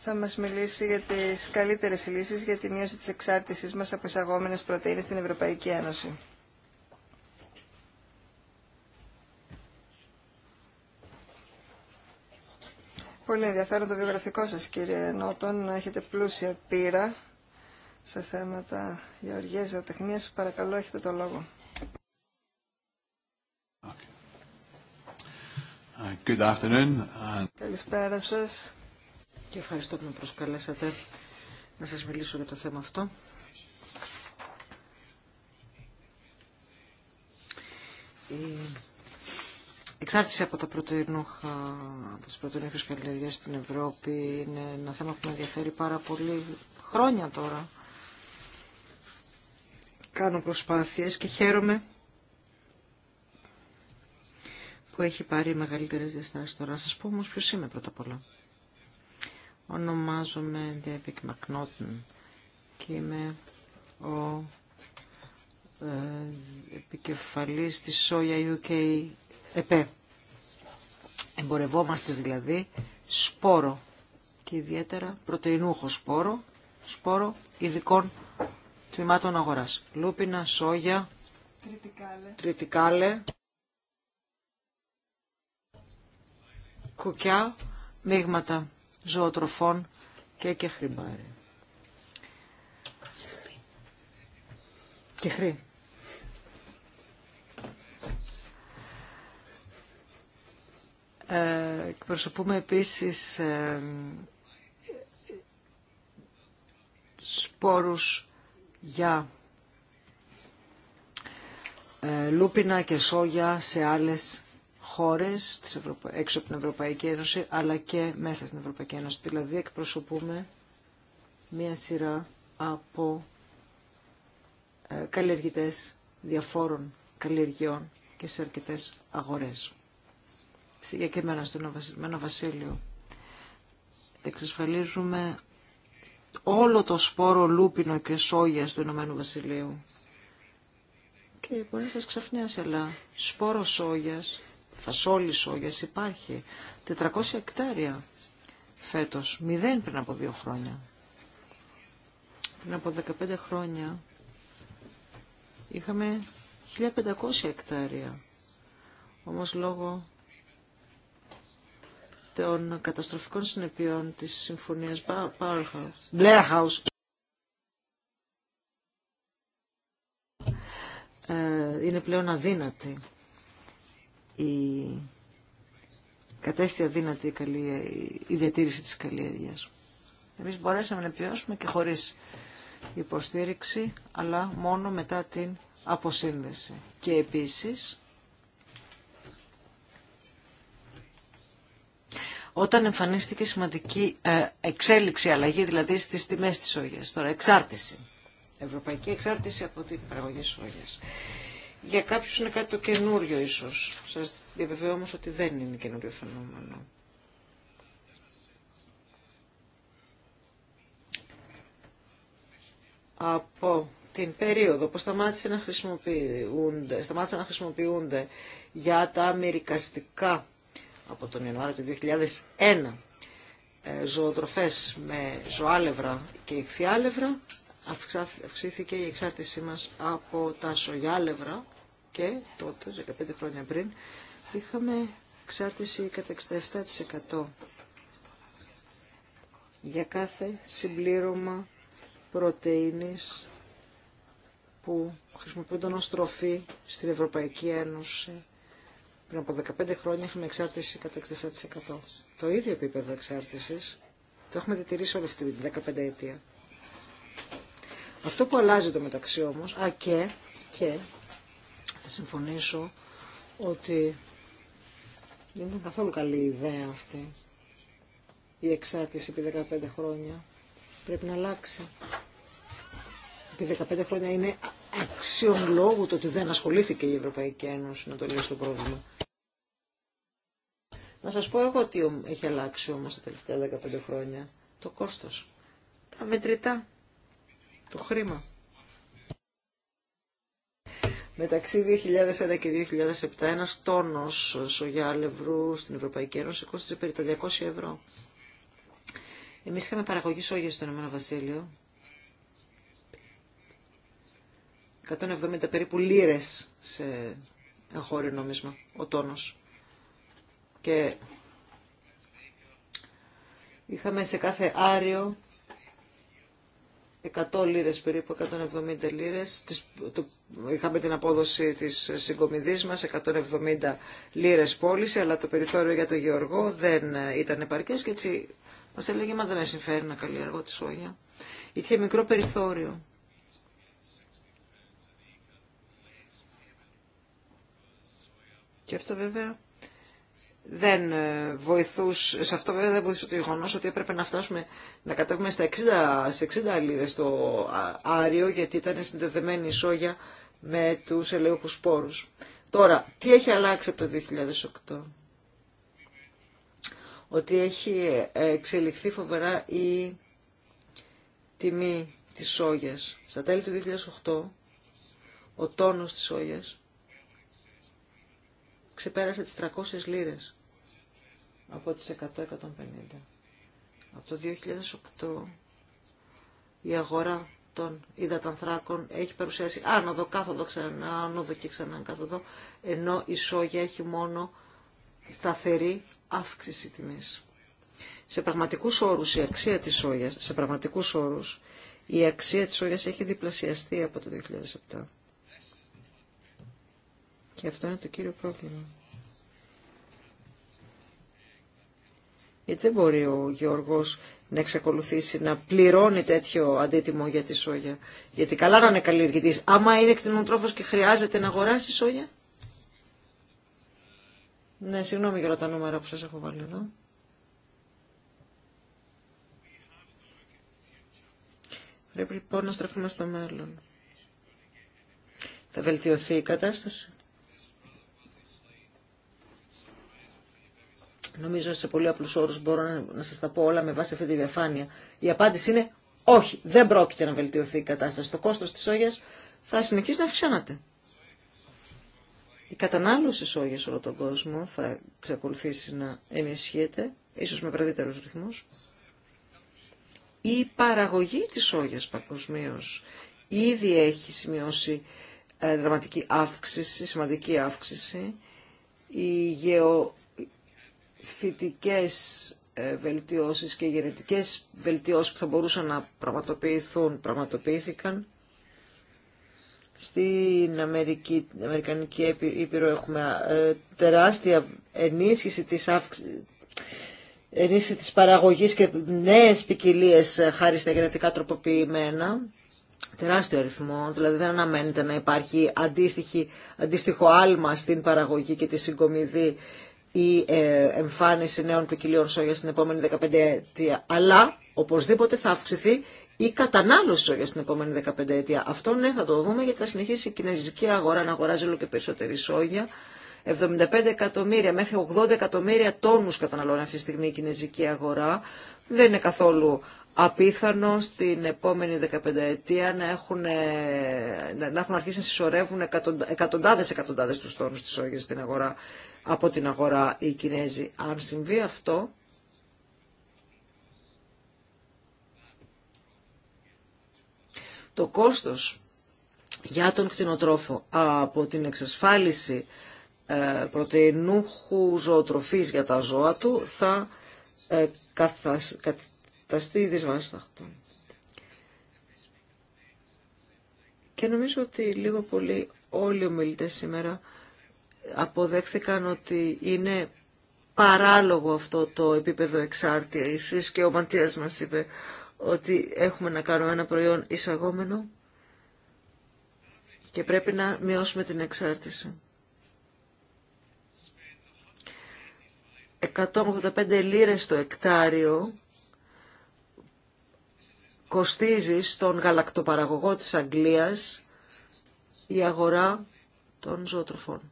Θα μας μιλήσει για τις καλύτερε λύσει για τη μείωση της εξάρτησή μα από εισαγόμενε πρωτεΐνες στην Ευρωπαϊκή Ένωση. Πολύ ενδιαφέρον το βιογραφικό σας κύριε Νότον. Έχετε πλούσια πείρα σε θέματα γεωργίας, ζωοτεχνίας. Παρακαλώ έχετε το λόγο. Uh, good afternoon. Καλησπέρα σας. Και ευχαριστώ που με προσκαλέσατε να σας μιλήσω για το θέμα αυτό. Η εξάρτηση από, τα από τις καλλιεργίες στην Ευρώπη είναι ένα θέμα που με ενδιαφέρει πάρα πολύ χρόνια τώρα. Κάνω προσπάθειες και χαίρομαι που έχει πάρει μεγαλύτερε διαστάσει τώρα. Σας πω όμως ποιος είμαι πρώτα απ' όλα. Ονομάζομαι David Μακνότν και είμαι ο ε, επικεφαλής της Soya UK ΕΠΕ. Εμπορευόμαστε δηλαδή σπόρο και ιδιαίτερα πρωτεϊνούχο σπόρο, σπόρο ειδικών τμήματων αγοράς. Λούπινα, σόγια, τριτικάλε, τριτικάλε κουκιά, μείγματα ζωοτροφών και και χρυμπάρι. Και εκπροσωπούμε επίσης ε, σπόρους για ε, λούπινα και σόγια σε άλλες χώρες έξω από την Ευρωπαϊκή Ένωση αλλά και μέσα στην Ευρωπαϊκή Ένωση. Δηλαδή εκπροσωπούμε μία σειρά από ε, καλλιεργητές διαφόρων καλλιεργειών και σε αρκετές αγορές συγκεκριμένα στον Ηνωμένο Βασίλειο. Εξασφαλίζουμε όλο το σπόρο λούπινο και σόγια του Ηνωμένου Βασιλείου. Και μπορεί να σας ξαφνιάσει, αλλά σπόρο σόγιας, φασόλι σόγιας υπάρχει. 400 εκτάρια φέτος, μηδέν πριν από δύο χρόνια. Πριν από 15 χρόνια είχαμε 1500 εκτάρια. Όμως λόγω των καταστροφικών συνεπειών της συμφωνίας Blair House. Ε, είναι πλέον αδύνατη. Η κατέστη αδύνατη η, καλή, η διατήρηση της καλλιέργειας. Εμείς μπορέσαμε να επιβιώσουμε και χωρίς υποστήριξη, αλλά μόνο μετά την αποσύνδεση. Και επίσης, όταν εμφανίστηκε σημαντική ε, εξέλιξη, αλλαγή δηλαδή στις τιμές της σόγιας. Τώρα, εξάρτηση. Ευρωπαϊκή εξάρτηση από την παραγωγή σόγιας. Για κάποιους είναι κάτι το καινούριο ίσως. Σας διαβεβαιώ όμως ότι δεν είναι καινούριο φαινόμενο. Από την περίοδο που σταμάτησε να χρησιμοποιούνται, σταμάτησε να χρησιμοποιούνται για τα μερικάστικά από τον Ιανουάριο του 2001 ε, ζωοτροφές με ζωάλευρα και ηχθιάλευρα αυξήθηκε η εξάρτησή μας από τα σογιάλευρα και τότε, 15 χρόνια πριν, είχαμε εξάρτηση κατά 67% για κάθε συμπλήρωμα πρωτεΐνης που χρησιμοποιούνταν ως τροφή στην Ευρωπαϊκή Ένωση πριν από 15 χρόνια είχαμε εξάρτηση κατά 67%. Το ίδιο επίπεδο εξάρτηση το έχουμε διατηρήσει όλη αυτή την 15 ετία. Αυτό που αλλάζει το μεταξύ όμω α και, και θα συμφωνήσω ότι δεν ήταν καθόλου καλή ιδέα αυτή η εξάρτηση επί 15 χρόνια. Πρέπει να αλλάξει. Επί 15 χρόνια είναι αξιών λόγου το ότι δεν ασχολήθηκε η Ευρωπαϊκή Ένωση να το λύσει το πρόβλημα. Να σας πω εγώ τι έχει αλλάξει όμως τα τελευταία 15 χρόνια. Το κόστος. Τα μετρητά. Το χρήμα. Μεταξύ 2001 και 2007 ένας τόνος σογιάλευρου στην Ευρωπαϊκή Ένωση κόστιζε περίπου τα 200 ευρώ. Εμείς είχαμε παραγωγή σόγια στον Ηνωμένο Βασίλειο 170 περίπου λίρες σε εγχώριο νόμισμα ο τόνος. Και είχαμε σε κάθε άριο 100 λίρες περίπου, 170 λίρες. είχαμε την απόδοση της συγκομιδής μας, 170 λίρες πώληση, αλλά το περιθώριο για το Γεωργό δεν ε, ήταν επαρκές και έτσι μας έλεγε, μα δεν με συμφέρει να καλλιεργώ τη σόγια. Είχε μικρό περιθώριο. Και αυτό βέβαια δεν ε, βοηθούσε, σε αυτό βέβαια δεν βοηθούσε το γεγονό ότι έπρεπε να φτάσουμε να κατέβουμε στα 60, σε 60 λίρε το άριο, γιατί ήταν συνδεδεμένη η σόγια με του ελαιούχου σπόρου. Τώρα, τι έχει αλλάξει από το 2008. Ότι έχει ε, εξελιχθεί φοβερά η τιμή της σόγιας. Στα τέλη του 2008, ο τόνος της σόγιας ξεπέρασε τις 300 λίρες από τις 100-150. Από το 2008 η αγορά των υδατανθράκων έχει παρουσιάσει άνοδο, κάθοδο, ξανά άνοδο και ξανά κάθοδο, ενώ η σόγια έχει μόνο σταθερή αύξηση τιμής. Σε πραγματικούς όρους η αξία της σόγιας, σε πραγματικούς όρους, η αξία της σόγιας έχει διπλασιαστεί από το 2007. Και αυτό είναι το κύριο πρόβλημα. Γιατί δεν μπορεί ο Γιώργος να εξακολουθήσει να πληρώνει τέτοιο αντίτιμο για τη σόγια. Γιατί καλά να είναι καλλιεργητής. Άμα είναι κτηνοτρόφος και χρειάζεται να αγοράσει σόγια. Ναι, συγγνώμη για όλα τα νούμερα που σας έχω βάλει εδώ. Πρέπει λοιπόν να στραφούμε στο μέλλον. Θα βελτιωθεί η κατάσταση. Νομίζω σε πολύ απλούς όρους μπορώ να σας τα πω όλα με βάση αυτή τη διαφάνεια. Η απάντηση είναι όχι, δεν πρόκειται να βελτιωθεί η κατάσταση. Το κόστος της σόγιας θα συνεχίσει να αυξάνεται. Η κατανάλωση σόγιας όλο τον κόσμο θα ξεκολουθήσει να ενισχύεται, ίσως με βραδύτερους ρυθμούς. Η παραγωγή της σόγιας παγκοσμίω ήδη έχει σημειώσει ε, δραματική αύξηση, σημαντική αύξηση. Η γεω φυτικές ε, βελτιώσεις και γενετικές βελτιώσεις που θα μπορούσαν να πραγματοποιηθούν, πραγματοποιήθηκαν. Στην Αμερική, Αμερικανική Ήπειρο έχουμε ε, τεράστια ενίσχυση της, αύξη, ενίσχυση της παραγωγής και νέες ποικιλίε ε, χάρη στα γενετικά τροποποιημένα. Τεράστιο αριθμό, δηλαδή δεν αναμένεται να υπάρχει αντίστοιχο άλμα στην παραγωγή και τη συγκομιδή η ε, εμφάνιση νέων ποικιλίων σόγια στην επόμενη 15 αιτία, αλλά οπωσδήποτε θα αυξηθεί η κατανάλωση σόγια στην επόμενη 15 αιτία. Αυτό ναι θα το δούμε γιατί θα συνεχίσει η κινέζικη αγορά να αγοράζει όλο και περισσότερη σόγια. 75 εκατομμύρια μέχρι 80 εκατομμύρια τόνους καταναλώνει αυτή τη στιγμή η κινέζικη αγορά. Δεν είναι καθόλου απίθανο στην επόμενη 15 ετία να έχουν, ε, να έχουν αρχίσει να συσσωρεύουν εκατοντάδες εκατοντάδες τους τόνους της σόγιας στην αγορά από την αγορά οι Κινέζοι. Αν συμβεί αυτό, το κόστος για τον κτηνοτρόφο από την εξασφάλιση ε, πρωτεϊνούχου ζωοτροφής για τα ζώα του θα ε, καταστεί δυσβάσταχτο. Και νομίζω ότι λίγο πολύ όλοι οι ομιλητές σήμερα αποδέχθηκαν ότι είναι παράλογο αυτό το επίπεδο εξάρτησης και ο Μαντίας μας είπε ότι έχουμε να κάνουμε ένα προϊόν εισαγόμενο και πρέπει να μειώσουμε την εξάρτηση. 185 λίρες το εκτάριο κοστίζει στον γαλακτοπαραγωγό της Αγγλίας η αγορά των ζωοτροφών.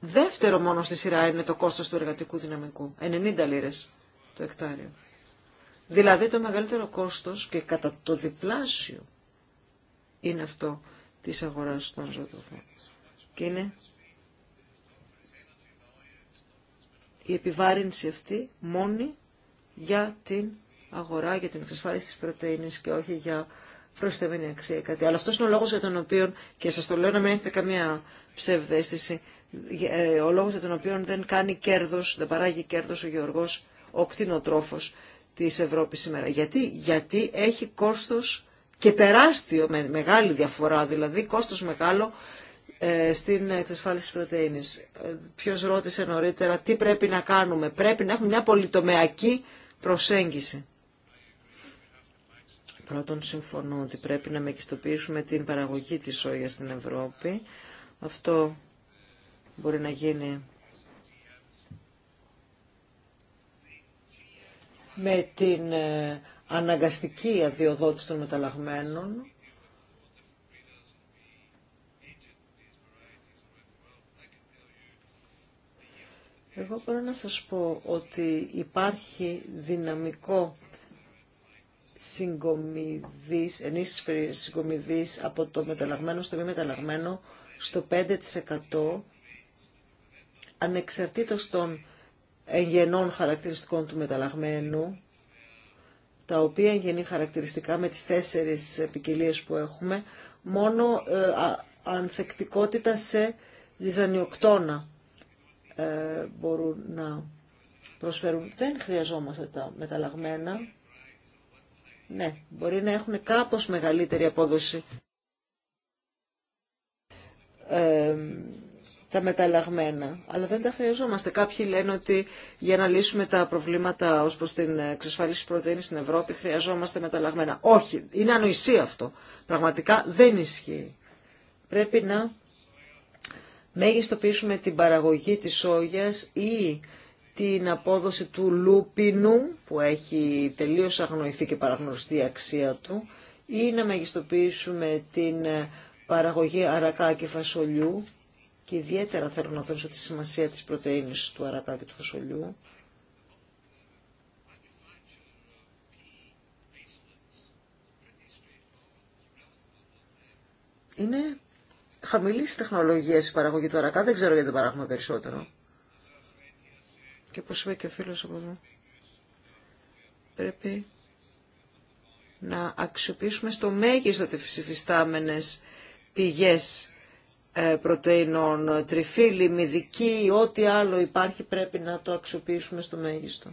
Δεύτερο μόνο στη σειρά είναι το κόστος του εργατικού δυναμικού. 90 λίρες το εκτάριο. Δηλαδή το μεγαλύτερο κόστος και κατά το διπλάσιο είναι αυτό της αγοράς των ζωοτροφών. Και είναι η επιβάρυνση αυτή μόνη για την αγορά, για την εξασφάλιση της πρωτεΐνης και όχι για προσθεμένη αξία κάτι. Αλλά αυτός είναι ο λόγος για τον οποίο, και σας το λέω να μην έχετε καμία ψευδέστηση, ε, ο λόγος για τον οποίο δεν κάνει κέρδος, δεν παράγει κέρδος ο γεωργός, ο κτηνοτρόφος της Ευρώπης σήμερα. Γιατί, Γιατί έχει κόστος και τεράστιο, με μεγάλη διαφορά δηλαδή, κόστος μεγάλο ε, στην εξασφάλιση της πρωτεΐνης. Ε, ποιος ρώτησε νωρίτερα τι πρέπει να κάνουμε. Πρέπει να έχουμε μια πολυτομεακή προσέγγιση. Πρώτον, συμφωνώ ότι πρέπει να μεγιστοποιήσουμε την παραγωγή της σόγιας στην Ευρώπη. Αυτό μπορεί να γίνει με την ε, αναγκαστική αδειοδότηση των μεταλλαγμένων Εγώ μπορώ να σας πω ότι υπάρχει δυναμικό συγκομιδής, ενίσχυση συγκομιδής από το μεταλλαγμένο στο μη μεταλλαγμένο στο 5% ανεξαρτήτως των εγγενών χαρακτηριστικών του μεταλλαγμένου, τα οποία γεννή χαρακτηριστικά με τις τέσσερις ποικιλίε που έχουμε, μόνο ε, ανθεκτικότητα σε ε, μπορούν να προσφέρουν. Δεν χρειαζόμαστε τα μεταλλαγμένα. Ναι, μπορεί να έχουν κάπως μεγαλύτερη απόδοση ε, τα μεταλλαγμένα. Αλλά δεν τα χρειαζόμαστε. Κάποιοι λένε ότι για να λύσουμε τα προβλήματα ω προ την εξασφάλιση πρωτεΐνης στην Ευρώπη χρειαζόμαστε μεταλλαγμένα. Όχι, είναι ανοησία αυτό. Πραγματικά δεν ισχύει. Πρέπει να μέγιστοποιήσουμε την παραγωγή τη όγια η αξία του ή να μεγιστοποιήσουμε την παραγωγή αρακά και φασολιού και ιδιαίτερα θέλω να δώσω τη σημασία της πρωτεΐνης του αρακά και του φασολιού. Είναι χαμηλή τεχνολογία η παραγωγή του αρακά, δεν ξέρω γιατί δεν παράγουμε περισσότερο. Και όπως είπε και ο φίλος από εδώ, πρέπει να αξιοποιήσουμε στο μέγιστο τις φυσιφιστάμενες πηγές ε, πρωτεϊνών, τριφύλλη, μυδική, ό,τι άλλο υπάρχει πρέπει να το αξιοποιήσουμε στο μέγιστο.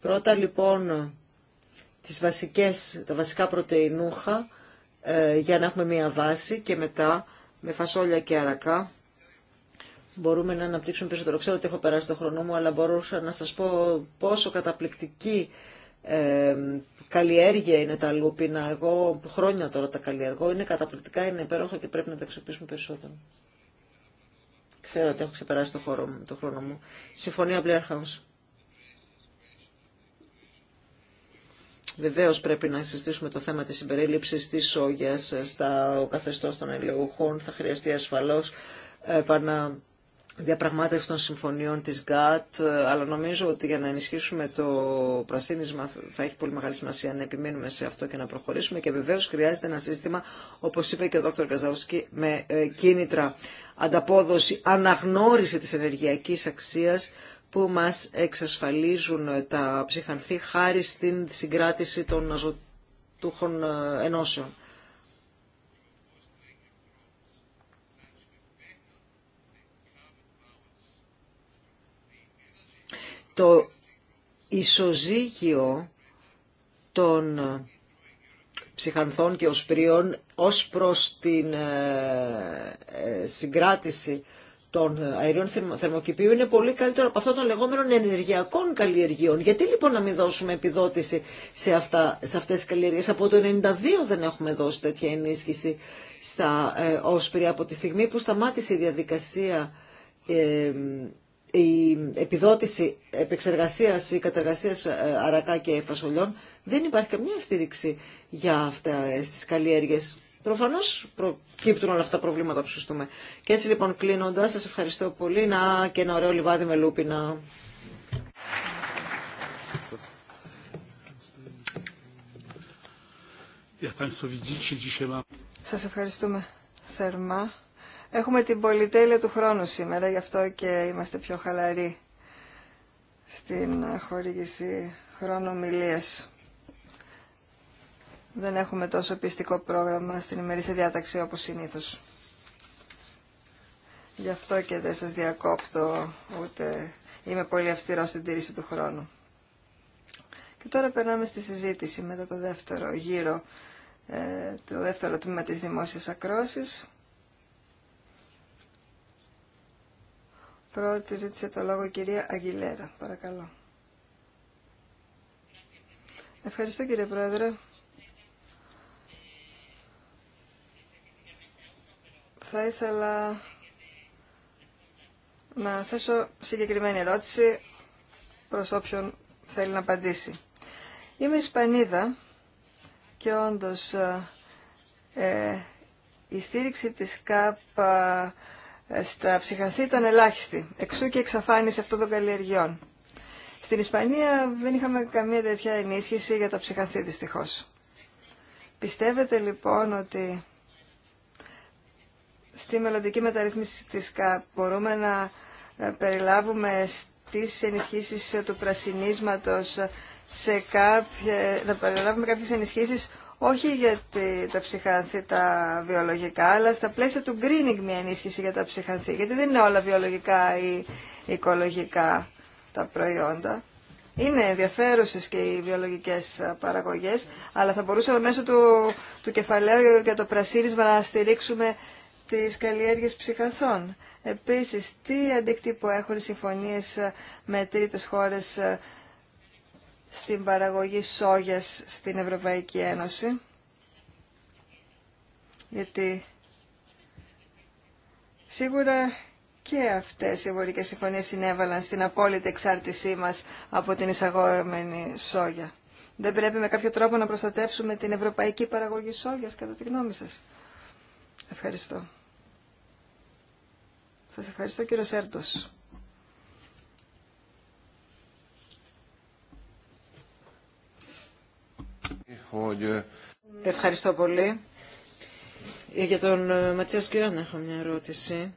Πρώτα λοιπόν τις βασικές, τα βασικά πρωτεϊνούχα ε, για να έχουμε μία βάση και μετά με φασόλια και αρακά μπορούμε να αναπτύξουμε περισσότερο. Ξέρω ότι έχω περάσει το χρόνο μου, αλλά μπορούσα να σας πω πόσο καταπληκτική καλλιέργεια είναι τα λούπινα. Εγώ χρόνια τώρα τα καλλιεργώ. Είναι καταπληκτικά, είναι υπέροχα και πρέπει να τα αξιοποιήσουμε περισσότερο. Ξέρω ότι έχω ξεπεράσει το, χώρο το χρόνο μου. Συμφωνία Blair House. Βεβαίω πρέπει να συζητήσουμε το θέμα τη συμπερίληψη τη σόγιας ε, στα καθεστώ των ελαιοχών. Θα χρειαστεί ασφαλώ επανα διαπραγμάτευση των συμφωνιών της ΓΑΤ, ε, αλλά νομίζω ότι για να ενισχύσουμε το πρασίνισμα θα έχει πολύ μεγάλη σημασία να επιμείνουμε σε αυτό και να προχωρήσουμε και βεβαίως χρειάζεται ένα σύστημα, όπως είπε και ο Δ. Καζαούσκη, με ε, κίνητρα ανταπόδοση, αναγνώριση της ενεργειακής αξίας που μας εξασφαλίζουν ε, τα ψυχανθή χάρη στην συγκράτηση των αζωτούχων ενώσεων. το ισοζύγιο των ψυχανθών και οσπρίων ως προς την ε, ε, συγκράτηση των αερίων θερμοκηπίου είναι πολύ καλύτερο από αυτό των λεγόμενων ενεργειακών καλλιεργείων. Γιατί λοιπόν να μην δώσουμε επιδότηση σε, αυτά, σε αυτές τις καλλιεργίες. Από το 1992 δεν έχουμε δώσει τέτοια ενίσχυση στα ε, όσπρια από τη στιγμή που σταμάτησε η διαδικασία ε, η επιδότηση επεξεργασίας ή καταργασίας ε, αρακά και φασολιών δεν υπάρχει καμία στήριξη για αυτά ε, τι καλλιέργειες. Προφανώ προκύπτουν όλα αυτά τα προβλήματα που σωστούμε Και έτσι λοιπόν κλείνοντα, σα ευχαριστώ πολύ. Να και ένα ωραίο λιβάδι με λούπινα. Σας ευχαριστούμε θερμά. Έχουμε την πολυτέλεια του χρόνου σήμερα, γι' αυτό και είμαστε πιο χαλαροί στην χορήγηση χρόνου ομιλίας. Δεν έχουμε τόσο πιστικό πρόγραμμα στην ημερήσια διάταξη όπως συνήθως. Γι' αυτό και δεν σας διακόπτω, ούτε είμαι πολύ αυστηρό στην τήρηση του χρόνου. Και τώρα περνάμε στη συζήτηση μετά το δεύτερο γύρο, ε, το δεύτερο τμήμα της δημόσιας ακρόσης. Πρώτη ζήτησε το λόγο η κυρία Αγγιλέρα. Παρακαλώ. Ευχαριστώ κύριε Πρόεδρε. Θα ήθελα να θέσω συγκεκριμένη ερώτηση προς όποιον θέλει να απαντήσει. Είμαι Ισπανίδα και όντως ε, η στήριξη της ΚΑΠΑ στα ψυχαθή ήταν ελάχιστη. Εξού και εξαφάνιση αυτών των καλλιεργειών. Στην Ισπανία δεν είχαμε καμία τέτοια ενίσχυση για τα ψυχαθή, δυστυχώ. Πιστεύετε λοιπόν ότι στη μελλοντική μεταρρύθμιση της ΚΑΠ μπορούμε να ε, περιλάβουμε στις ενισχύσεις του πρασινίσματος σε κάποια, ε, να περιλάβουμε κάποιες ενισχύσεις όχι για τα τα βιολογικά, αλλά στα πλαίσια του greening μια ενίσχυση για τα ψυχανθή, γιατί δεν είναι όλα βιολογικά ή οικολογικά τα προϊόντα. Είναι ενδιαφέρουσε και οι βιολογικέ παραγωγέ, αλλά θα μπορούσαμε μέσω του, του κεφαλαίου για το πρασίνισμα να στηρίξουμε τι καλλιέργειε ψυχανθών. Επίση, τι αντίκτυπο έχουν οι συμφωνίε με τρίτε χώρε στην παραγωγή σόγιας στην Ευρωπαϊκή Ένωση γιατί σίγουρα και αυτές οι εμπορικές συμφωνίες συνέβαλαν στην απόλυτη εξάρτησή μας από την εισαγόμενη σόγια. Δεν πρέπει με κάποιο τρόπο να προστατεύσουμε την ευρωπαϊκή παραγωγή σόγιας, κατά τη γνώμη σας. Ευχαριστώ. Σας ευχαριστώ κύριο Σέρτος. Ευχαριστώ πολύ. Ε, για τον ε, Ματσία Σκιώνα έχω μια ερώτηση.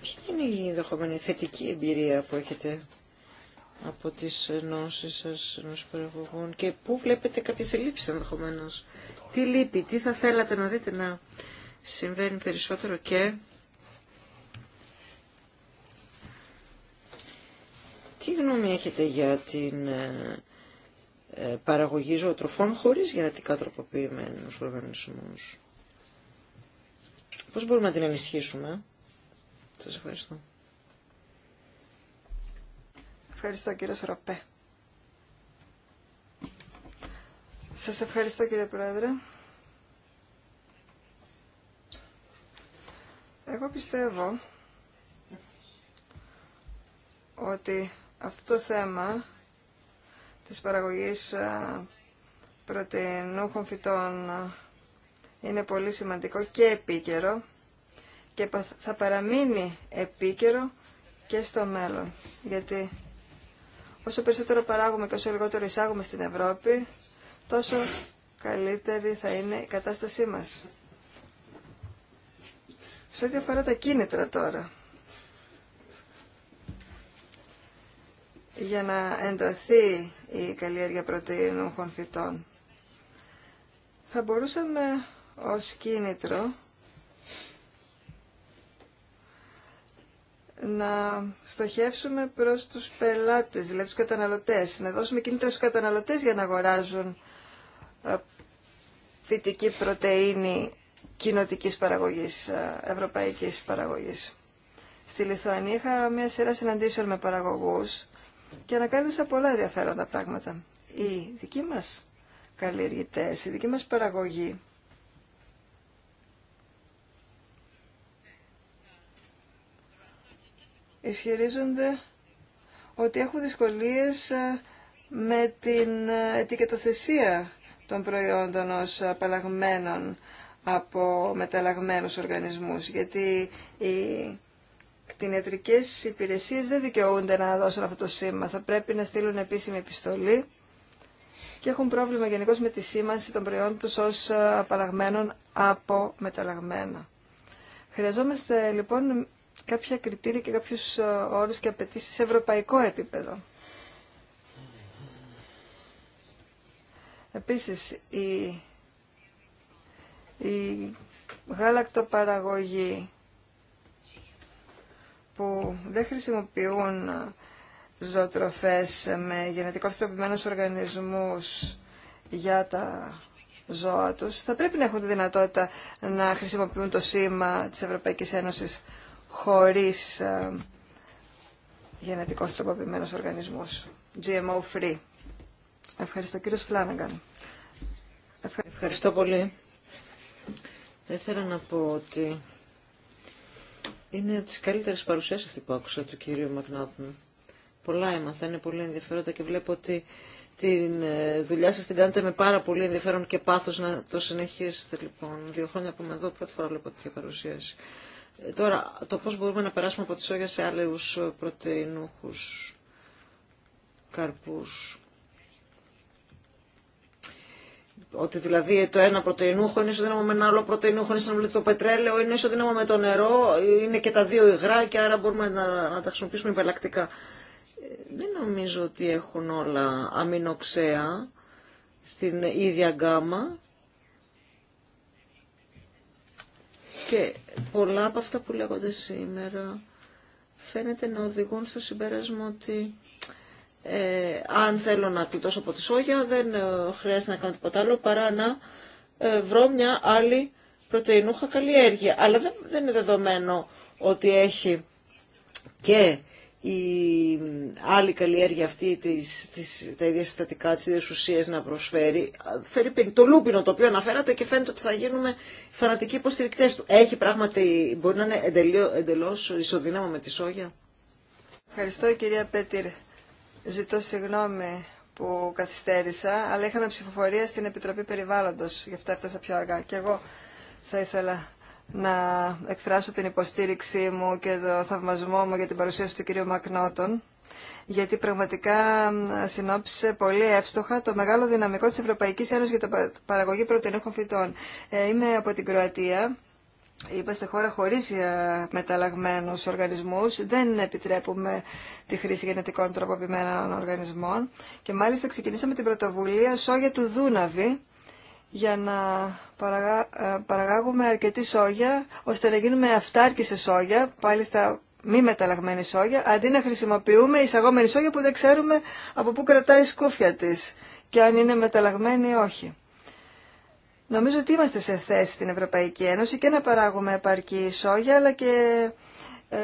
Ποια είναι η ενδεχομένη θετική εμπειρία που έχετε από τις ενώσεις σας ενός παραγωγών και πού βλέπετε κάποιες ελλείψεις ενδεχομένω. Τι λείπει, τι θα θέλατε να δείτε να συμβαίνει περισσότερο και τι γνώμη έχετε για την ε, ε, παραγωγή ζωοτροφών χωρίς γενετικά τροποποιημένους οργανισμούς. Πώς μπορούμε να την ενισχύσουμε. Σας ευχαριστώ. Ευχαριστώ κύριε Σοραπέ. Σας ευχαριστώ κύριε Πρόεδρε. Εγώ πιστεύω ότι αυτό το θέμα της παραγωγής ε, πρωτεϊνούχων φυτών ε, είναι πολύ σημαντικό και επίκαιρο και θα παραμείνει επίκαιρο και στο μέλλον. Γιατί όσο περισσότερο παράγουμε και όσο λιγότερο εισάγουμε στην Ευρώπη, τόσο καλύτερη θα είναι η κατάστασή μας. Σε ό,τι αφορά τα κίνητρα τώρα, για να ενταθεί η καλλιέργεια πρωτεϊνούχων φυτών. Θα μπορούσαμε ως κίνητρο να στοχεύσουμε προς τους πελάτες, δηλαδή τους καταναλωτές, να δώσουμε κίνητρα στους καταναλωτές για να αγοράζουν ε, φυτική πρωτεΐνη κοινοτικής παραγωγής, ε, ευρωπαϊκής παραγωγής. Στη Λιθουανία είχα μια σειρά συναντήσεων με παραγωγούς και ανακάλυψα πολλά ενδιαφέροντα πράγματα. Οι δικοί μας καλλιεργητές, η δική μας παραγωγή ισχυρίζονται ότι έχουν δυσκολίες ε, με την ε, ετικετοθεσία των προϊόντων ως απαλλαγμένων από μεταλλαγμένους οργανισμούς, γιατί οι κτηνιατρικές υπηρεσίες δεν δικαιούνται να δώσουν αυτό το σήμα. Θα πρέπει να στείλουν επίσημη επιστολή και έχουν πρόβλημα γενικώ με τη σήμανση των προϊόντων τους ως ε, απαλλαγμένων από μεταλλαγμένα. Χρειαζόμαστε λοιπόν κάποια κριτήρια και κάποιου ε, όρους και απαιτήσει σε ευρωπαϊκό επίπεδο. Επίσης, η, η γάλακτοπαραγωγή που δεν χρησιμοποιούν ζωοτροφές με γενετικώς τροποποιημένους οργανισμούς για τα ζώα τους, θα πρέπει να έχουν τη δυνατότητα να χρησιμοποιούν το σήμα της Ευρωπαϊκής Ένωσης χωρίς ε, γενετικώς τροποποιημένους οργανισμούς, GMO-free. Ευχαριστώ. Κύριος Φλάνεγκαν. Ευχαριστώ πολύ. Δεν να πω ότι είναι από τις καλύτερες αυτή που άκουσα του κύριου Μακνάδου. Πολλά έμαθα, είναι πολύ ενδιαφέροντα και βλέπω ότι τη ε, δουλειά σα την κάνετε με πάρα πολύ ενδιαφέρον και πάθος να το συνεχίσετε λοιπόν. Δύο χρόνια που είμαι εδώ, πρώτη φορά βλέπω τέτοια παρουσίαση. Ε, τώρα, το πώς μπορούμε να περάσουμε από τη σόγια σε άλλου ε, πρωτεϊνούχου καρπού, ότι δηλαδή το ένα πρωτεϊνούχο είναι ισοδύναμο με ένα άλλο πρωτεϊνούχο, είναι με το πετρέλαιο, είναι ισοδύναμο με το νερό, είναι και τα δύο υγρά και άρα μπορούμε να, να τα χρησιμοποιήσουμε υπελακτικά. Ε, δεν νομίζω ότι έχουν όλα αμινοξέα στην ίδια γκάμα και πολλά από αυτά που λέγονται σήμερα φαίνεται να οδηγούν στο συμπέρασμα ότι ε, αν θέλω να κλειτώσω από τη σόγια δεν ε, χρειάζεται να κάνω τίποτα άλλο παρά να ε, βρω μια άλλη πρωτεϊνούχα καλλιέργεια. Αλλά δεν, δεν είναι δεδομένο ότι έχει και η άλλη καλλιέργεια αυτή της, της, τα ίδια συστατικά, τις ίδιες ουσίες να προσφέρει. Φέρει το λούπινο το οποίο αναφέρατε και φαίνεται ότι θα γίνουμε φανατικοί υποστηρικτές του. Έχει πράγματι, μπορεί να είναι εντελώς ισοδύναμο με τη σόγια. Ευχαριστώ κυρία Πέτυρ. Ζητώ συγγνώμη που καθυστέρησα, αλλά είχαμε ψηφοφορία στην Επιτροπή Περιβάλλοντος, γι' αυτό έφτασα πιο αργά. Και εγώ θα ήθελα να εκφράσω την υποστήριξή μου και το θαυμασμό μου για την παρουσίαση του κυρίου Μακνότον, γιατί πραγματικά συνόψισε πολύ εύστοχα το μεγάλο δυναμικό της Ευρωπαϊκής Ένωσης για την παραγωγή πρωτεϊνούχων φυτών. Ε, είμαι από την Κροατία είμαστε χώρα χωρίς ε, μεταλλαγμένους οργανισμούς, δεν επιτρέπουμε τη χρήση γενετικών τροποποιημένων οργανισμών και μάλιστα ξεκινήσαμε την πρωτοβουλία σόγια του Δούναβη για να ε, παραγάγουμε αρκετή σόγια ώστε να γίνουμε αυτάρκη σε σόγια, πάλι στα μη μεταλλαγμένη σόγια, αντί να χρησιμοποιούμε εισαγόμενη σόγια που δεν ξέρουμε από πού κρατάει η σκούφια της και αν είναι μεταλλαγμένη ή όχι. Νομίζω ότι είμαστε σε θέση στην Ευρωπαϊκή Ένωση και να παράγουμε επαρκή σόγια αλλά και ε,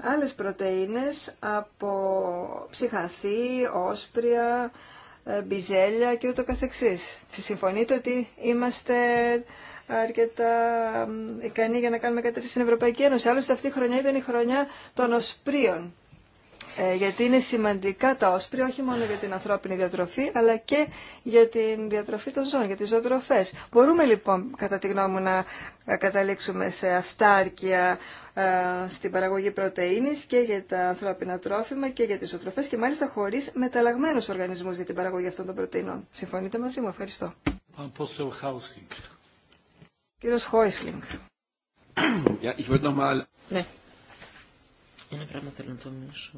άλλες πρωτεΐνες από ψυχαθή, όσπρια, ε, μπιζέλια και ούτω καθεξής. Συμφωνείτε ότι είμαστε αρκετά ικανοί για να κάνουμε κατεύθυνση στην Ευρωπαϊκή Ένωση. Άλλωστε αυτή η χρονιά ήταν η χρονιά των οσπρίων. Ε, γιατί είναι σημαντικά τα όσπρια όχι μόνο για την ανθρώπινη διατροφή αλλά και για την διατροφή των ζώων, για τις ζωοτροφές. Μπορούμε λοιπόν κατά τη γνώμη μου να καταλήξουμε σε αυτάρκεια ε, στην παραγωγή πρωτεΐνης και για τα ανθρώπινα τρόφιμα και για τις ζωοτροφές και μάλιστα χωρίς μεταλλαγμένους οργανισμούς για την παραγωγή αυτών των πρωτεϊνών. Συμφωνείτε μαζί μου, ευχαριστώ. Κύριος Χόισλινγκ. [coughs] Ναι, πράγμα θέλω να το μιλήσω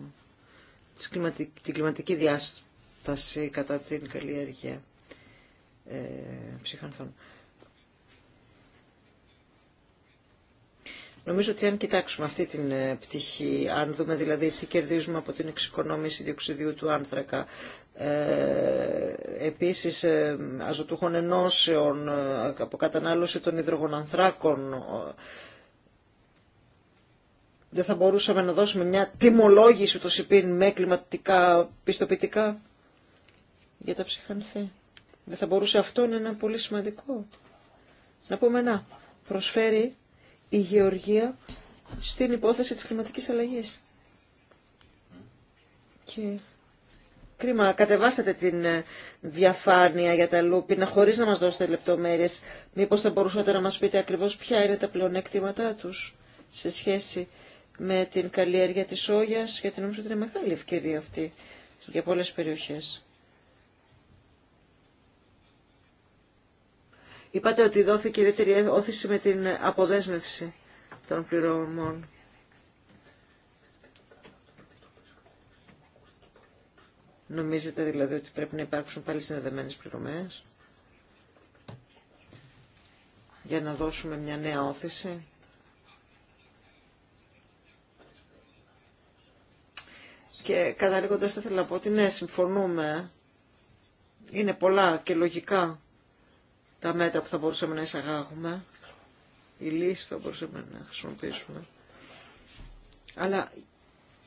την κλιματική διάσταση κατά την καλλιέργεια ε, ψυχανθών. Νομίζω ότι αν κοιτάξουμε αυτή την ε, πτυχή, αν δούμε δηλαδή τι κερδίζουμε από την εξοικονόμηση διοξιδίου του άνθρακα, ε, επίσης ε, αζωτούχων ενώσεων, ε, από κατανάλωση των υδρογονανθράκων, δεν θα μπορούσαμε να δώσουμε μια τιμολόγηση το ΣΥΠΗΝ με κλιματικά πιστοποιητικά για τα ψυχανθή. Δεν θα μπορούσε αυτό να είναι πολύ σημαντικό. Να πούμε να προσφέρει η γεωργία στην υπόθεση της κλιματικής αλλαγής. Και κρίμα, κατεβάσατε την ε, διαφάνεια για τα λούπινα χωρίς να μας δώσετε λεπτομέρειες. Μήπως θα μπορούσατε να μας πείτε ακριβώς ποια είναι τα πλεονέκτηματά τους σε σχέση με την καλλιέργεια της σόγιας, γιατί νομίζω ότι είναι μεγάλη ευκαιρία αυτή για πολλές περιοχές. Είπατε ότι δόθηκε ιδιαίτερη όθηση με την αποδέσμευση των πληρωμών. Νομίζετε δηλαδή ότι πρέπει να υπάρξουν πάλι συνδεδεμένες πληρωμές για να δώσουμε μια νέα όθηση. Και καταλήγοντα, θα ήθελα να πω ότι ναι, συμφωνούμε. Είναι πολλά και λογικά τα μέτρα που θα μπορούσαμε να εισαγάγουμε, η λύση θα μπορούσαμε να χρησιμοποιήσουμε. Αλλά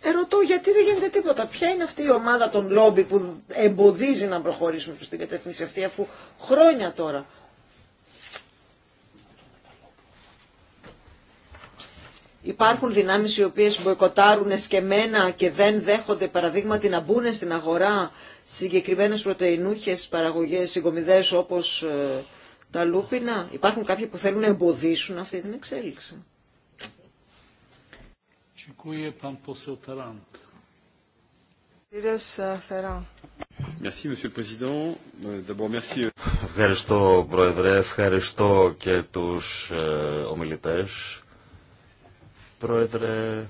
ερωτώ γιατί δεν γίνεται τίποτα. Ποια είναι αυτή η ομάδα των λόμπι που εμποδίζει να προχωρήσουμε προς την κατεύθυνση αυτή, αφού χρόνια τώρα Υπάρχουν δυνάμεις οι οποίες μποϊκοτάρουν εσκεμένα και δεν δέχονται παραδείγματι να μπουν στην αγορά συγκεκριμένες πρωτεϊνούχες παραγωγές συγκομιδές όπως ε, τα λούπινα. Υπάρχουν κάποιοι που θέλουν να εμποδίσουν αυτή την εξέλιξη. Ε, euh, euh, ευχαριστώ Πρόεδρε, ευχαριστώ και τους ε, ομιλητές. Πρόεδρε,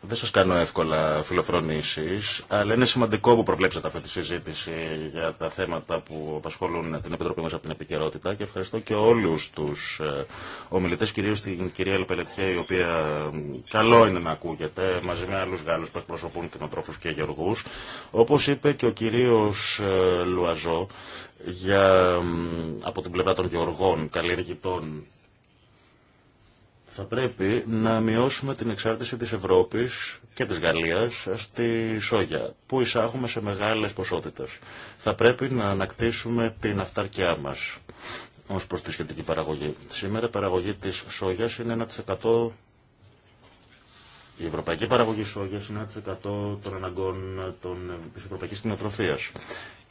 δεν σας κάνω εύκολα φιλοφρονήσεις, αλλά είναι σημαντικό που προβλέψατε αυτή τη συζήτηση για τα θέματα που απασχολούν την Επιτροπή μας από την επικαιρότητα και ευχαριστώ και όλους τους ε, ομιλητές, κυρίως την κυρία Λεπελετιέ, η οποία καλό είναι να ακούγεται, μαζί με άλλους Γάλλους που εκπροσωπούν κοινοτρόφους και γεωργούς. Όπως είπε και ο κυρίος ε, Λουαζό, για, από την πλευρά των γεωργών, καλλιεργητών θα πρέπει να μειώσουμε την εξάρτηση της Ευρώπης και της Γαλλίας στη σόγια, που εισάγουμε σε μεγάλες ποσότητες. Θα πρέπει να ανακτήσουμε την αυτάρκειά μας ως προς τη σχετική παραγωγή. Σήμερα η παραγωγή της σόγιας είναι 1% η ευρωπαϊκή παραγωγή σόγιας είναι 1% των αναγκών των, της ευρωπαϊκής κοινοτροφίας.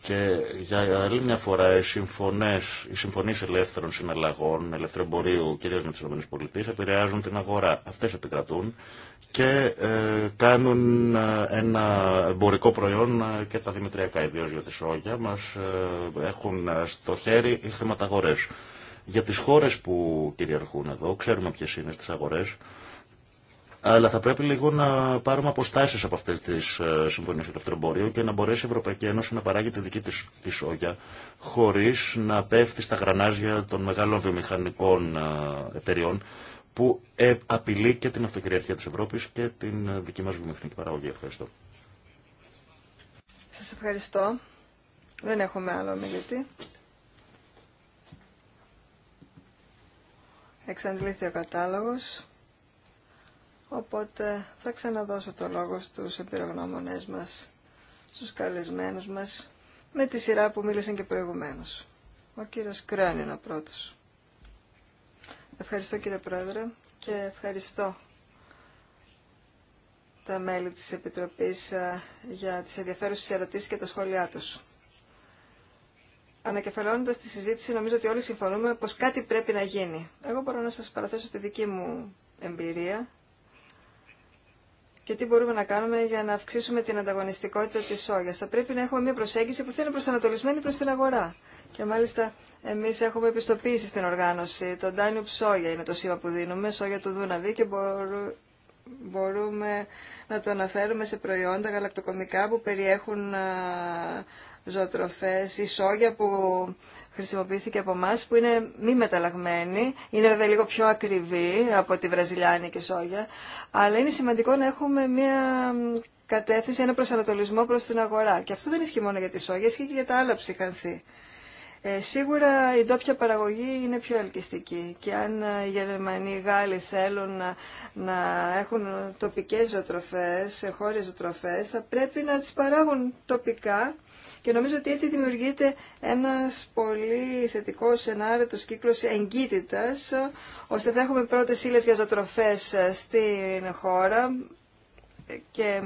Και για άλλη μια φορά οι συμφωνές, οι συμφωνίες ελεύθερων συναλλαγών, εμπορίου, κυρίως με τις ΗΠΑ επηρεάζουν την αγορά. Αυτές επικρατούν και ε, κάνουν ε, ένα εμπορικό προϊόν ε, και τα δημητριακά ιδίως για τη σόγια μας έχουν στο χέρι οι χρηματαγορές. Για τις χώρες που κυριαρχούν εδώ, ξέρουμε ποιες είναι στις αγορές, αλλά θα πρέπει λίγο να πάρουμε αποστάσει από αυτέ τι ε, συμφωνίε του το και να μπορέσει η Ευρωπαϊκή Ένωση να παράγει τη δική τη της σόγια χωρί να πέφτει στα γρανάζια των μεγάλων βιομηχανικών ε, εταιριών που ε, απειλεί και την αυτοκυριαρχία τη Ευρώπη και την δική μα βιομηχανική παραγωγή. Ευχαριστώ. Σας ευχαριστώ. Δεν έχουμε άλλο μιλητή. Εξαντλήθη ο κατάλογος. Οπότε θα ξαναδώσω το λόγο στους εμπειρογνώμονές μας, στους καλεσμένους μας, με τη σειρά που μίλησαν και προηγουμένως. Ο κύριος Κρέων είναι ο πρώτος. Ευχαριστώ κύριε Πρόεδρε και ευχαριστώ τα μέλη της Επιτροπής ε, για τις ενδιαφέρουσες ερωτήσεις και τα σχόλιά τους. Ανακεφαλώνοντας τη συζήτηση, νομίζω ότι όλοι συμφωνούμε πως κάτι πρέπει να γίνει. Εγώ μπορώ να σας παραθέσω τη δική μου εμπειρία και τι μπορούμε να κάνουμε για να αυξήσουμε την ανταγωνιστικότητα της σόγιας. Θα πρέπει να έχουμε μια προσέγγιση που θα είναι προσανατολισμένη προς την αγορά. Και μάλιστα εμείς έχουμε επιστοποίηση στην οργάνωση. Το Danube Soja είναι το σήμα που δίνουμε, σόγια του Δούναβη και μπορούμε να το αναφέρουμε σε προϊόντα γαλακτοκομικά που περιέχουν ζωοτροφές ή σόγια που χρησιμοποιήθηκε από εμά που είναι μη μεταλλαγμένη, είναι βέβαια λίγο πιο ακριβή από τη βραζιλιάνικη σόγια, αλλά είναι σημαντικό να έχουμε μια κατεύθυνση, ένα προσανατολισμό προ την αγορά. Και αυτό δεν ισχύει μόνο για τη σόγια, ισχύει και για τα άλλα ψυχανθή. Ε, σίγουρα η ντόπια παραγωγή είναι πιο ελκυστική και αν ε, οι Γερμανοί, οι Γάλλοι θέλουν να, να έχουν τοπικές ζωοτροφές, χώρες ζωοτροφές, θα πρέπει να τις παράγουν τοπικά και νομίζω ότι έτσι δημιουργείται ένας πολύ θετικός, σενάριο κύκλος εγκύτητας, ώστε θα έχουμε πρώτες ύλε για ζωτροφές στην χώρα και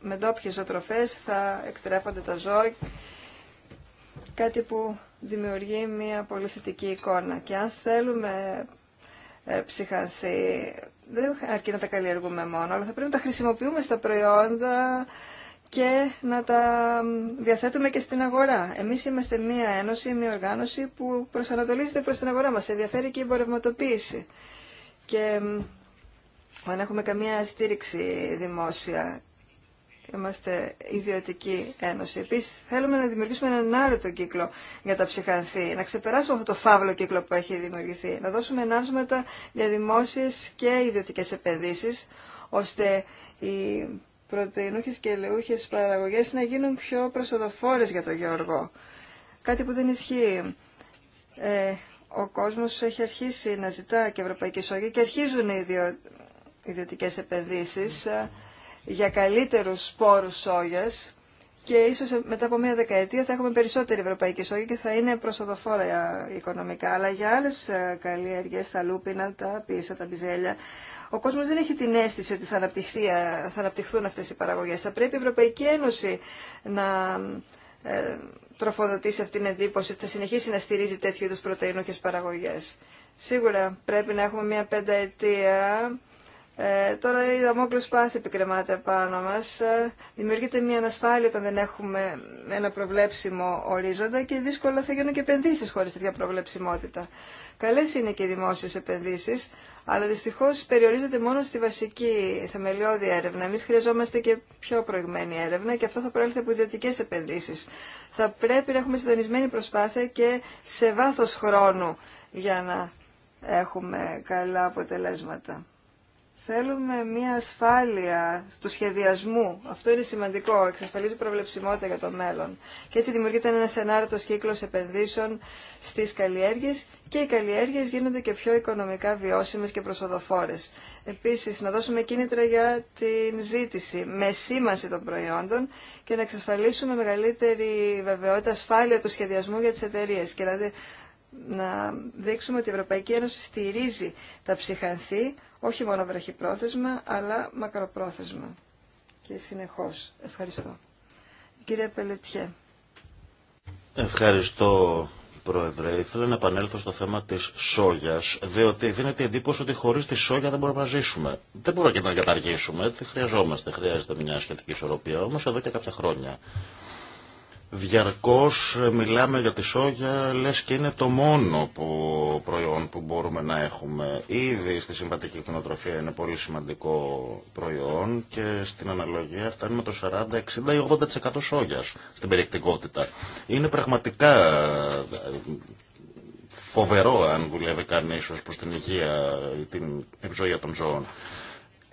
με τόπιες ζωτροφές θα εκτρέφονται τα ζώα, κάτι που δημιουργεί μια πολύ θετική εικόνα. Και αν θέλουμε ε, ψυχανθεί, δεν αρκεί να τα καλλιεργούμε μόνο, αλλά θα πρέπει να τα χρησιμοποιούμε στα προϊόντα, και να τα διαθέτουμε και στην αγορά. Εμείς είμαστε μία ένωση, μία οργάνωση που προσανατολίζεται προς την αγορά μας. Ενδιαφέρει και η εμπορευματοποίηση. Και δεν έχουμε καμία στήριξη δημόσια. Είμαστε ιδιωτική ένωση. Επίσης θέλουμε να δημιουργήσουμε έναν άλλο κύκλο για τα ψυχανθή, να ξεπεράσουμε αυτό το φαύλο κύκλο που έχει δημιουργηθεί, να δώσουμε ενάσματα για δημόσιες και ιδιωτικές επενδύσεις, ώστε οι πρωτεϊνούχε και ελαιούχε παραγωγέ να γίνουν πιο προσοδοφόρες για τον Γεωργό. Κάτι που δεν ισχύει. Ε, ο κόσμος έχει αρχίσει να ζητά και ευρωπαϊκή σόγια και αρχίζουν οι ιδιωτικές επενδύσεις ε, για καλύτερου σπόρους σόγια και ίσω μετά από μια δεκαετία θα έχουμε περισσότερη ευρωπαϊκή σόγια και θα είναι προσοδοφόρα ε, οικονομικά. Αλλά για άλλε καλλιέργειε, τα λούπινα, τα πίσα, τα μπιζέλια, ο κόσμο δεν έχει την αίσθηση ότι θα, ε, θα αναπτυχθούν αυτέ οι παραγωγέ. Θα πρέπει η Ευρωπαϊκή Ένωση να ε, τροφοδοτήσει αυτήν την εντύπωση ότι θα συνεχίσει να στηρίζει τέτοιου είδου πρωτεϊνούχε παραγωγέ. Σίγουρα πρέπει να έχουμε μια πενταετία ε, τώρα η δαμόκλος πάθη επικρεμάται πάνω μας. Ε, δημιουργείται μια ανασφάλεια όταν δεν έχουμε ένα προβλέψιμο ορίζοντα και δύσκολα θα γίνουν και επενδύσεις χωρίς τέτοια προβλεψιμότητα. Καλές είναι και οι δημόσιες επενδύσεις, αλλά δυστυχώς περιορίζονται μόνο στη βασική θεμελιώδη έρευνα. Εμείς χρειαζόμαστε και πιο προηγμένη έρευνα και αυτό θα προέλθει από ιδιωτικέ επενδύσεις. Θα πρέπει να έχουμε συντονισμένη προσπάθεια και σε βάθος χρόνου για να έχουμε καλά αποτελέσματα. Θέλουμε μια ασφάλεια του σχεδιασμού. Αυτό είναι σημαντικό. Εξασφαλίζει προβλεψιμότητα για το μέλλον. Και έτσι δημιουργείται ένα ενάρετο κύκλο επενδύσεων στι καλλιέργειε και οι καλλιέργειε γίνονται και πιο οικονομικά βιώσιμε και προσοδοφόρε. Επίση, να δώσουμε κίνητρα για την ζήτηση με σήμανση των προϊόντων και να εξασφαλίσουμε μεγαλύτερη βεβαιότητα ασφάλεια του σχεδιασμού για τι εταιρείε. Και δηλαδή να δείξουμε ότι η Ευρωπαϊκή Ένωση στηρίζει τα ψυχανθή όχι μόνο βραχυπρόθεσμα, αλλά μακροπρόθεσμα και συνεχώς. Ευχαριστώ. Κύριε Πελετιέ. Ευχαριστώ, Πρόεδρε. Ήθελα να επανέλθω στο θέμα της σόγιας, διότι δίνεται εντύπωση ότι χωρίς τη σόγια δεν μπορούμε να ζήσουμε. Δεν μπορούμε και να καταργήσουμε, δεν χρειαζόμαστε. Χρειάζεται μια σχετική ισορροπία, όμως εδώ και κάποια χρόνια Διαρκώς ε, μιλάμε για τη σόγια, λες και είναι το μόνο που, προϊόν που μπορούμε να έχουμε. Ήδη στη συμβατική κοινοτροφία είναι πολύ σημαντικό προϊόν και στην αναλογία φτάνουμε το 40, 60 ή 80% σόγιας στην περιεκτικότητα. Είναι πραγματικά ε, φοβερό αν δουλεύει κανείς ως προς την υγεία ή την ευζοία των ζώων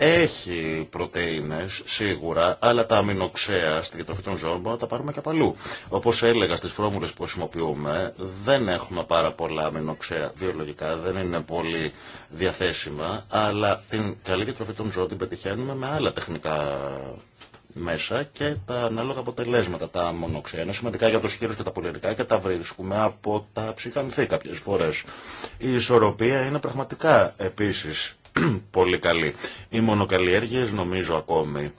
έχει πρωτεΐνες σίγουρα, αλλά τα αμινοξέα στη διατροφή των ζώων μπορούμε να τα πάρουμε και από αλλού. Όπως έλεγα στις φρόμουλες που χρησιμοποιούμε, δεν έχουμε πάρα πολλά αμινοξέα βιολογικά, δεν είναι πολύ διαθέσιμα, αλλά την καλή διατροφή των ζώων την πετυχαίνουμε με άλλα τεχνικά μέσα και τα ανάλογα αποτελέσματα, τα μονοξέα. Είναι σημαντικά για του χείρου και τα πολυερικά και τα βρίσκουμε από τα ψυχανθή κάποιε φορέ. Η ισορροπία είναι πραγματικά επίση [clears throat] πολύ καλή. Οι μονοκαλλιέργειες νομίζω ακόμη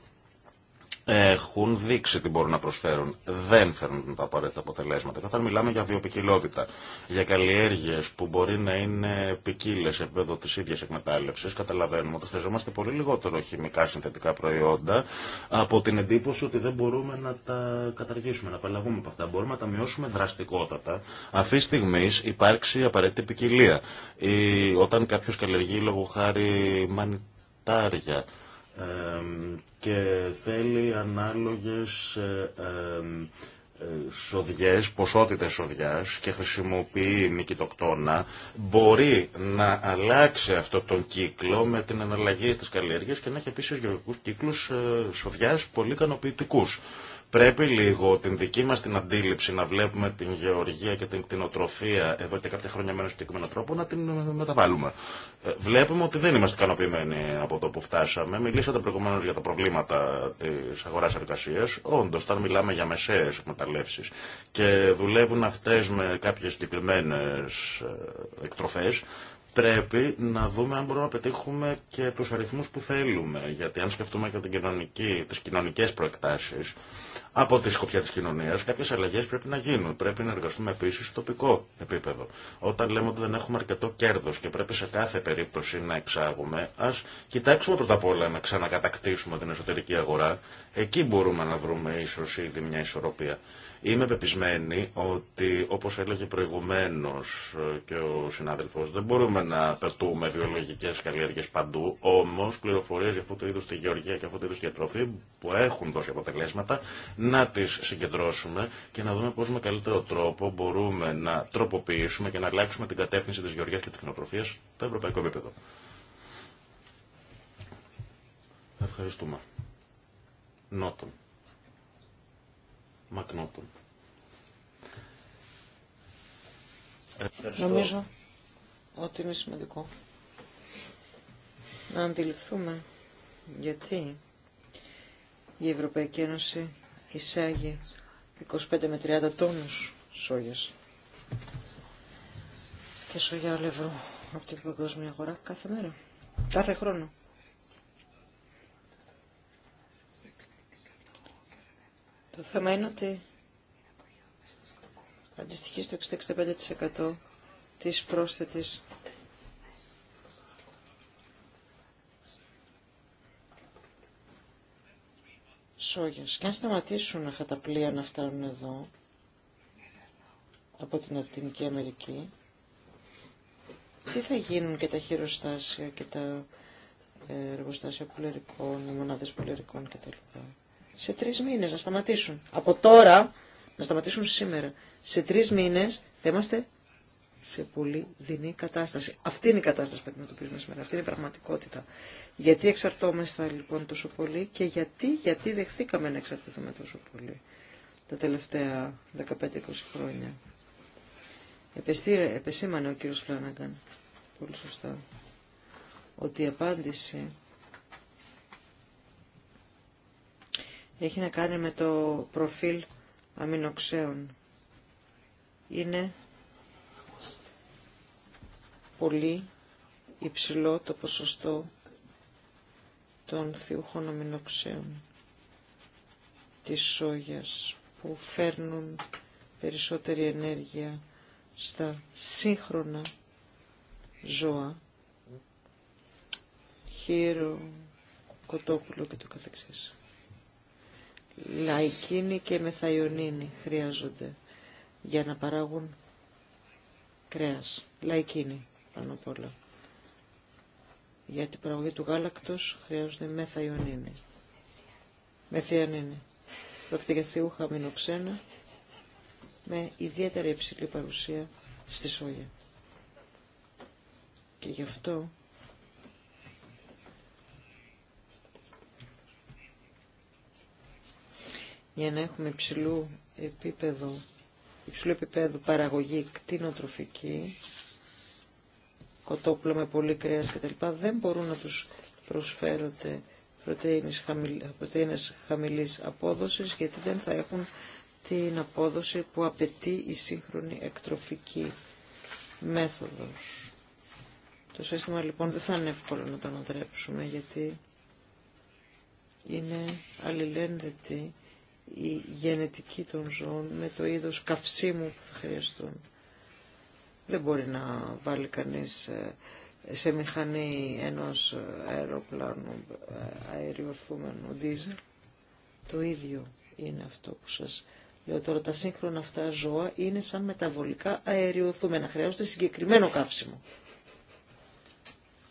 έχουν δείξει τι μπορούν να προσφέρουν. Δεν φέρνουν τα απαραίτητα αποτελέσματα. Και όταν μιλάμε για βιοπικιλότητα, για καλλιέργειε που μπορεί να είναι ποικίλε σε επίπεδο τη ίδια εκμετάλλευση, καταλαβαίνουμε ότι χρειαζόμαστε πολύ λιγότερο χημικά συνθετικά προϊόντα από την εντύπωση ότι δεν μπορούμε να τα καταργήσουμε, να απαλλαγούμε από αυτά. Μπορούμε να τα μειώσουμε δραστικότατα. Αυτή τη στιγμή υπάρξει απαραίτητη ποικιλία. όταν κάποιο καλλιεργεί λόγω χάρη μανιτάρια και θέλει ανάλογες ε, ε, σοδιές, ποσότητες σοδιάς και χρησιμοποιεί νικητοκτόνα, μπορεί να αλλάξει αυτό τον κύκλο με την αναλλαγή της καλλιέργειας και να έχει επίσης γεωργικούς κύκλους ε, σοδιάς πολύ ικανοποιητικού. Πρέπει λίγο την δική μας την αντίληψη να βλέπουμε την γεωργία και την κτηνοτροφία εδώ και κάποια χρόνια με ένα συγκεκριμένο τρόπο να την μεταβάλουμε. Ε, βλέπουμε ότι δεν είμαστε ικανοποιημένοι από το που φτάσαμε. Μιλήσατε προηγουμένω για τα προβλήματα τη αγορά εργασία. Όντω, όταν μιλάμε για μεσαίε εκμεταλλεύσει και δουλεύουν αυτέ με κάποιε συγκεκριμένε ε, εκτροφέ, πρέπει να δούμε αν μπορούμε να πετύχουμε και τους αριθμούς που θέλουμε. Γιατί αν σκεφτούμε και τι κοινωνικέ τις από τη σκοπιά τη κοινωνία, κάποιε αλλαγέ πρέπει να γίνουν. Πρέπει να εργαστούμε επίση στο τοπικό επίπεδο. Όταν λέμε ότι δεν έχουμε αρκετό κέρδο και πρέπει σε κάθε περίπτωση να εξάγουμε, α κοιτάξουμε πρώτα απ' όλα να ξανακατακτήσουμε την εσωτερική αγορά. Εκεί μπορούμε να βρούμε ίσω ήδη μια ισορροπία. Είμαι πεπισμένη ότι, όπως έλεγε προηγουμένως ε, και ο συνάδελφος, δεν μπορούμε να πετούμε βιολογικές καλλιέργειες παντού, όμως πληροφορίες για αυτό το είδους τη γεωργία και αυτό το είδους τη διατροφή που έχουν δώσει αποτελέσματα, να τις συγκεντρώσουμε και να δούμε πώς με καλύτερο τρόπο μπορούμε να τροποποιήσουμε και να αλλάξουμε την κατεύθυνση της γεωργίας και της τεχνοτροφίας στο ευρωπαϊκό επίπεδο. Ευχαριστούμε. Νότον. Μακνότον. Νομίζω ότι είναι σημαντικό να αντιληφθούμε γιατί η Ευρωπαϊκή Ένωση εισάγει 25 με 30 τόνους σόγιας και σόγια ολευρού από την παγκόσμια αγορά κάθε μέρα, κάθε χρόνο. Το θέμα είναι ότι αντιστοιχεί στο 65 της πρόσθετης σόγιας. Και αν σταματήσουν αυτά τα πλοία να φτάνουν εδώ, από την Αττινική Αμερική, τι θα γίνουν και τα χειροστάσια και τα ε, εργοστάσια πουλερικών, οι μονάδες πουλερικών κτλ. Σε τρεις μήνες να σταματήσουν. Από τώρα να σταματήσουν σήμερα. Σε τρει μήνε θα είμαστε σε πολύ δεινή κατάσταση. Αυτή είναι η κατάσταση που αντιμετωπίζουμε σήμερα. Αυτή είναι η πραγματικότητα. Γιατί εξαρτώμεθα λοιπόν τόσο πολύ και γιατί, γιατί δεχθήκαμε να εξαρτηθούμε τόσο πολύ τα τελευταία 15-20 χρόνια. επεσήμανε ο κύριος Φλάνναγκαν πολύ σωστά ότι η απάντηση έχει να κάνει με το προφίλ αμινοξέων είναι πολύ υψηλό το ποσοστό των θιούχων αμινοξέων της σόγιας που φέρνουν περισσότερη ενέργεια στα σύγχρονα ζώα, χείρο, κοτόπουλο και το καθεξής λαϊκίνη και μεθαϊονίνη χρειάζονται για να παράγουν κρέας. Λαϊκίνη πάνω απ' όλα. Για την παραγωγή του γάλακτος χρειάζονται μεθαϊονίνη. Μεθιανίνη. Πρόκειται για θείου με ιδιαίτερη υψηλή παρουσία στη σόγια. Και γι' αυτό για να έχουμε υψηλού επίπεδο, υψηλού επίπεδο παραγωγή κτηνοτροφική, κοτόπουλα με πολύ κρέας κτλ. δεν μπορούν να τους προσφέρονται πρωτεΐνες, χαμηλ, πρωτεΐνες χαμηλής απόδοσης γιατί δεν θα έχουν την απόδοση που απαιτεί η σύγχρονη εκτροφική μέθοδος. Το σύστημα λοιπόν δεν θα είναι εύκολο να το ανατρέψουμε γιατί είναι αλληλένδετη η γενετική των ζώων με το είδος καυσίμου που θα χρειαστούν. Δεν μπορεί να βάλει κανείς ε, σε μηχανή ενός ε, αεροπλάνου ε, αεριοθούμενου δίζελ. Το ίδιο είναι αυτό που σας λέω τώρα. Τα σύγχρονα αυτά ζώα είναι σαν μεταβολικά αεριοθούμενα. Χρειάζονται συγκεκριμένο καύσιμο.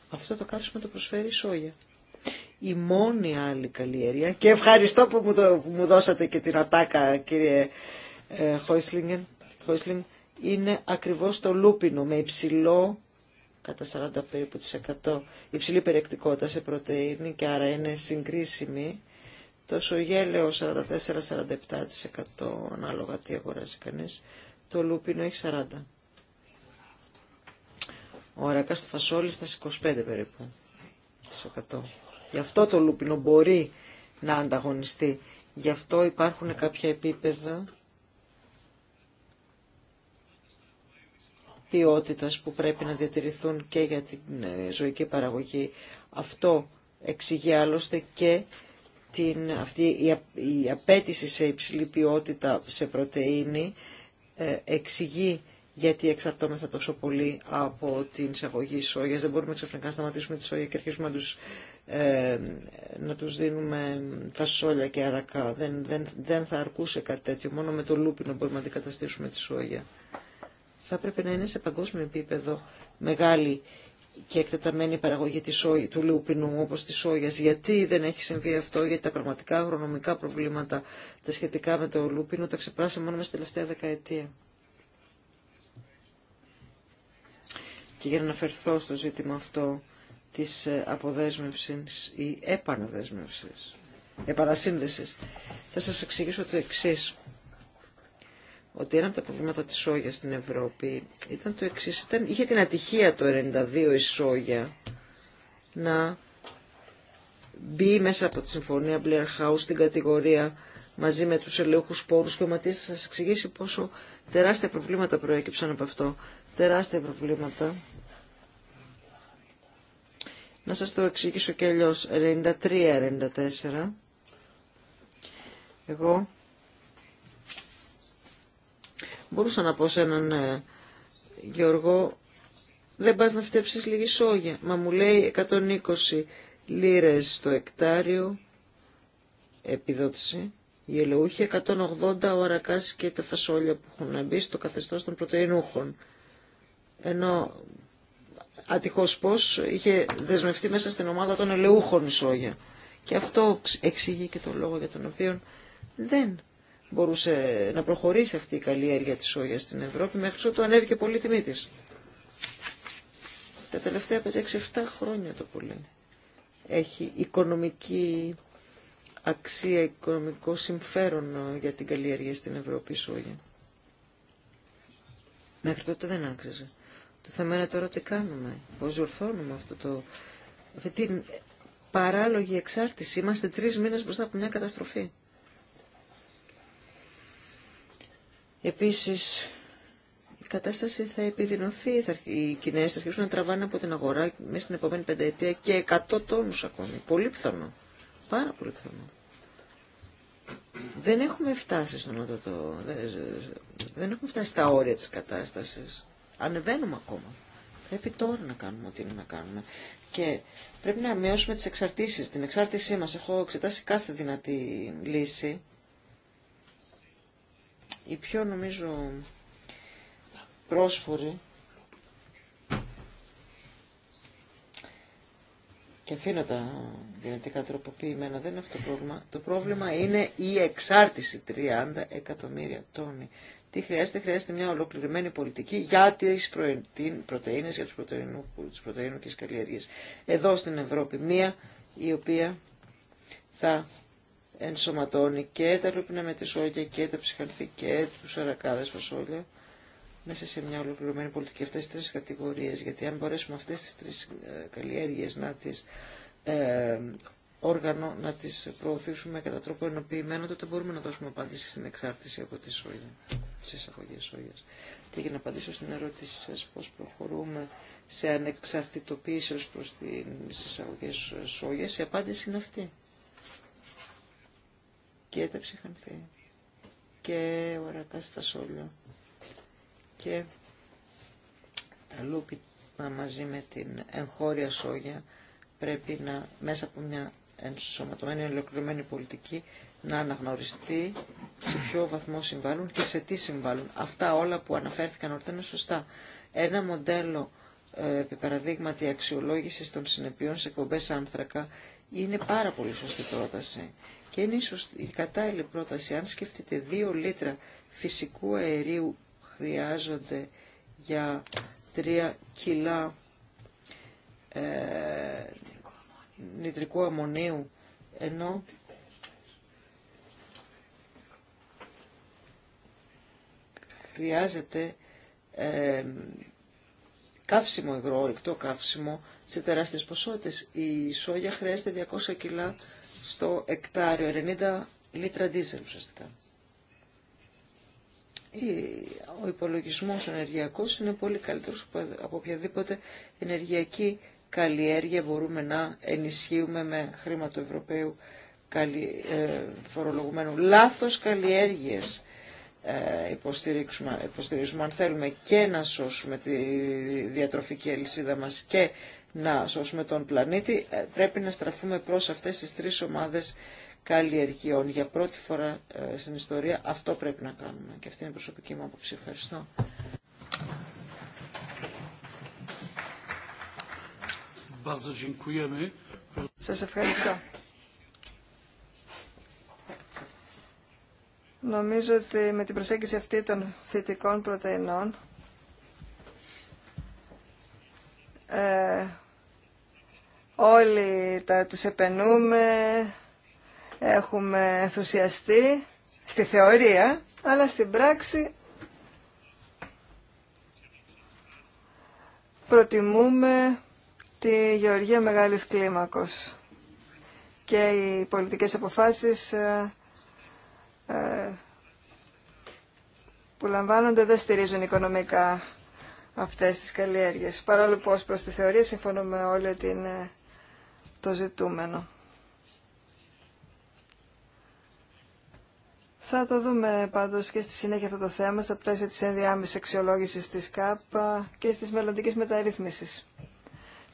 Αυτό το καύσιμο το προσφέρει η σόγια η μόνη άλλη καλλιέργεια. Και ευχαριστώ που μου, το, μου δώσατε και την ατάκα κύριε ε, Χόισλινγκ. Είναι ακριβώς το λούπινο με υψηλό κατά 40 περίπου της υψηλή περιεκτικότητα σε πρωτεΐνη και άρα είναι συγκρίσιμη. Το σογέλαιο 44-47% ανάλογα τι αγοράζει κανείς. Το λούπινο έχει 40. Ο αρακάς του φασόλι στα 25 περίπου. 100. Γι' αυτό το λούπινο μπορεί να ανταγωνιστεί. Γι' αυτό υπάρχουν κάποια επίπεδα ποιότητας που πρέπει να διατηρηθούν και για την ε, ζωική παραγωγή. Αυτό εξηγεί άλλωστε και την, αυτή η, η απέτηση σε υψηλή ποιότητα σε πρωτεΐνη ε, εξηγεί γιατί εξαρτώμεθα τόσο πολύ από την εισαγωγή σόγιας. Δεν μπορούμε ξαφνικά να σταματήσουμε τη σόγια και αρχίσουμε να τους ε, να τους δίνουμε φασόλια και αρακά. Δεν, δεν, δεν θα αρκούσε κάτι τέτοιο. Μόνο με το λούπινο μπορούμε να αντικαταστήσουμε τη σόγια. Θα έπρεπε να είναι σε παγκόσμιο επίπεδο μεγάλη και εκτεταμένη παραγωγή της του λούπινου όπως της σόγιας. Γιατί δεν έχει συμβεί αυτό, γιατί τα πραγματικά αγρονομικά προβλήματα τα σχετικά με το λούπινο τα ξεπράσαμε μόνο μέσα στη τελευταία δεκαετία. Και για να αναφερθώ στο ζήτημα αυτό, της ε, αποδέσμευσης ή επαναδέσμευσης, επανασύνδεσης. Θα σας εξηγήσω το εξής, ότι ένα από τα προβλήματα της Σόγια στην Ευρώπη ήταν το εξής, ήταν, είχε την ατυχία το 1992 η σόγια να μπει μέσα από τη συμφωνία Blair House στην κατηγορία μαζί με τους ελαιούχους πόρους και ο Ματής θα σας εξηγήσει πόσο τεράστια προβλήματα προέκυψαν από αυτό. Τεράστια προβλήματα να σας το εξηγήσω και αλλιώ 93-94. Εγώ μπορούσα να πω σε έναν ε, Γιώργο, δεν πας να φυτέψεις λίγη σόγια. Μα μου λέει 120 λίρες το εκτάριο, επιδότηση, ελαιούχη, 180 ορακάς και τα φασόλια που έχουν μπει στο καθεστώς των πρωτεϊνούχων. Ενώ ατυχώς πώς είχε δεσμευτεί μέσα στην ομάδα των ελαιούχων η Σόγια. Και αυτό εξηγεί και τον λόγο για τον οποίο δεν μπορούσε να προχωρήσει αυτή η καλλιέργεια της σόγιας στην Ευρώπη μέχρι ότου ανέβηκε πολύ τιμή της. Τα τελευταία 5-6-7 χρόνια το πολύ. Έχει οικονομική αξία, οικονομικό συμφέρον για την καλλιέργεια στην Ευρώπη η σόγια. Μέχρι τότε δεν άξιζε. Το θέμα είναι τώρα τι κάνουμε, πώς ορθώνουμε αυτό το, αυτή την παράλογη εξάρτηση. Είμαστε τρεις μήνες μπροστά από μια καταστροφή. Επίσης, η κατάσταση θα επιδεινωθεί, θα, οι Κινέζοι θα αρχίσουν να τραβάνε από την αγορά μέσα στην επόμενη πενταετία και 100 τόνους ακόμη. Πολύ πιθανό. Πάρα πολύ πιθανό. Δεν έχουμε φτάσει στον το, δεν, δεν έχουμε φτάσει στα όρια της κατάστασης ανεβαίνουμε ακόμα. Πρέπει τώρα να κάνουμε ό,τι είναι να κάνουμε. Και πρέπει να μειώσουμε τις εξαρτήσεις, την εξάρτησή μας. Έχω εξετάσει κάθε δυνατή λύση. Η πιο νομίζω πρόσφορη και αφήνω τα γενετικά τροποποιημένα, δεν είναι αυτό το πρόβλημα. Το πρόβλημα είναι η εξάρτηση 30 εκατομμύρια τόνοι. Τι χρειάζεται, χρειάζεται μια ολοκληρωμένη πολιτική για τι πρωτεΐνες, για τους πρωτεΐνους και τις καλλιέργειες. Εδώ στην Ευρώπη μία η οποία θα ενσωματώνει και τα λούπινα με τη σόγια και τα ψυχανθή και τους αρακάδε φασόλια μέσα σε μια ολοκληρωμένη πολιτική αυτές τις τρεις κατηγορίε, Γιατί αν μπορέσουμε αυτέ τι τρει ε, καλλιέργειε να τι. Ε, όργανο να τις προωθήσουμε κατά τρόπο ενοποιημένο, τότε μπορούμε να δώσουμε απάντηση στην εξάρτηση από τη σόγια, στις εισαγωγές σόγιας. Και για να απαντήσω στην ερώτηση σας πώς προχωρούμε σε ανεξαρτητοποίηση ως προς τις εισαγωγές σόγιας, η απάντηση είναι αυτή. Και τα ψυχανθή. Και ο αρακάς φασόλιο. Και τα λούπιτα μαζί με την εγχώρια σόγια πρέπει να μέσα από μια ενσωματωμένη, ολοκληρωμένη πολιτική να αναγνωριστεί σε ποιο βαθμό συμβάλλουν και σε τι συμβάλλουν. Αυτά όλα που αναφέρθηκαν όταν είναι σωστά. Ένα μοντέλο ε, επί παραδείγματι αξιολόγηση των συνεπειών σε εκπομπέ άνθρακα είναι πάρα πολύ σωστή πρόταση. Και είναι ίσως η κατάλληλη πρόταση, αν σκεφτείτε δύο λίτρα φυσικού αερίου χρειάζονται για τρία κιλά ε, νητρικού αμμονίου, ενώ χρειάζεται καύσιμο υγρό, ορυκτό καύσιμο, σε τεράστιες ποσότητες. Η σόγια χρειάζεται 200 κιλά στο εκτάριο, 90 λίτρα δίζελ ουσιαστικά. Ο υπολογισμός ενεργειακός είναι πολύ καλύτερος από οποιαδήποτε ενεργειακή καλλιέργεια μπορούμε να ενισχύουμε με χρήμα του Ευρωπαίου ε, φορολογουμένου. Λάθος καλλιέργειες ε, υποστηρίζουμε αν θέλουμε και να σώσουμε τη διατροφική αλυσίδα μας και να σώσουμε τον πλανήτη ε, πρέπει να στραφούμε προς αυτές τις τρεις ομάδες καλλιεργειών. Για πρώτη φορά στην ιστορία αυτό πρέπει να κάνουμε και αυτή είναι η προσωπική μου άποψη. Ευχαριστώ. Σας ευχαριστώ. Νομίζω ότι με την προσέγγιση αυτή των φυτικών πρωτεϊνών ε, όλοι τα τους επενούμε, έχουμε ενθουσιαστεί στη θεωρία, αλλά στην πράξη προτιμούμε τη γεωργία μεγάλης κλίμακος και οι πολιτικές αποφάσεις ε, ε, που λαμβάνονται δεν στηρίζουν οικονομικά αυτές τις καλλιέργειες. Παρόλο που ως προς τη θεωρία συμφωνούμε όλοι ότι είναι το ζητούμενο. Θα το δούμε πάντως και στη συνέχεια αυτό το θέμα στα πλαίσια της ενδιάμεσης αξιολόγησης της ΚΑΠ και της μελλοντικής μεταρρύθμισης.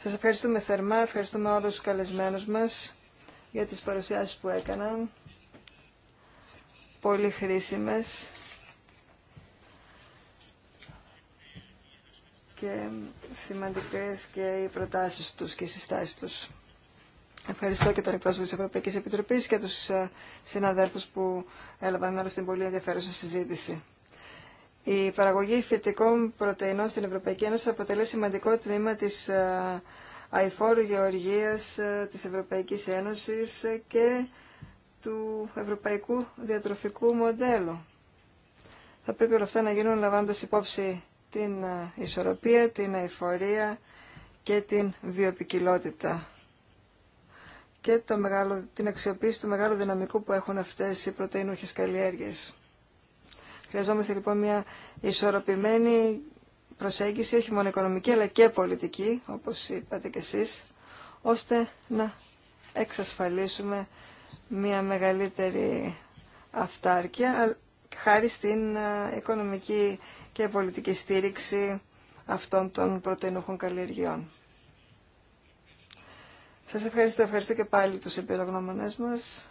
Σας ευχαριστούμε θερμά, ευχαριστούμε όλους τους καλεσμένους μας για τις παρουσιάσεις που έκαναν. Πολύ χρήσιμες. Και σημαντικές και οι προτάσεις τους και οι συστάσεις τους. Ευχαριστώ και τον εκπρόσωπο της Ευρωπαϊκής Επιτροπής και τους ε, συναδέλφους που έλαβαν μέρος στην πολύ ενδιαφέρουσα συζήτηση. Η παραγωγή φυτικών πρωτεϊνών στην Ευρωπαϊκή Ένωση θα αποτελεί σημαντικό τμήμα της ε, αηφόρου γεωργίας ε, της Ευρωπαϊκής Ένωσης ε, και του ευρωπαϊκού διατροφικού μοντέλου. Θα πρέπει όλα αυτά να γίνουν λαμβάνοντας υπόψη την ισορροπία, την αηφορία και την βιοπικιλότητα και το μεγάλο, την αξιοποίηση του μεγάλου δυναμικού που έχουν αυτές οι πρωτεϊνούχες καλλιέργειες. Χρειαζόμαστε λοιπόν μια ισορροπημένη προσέγγιση, όχι μόνο οικονομική αλλά και πολιτική, όπως είπατε κι εσείς, ώστε να εξασφαλίσουμε μια μεγαλύτερη αυτάρκεια χάρη στην οικονομική και πολιτική στήριξη αυτών των πρωτενούχων καλλιεργειών. Σας ευχαριστώ, ευχαριστώ και πάλι τους εμπειρογνώμονές μας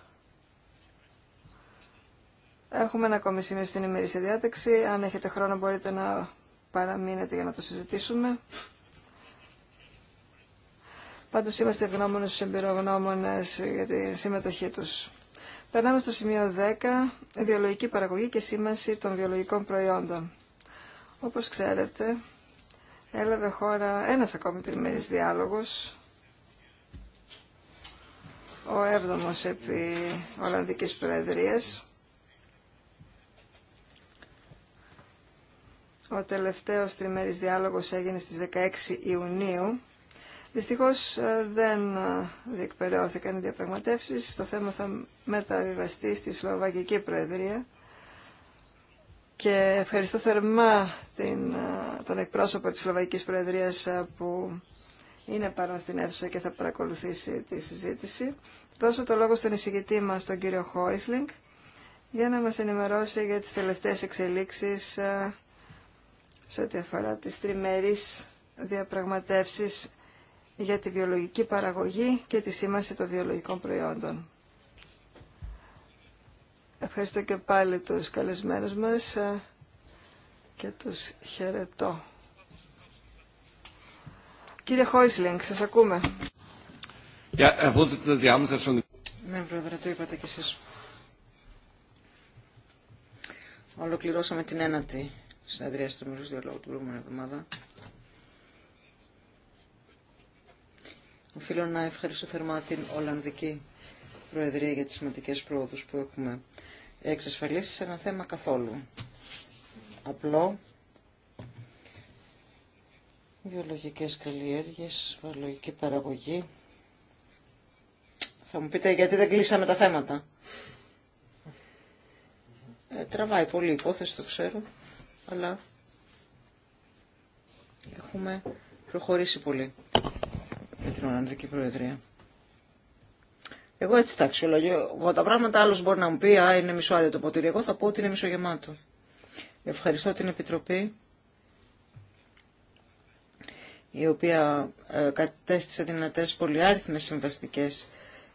Έχουμε ένα ακόμη σημείο στην ημερήσια διάταξη. Αν έχετε χρόνο μπορείτε να παραμείνετε για να το συζητήσουμε. Πάντως είμαστε ευγνώμονες στους εμπειρογνώμονες για τη συμμετοχή τους. Περνάμε στο σημείο 10, βιολογική παραγωγή και σήμανση των βιολογικών προϊόντων. Όπως ξέρετε, έλαβε χώρα ένας ακόμη τριμμένης διάλογος, ο έβδομος επί Ολλανδικής Προεδρίας, Ο τελευταίος τριμέρης διάλογος έγινε στις 16 Ιουνίου. Δυστυχώς ε, δεν ε, διεκπαιρεώθηκαν οι διαπραγματεύσεις. Το θέμα θα μεταβιβαστεί στη Σλοβακική Προεδρία. Και ευχαριστώ θερμά την, ε, τον εκπρόσωπο της Σλοβακικής Προεδρίας που είναι πάνω στην αίθουσα και θα παρακολουθήσει τη συζήτηση. Δώσω το λόγο στον εισηγητή μας, τον κύριο Χόισλινγκ, για να μας ενημερώσει για τις τελευταίες εξελίξεις σε ό,τι αφορά τις τριμερείς διαπραγματεύσεις για τη βιολογική παραγωγή και τη σήμανση των βιολογικών προϊόντων. Ευχαριστώ και πάλι τους καλεσμένους μας ε, και τους χαιρετώ. Κύριε Χόισλινγκ, σας ακούμε. Ναι, πρόεδρε, το είπατε κι εσείς. Ολοκληρώσαμε την ένατη συνεδρία στο Μερός Διαλόγου την προηγούμενη εβδομάδα. Οφείλω να ευχαριστώ θερμά την Ολλανδική Προεδρία για τις σημαντικές πρόοδους που έχουμε εξασφαλίσει σε ένα θέμα καθόλου. Απλό, βιολογικές καλλιέργειες, βιολογική παραγωγή. Θα μου πείτε γιατί δεν κλείσαμε τα θέματα. Ε, τραβάει πολύ υπόθεση, το ξέρω αλλά έχουμε προχωρήσει πολύ με την Ολλανδική Προεδρία. Εγώ έτσι τα αξιολογώ. Εγώ τα πράγματα άλλο μπορεί να μου πει, Α, είναι άδειο το ποτήρι. Εγώ θα πω ότι είναι μισό γεμάτο. Ευχαριστώ την Επιτροπή, η οποία ε, κατέστησε δυνατές πολυάριθμες συμβαστικές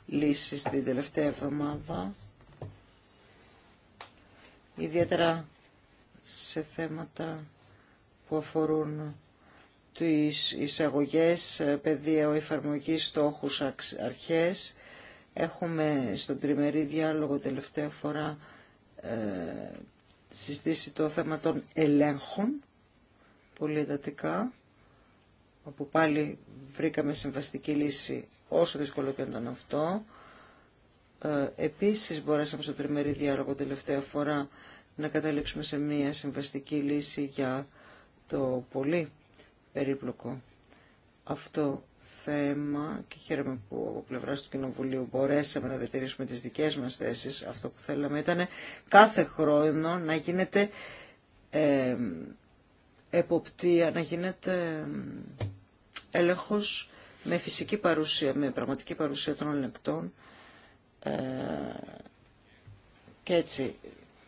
λύσεις την τελευταία εβδομάδα. Ιδιαίτερα σε θέματα που αφορούν τις εισαγωγές, ε, πεδίο εφαρμογή στόχους, αρχές. Έχουμε στον τριμερή διάλογο τελευταία φορά ε, συστήσει το θέμα των ελέγχων πολύ εντατικά, όπου πάλι βρήκαμε συμβαστική λύση όσο δύσκολο και ήταν αυτό. Ε, επίσης μπορέσαμε στον τριμερή διάλογο τελευταία φορά να καταλήξουμε σε μια συμβαστική λύση για το πολύ περίπλοκο αυτό θέμα και χαίρομαι που από πλευράς του Κοινοβουλίου μπορέσαμε να διατηρήσουμε τις δικές μας θέσεις. Αυτό που θέλαμε ήταν κάθε χρόνο να γίνεται ε, εποπτεία, να γίνεται έλεγχος με φυσική παρουσία, με πραγματική παρουσία των ελεκτών ε, και έτσι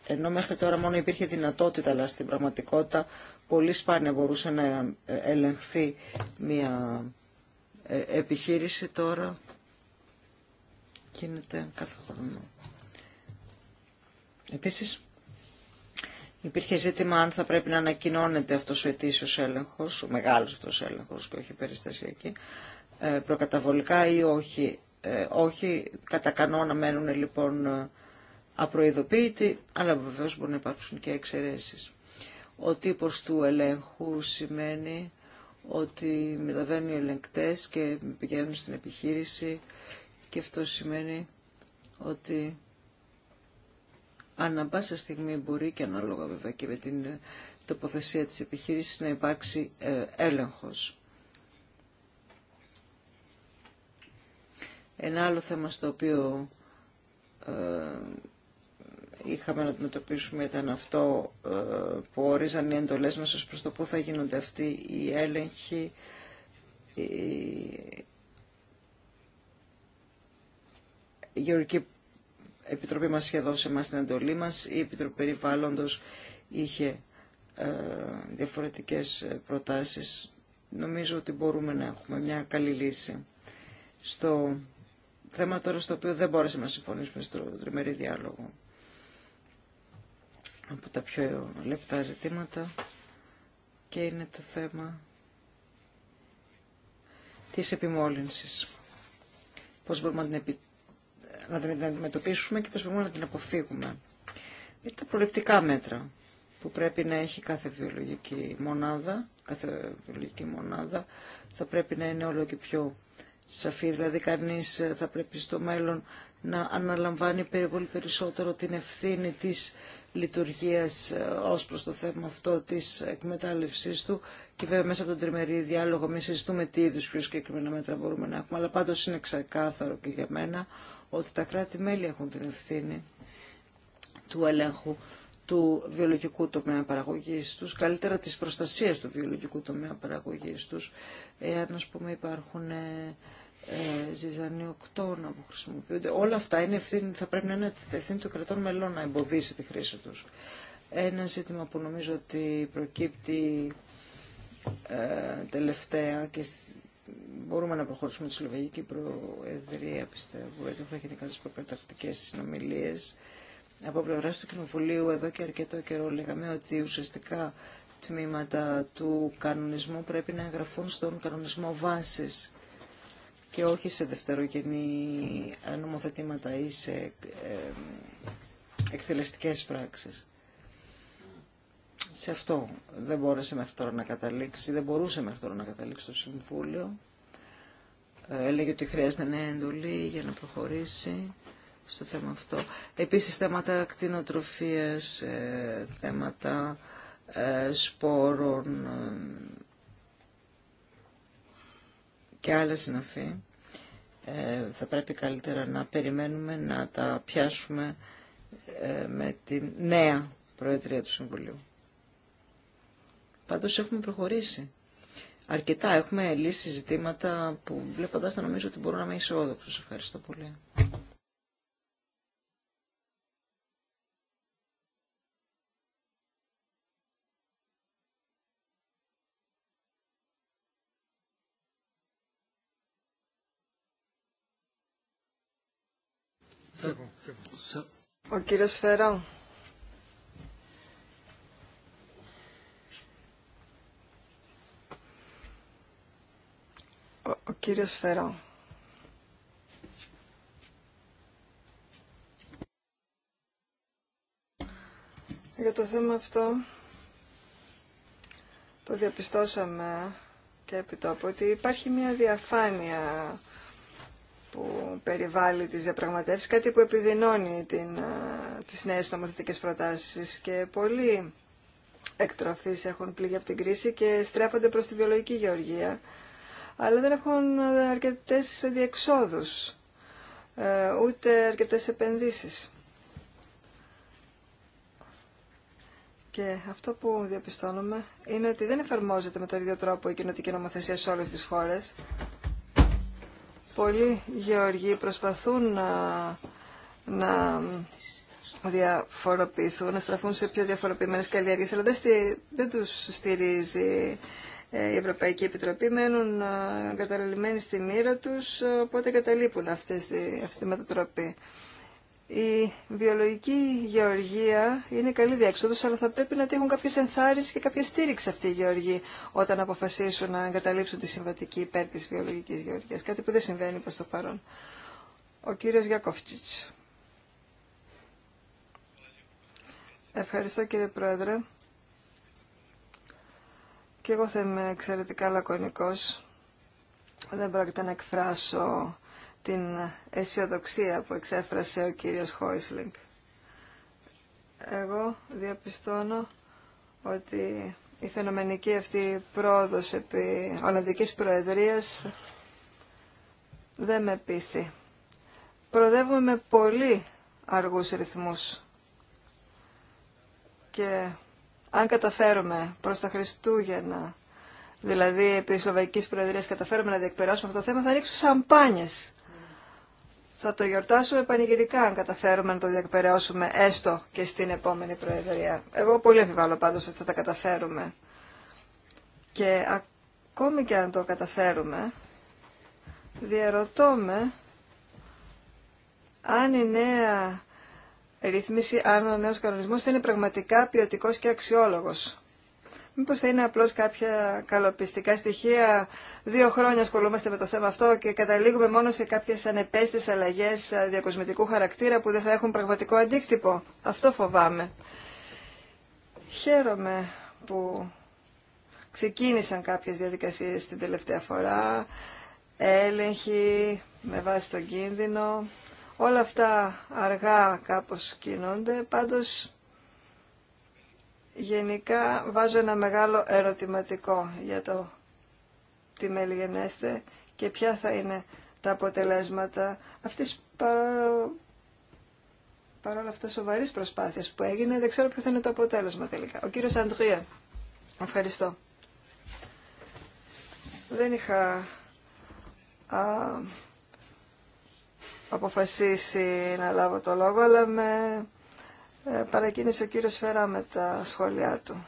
ενώ μέχρι τώρα μόνο υπήρχε δυνατότητα, αλλά στην πραγματικότητα πολύ σπάνια μπορούσε να ε, ελεγχθεί μια ε, επιχείρηση τώρα γίνεται κάθε χρόνο. Επίσης, υπήρχε ζήτημα αν θα πρέπει να ανακοινώνεται αυτός ο ετήσιος έλεγχος, ο μεγάλος αυτός έλεγχος και όχι περιστασιακή, ε, προκαταβολικά ή όχι. όχι, κατά κανόνα μένουν λοιπόν απροειδοποίητη, αλλά βεβαίως μπορεί να υπάρξουν και εξαιρέσεις. Ο τύπος του ελέγχου σημαίνει ότι μεταβαίνουν οι ελεγκτές και πηγαίνουν στην επιχείρηση και αυτό σημαίνει ότι ανά πάσα στιγμή μπορεί και ανάλογα βέβαια και με την τοποθεσία της επιχείρησης να υπάρξει ε, έλεγχος. Ένα άλλο θέμα στο οποίο ε, είχαμε να αντιμετωπίσουμε ήταν αυτό ε, που ορίζαν οι εντολές μας ως προς το πού θα γίνονται αυτοί οι έλεγχοι, η Γεωργική Επιτροπή μας είχε δώσει εμάς την εντολή μας, η Επιτροπή Περιβάλλοντος είχε ε, διαφορετικές προτάσεις. Νομίζω ότι μπορούμε να έχουμε μια καλή λύση. Στο θέμα τώρα στο οποίο δεν μπόρεσε να συμφωνήσουμε στο τριμερή διάλογο από τα πιο λεπτά ζητήματα και είναι το θέμα της επιμόλυνσης. Πώς μπορούμε να την, επι... αντιμετωπίσουμε και πώς μπορούμε να την αποφύγουμε. Είναι τα προληπτικά μέτρα που πρέπει να έχει κάθε βιολογική μονάδα, κάθε βιολογική μονάδα θα πρέπει να είναι όλο και πιο σαφή, δηλαδή κανείς ε, θα πρέπει στο μέλλον να αναλαμβάνει πολύ περισσότερο την ευθύνη της λειτουργίας ε, ως προς το θέμα αυτό της εκμετάλλευσής του και βέβαια μέσα από τον τριμερή διάλογο μην συζητούμε τι είδου πιο συγκεκριμένα μέτρα μπορούμε να έχουμε αλλά πάντως είναι ξεκάθαρο και για μένα ότι τα κράτη-μέλη έχουν την ευθύνη του ελέγχου του βιολογικού τομέα παραγωγής τους, καλύτερα της προστασίας του βιολογικού τομέα παραγωγής τους, εάν ας πούμε υπάρχουν ε, ε, ζυζανιοκτώνα που χρησιμοποιούνται. Όλα αυτά είναι ευθύνη, θα πρέπει να είναι ευθύνη του κρατών μελών να εμποδίσει τη χρήση τους. Ένα ζήτημα που νομίζω ότι προκύπτει ε, τελευταία και μπορούμε να προχωρήσουμε τη Σλοβαγική Προεδρία, πιστεύω, γιατί έχουν γίνει κάποιε προκαταρκτικέ συνομιλίε. Από πλευρά του Κοινοβουλίου, εδώ και αρκετό καιρό λέγαμε ότι ουσιαστικά τμήματα του κανονισμού πρέπει να εγγραφούν στον κανονισμό βάσης και όχι σε δευτερογενή ε, νομοθετήματα ή σε ε, εκτελεστικές πράξεις. Σε αυτό δεν μπόρεσε μέχρι να καταλήξει, δεν μπορούσε μέχρι τώρα να καταλήξει το Συμβούλιο. Ε, έλεγε ότι χρειάζεται νέα εντολή για να προχωρήσει στο θέμα αυτό. Επίσης θέματα κτηνοτροφίας, θέματα σπόρων, και άλλα συναφή, ε, θα πρέπει καλύτερα να περιμένουμε να τα πιάσουμε ε, με την νέα Προεδρία του Συμβουλίου. Πάντως έχουμε προχωρήσει. Αρκετά έχουμε λύσει ζητήματα που βλέποντας τα νομίζω ότι μπορούμε να είμαι αισιόδοξο. Ευχαριστώ πολύ. Ο κύριος Φερό. Ο, κύριος Φερό. Για το θέμα αυτό το διαπιστώσαμε και επί τόπου ότι υπάρχει μια διαφάνεια που περιβάλλει τις διαπραγματεύσεις, κάτι που επιδεινώνει την, τις νέες νομοθετικές προτάσεις και πολλοί εκτροφείς έχουν πληγεί από την κρίση και στρέφονται προς τη βιολογική γεωργία, αλλά δεν έχουν αρκετές διεξόδους, ε, ούτε αρκετές επενδύσεις. Και αυτό που διαπιστώνουμε είναι ότι δεν εφαρμόζεται με τον ίδιο τρόπο η κοινωτική νομοθεσία σε όλες τις χώρες πολλοί γεωργοί προσπαθούν να, να διαφοροποιηθούν, να στραφούν σε πιο διαφοροποιημένες καλλιέργειες, αλλά δεν, στη, τους στηρίζει ε, η Ευρωπαϊκή Επιτροπή, μένουν ε, καταλελειμμένοι στη μοίρα τους, ε, οπότε καταλείπουν αυτή τη μετατροπή. Η βιολογική γεωργία είναι καλή διέξοδος, αλλά θα πρέπει να τύχουν κάποιες ενθάρρυνσεις και κάποια στήριξη αυτοί οι γεωργοί όταν αποφασίσουν να εγκαταλείψουν τη συμβατική υπέρ της βιολογικής γεωργίας. Κάτι που δεν συμβαίνει προς το παρόν. Ο κύριος Γιακόφτσιτς. Ευχαριστώ κύριε Πρόεδρε. Και εγώ θα είμαι εξαιρετικά λακωνικός. Δεν πρόκειται να εκφράσω την αισιοδοξία που εξέφρασε ο κύριος Χόισλινγκ. Εγώ διαπιστώνω ότι η φαινομενική αυτή πρόοδος επί Ολλανδικής Προεδρίας δεν με πείθει. Προοδεύουμε με πολύ αργούς ρυθμούς και αν καταφέρουμε προς τα Χριστούγεννα, δηλαδή επί Σλοβαϊκής Προεδρίας καταφέρουμε να διεκπεράσουμε αυτό το θέμα, θα ρίξω σαμπάνιες θα το γιορτάσουμε πανηγυρικά αν καταφέρουμε να το διακπεραιώσουμε έστω και στην επόμενη Προεδρία. Εγώ πολύ αμφιβάλλω πάντως ότι θα τα καταφέρουμε. Και ακόμη και αν το καταφέρουμε, διαρωτώ με αν η νέα ρύθμιση, αν ο νέος κανονισμός θα είναι πραγματικά ποιοτικός και αξιόλογος. Μήπω θα είναι απλώ κάποια καλοπιστικά στοιχεία. Δύο χρόνια ασχολούμαστε με το θέμα αυτό και καταλήγουμε μόνο σε κάποιες ανεπέστες αλλαγέ διακοσμητικού χαρακτήρα που δεν θα έχουν πραγματικό αντίκτυπο. Αυτό φοβάμαι. Χαίρομαι που ξεκίνησαν κάποιες διαδικασίες την τελευταία φορά, έλεγχοι με βάση τον κίνδυνο. Όλα αυτά αργά κάπως κινούνται, πάντως Γενικά βάζω ένα μεγάλο ερωτηματικό για το τι μελιγενέστε και ποια θα είναι τα αποτελέσματα αυτής παρόλα αυτά σοβαρής προσπάθειας που έγινε. Δεν ξέρω ποιο θα είναι το αποτέλεσμα τελικά. Ο κύριος Αντρία. Ευχαριστώ. Δεν είχα α, αποφασίσει να λάβω το λόγο, αλλά με ε, παρακίνησε ο κύριος Φερά με τα σχόλιά του.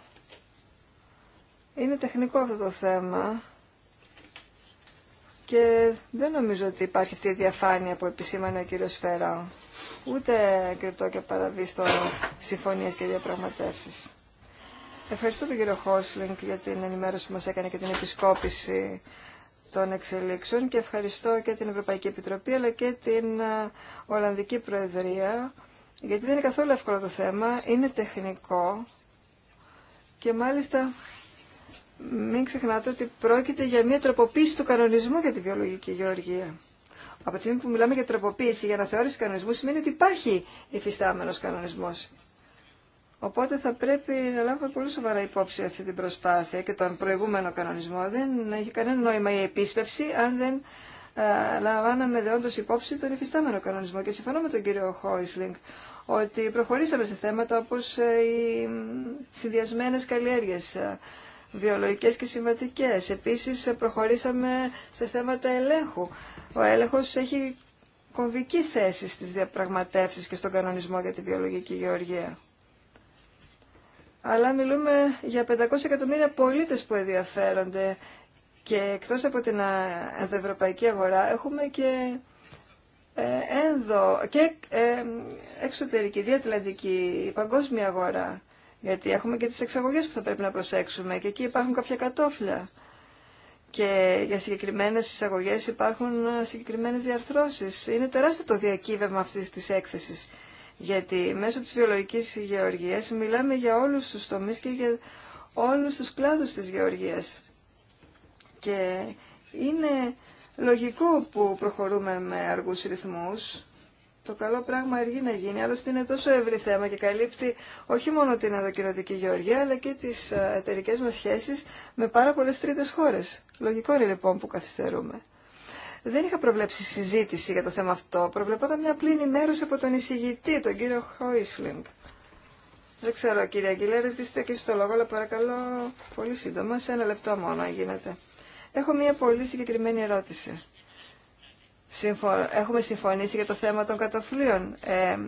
Είναι τεχνικό αυτό το θέμα και δεν νομίζω ότι υπάρχει αυτή η διαφάνεια που επισήμανε ο κύριος Φερά. Ούτε κρυπτό και παραβίστο συμφωνίες και διαπραγματεύσεις. Ευχαριστώ τον κύριο Χόσλινγκ για την ενημέρωση που μας έκανε και την επισκόπηση των εξελίξεων και ευχαριστώ και την Ευρωπαϊκή Επιτροπή αλλά και την ε, Ολλανδική Προεδρία γιατί δεν είναι καθόλου εύκολο το θέμα, είναι τεχνικό και μάλιστα μην ξεχνάτε ότι πρόκειται για μια τροποποίηση του κανονισμού για τη βιολογική γεωργία. Από τη στιγμή που μιλάμε για τροποποίηση, για να θεώρηση κανονισμού, σημαίνει ότι υπάρχει υφιστάμενο κανονισμό. Οπότε θα πρέπει να λάβουμε πολύ σοβαρά υπόψη αυτή την προσπάθεια και τον προηγούμενο κανονισμό. Δεν έχει κανένα νόημα η επίσπευση αν δεν ε, λαμβάναμε δεόντως υπόψη τον υφιστάμενο κανονισμό. Και συμφωνώ με τον κύριο Χόισλινγκ ότι προχωρήσαμε σε θέματα όπως ε, οι συνδυασμένες καλλιέργειες, ε, βιολογικές και συμβατικές. Επίσης ε, προχωρήσαμε σε θέματα ελέγχου. Ο έλεγχος έχει κομβική θέση στις διαπραγματεύσεις και στον κανονισμό για τη βιολογική γεωργία. Αλλά μιλούμε για 500 εκατομμύρια πολίτες που ενδιαφέρονται και εκτός από την ευρωπαϊκή αγορά έχουμε και ε, ένδο και ε, εξωτερική, διατλαντική, παγκόσμια αγορά. Γιατί έχουμε και τις εξαγωγές που θα πρέπει να προσέξουμε και εκεί υπάρχουν κάποια κατόφλια. Και για συγκεκριμένες εισαγωγές υπάρχουν ε, συγκεκριμένες διαρθρώσεις. Είναι τεράστιο το διακύβευμα αυτής της έκθεσης. Γιατί μέσω της βιολογικής γεωργίας μιλάμε για όλους τους τομείς και για όλους τους κλάδους της γεωργίας. Και είναι λογικό που προχωρούμε με αργούς ρυθμούς. Το καλό πράγμα αργεί να γίνει, άλλωστε είναι τόσο ευρύ θέμα και καλύπτει όχι μόνο την αδοκινοτική γεωργία, αλλά και τις ε, εταιρικέ μας σχέσεις με πάρα πολλές τρίτες χώρες. Λογικό είναι λοιπόν που καθυστερούμε. Δεν είχα προβλέψει συζήτηση για το θέμα αυτό. Προβλεπόταν μια απλή ενημέρωση από τον εισηγητή, τον κύριο Χόισλινγκ. Δεν ξέρω, κύριε Αγγιλέρη, δίστε και στο λόγο, αλλά παρακαλώ πολύ σύντομα, σε ένα λεπτό μόνο, αν γίνεται. Έχω μία πολύ συγκεκριμένη ερώτηση. Έχουμε συμφωνήσει για το θέμα των κατοφλίων. Ε,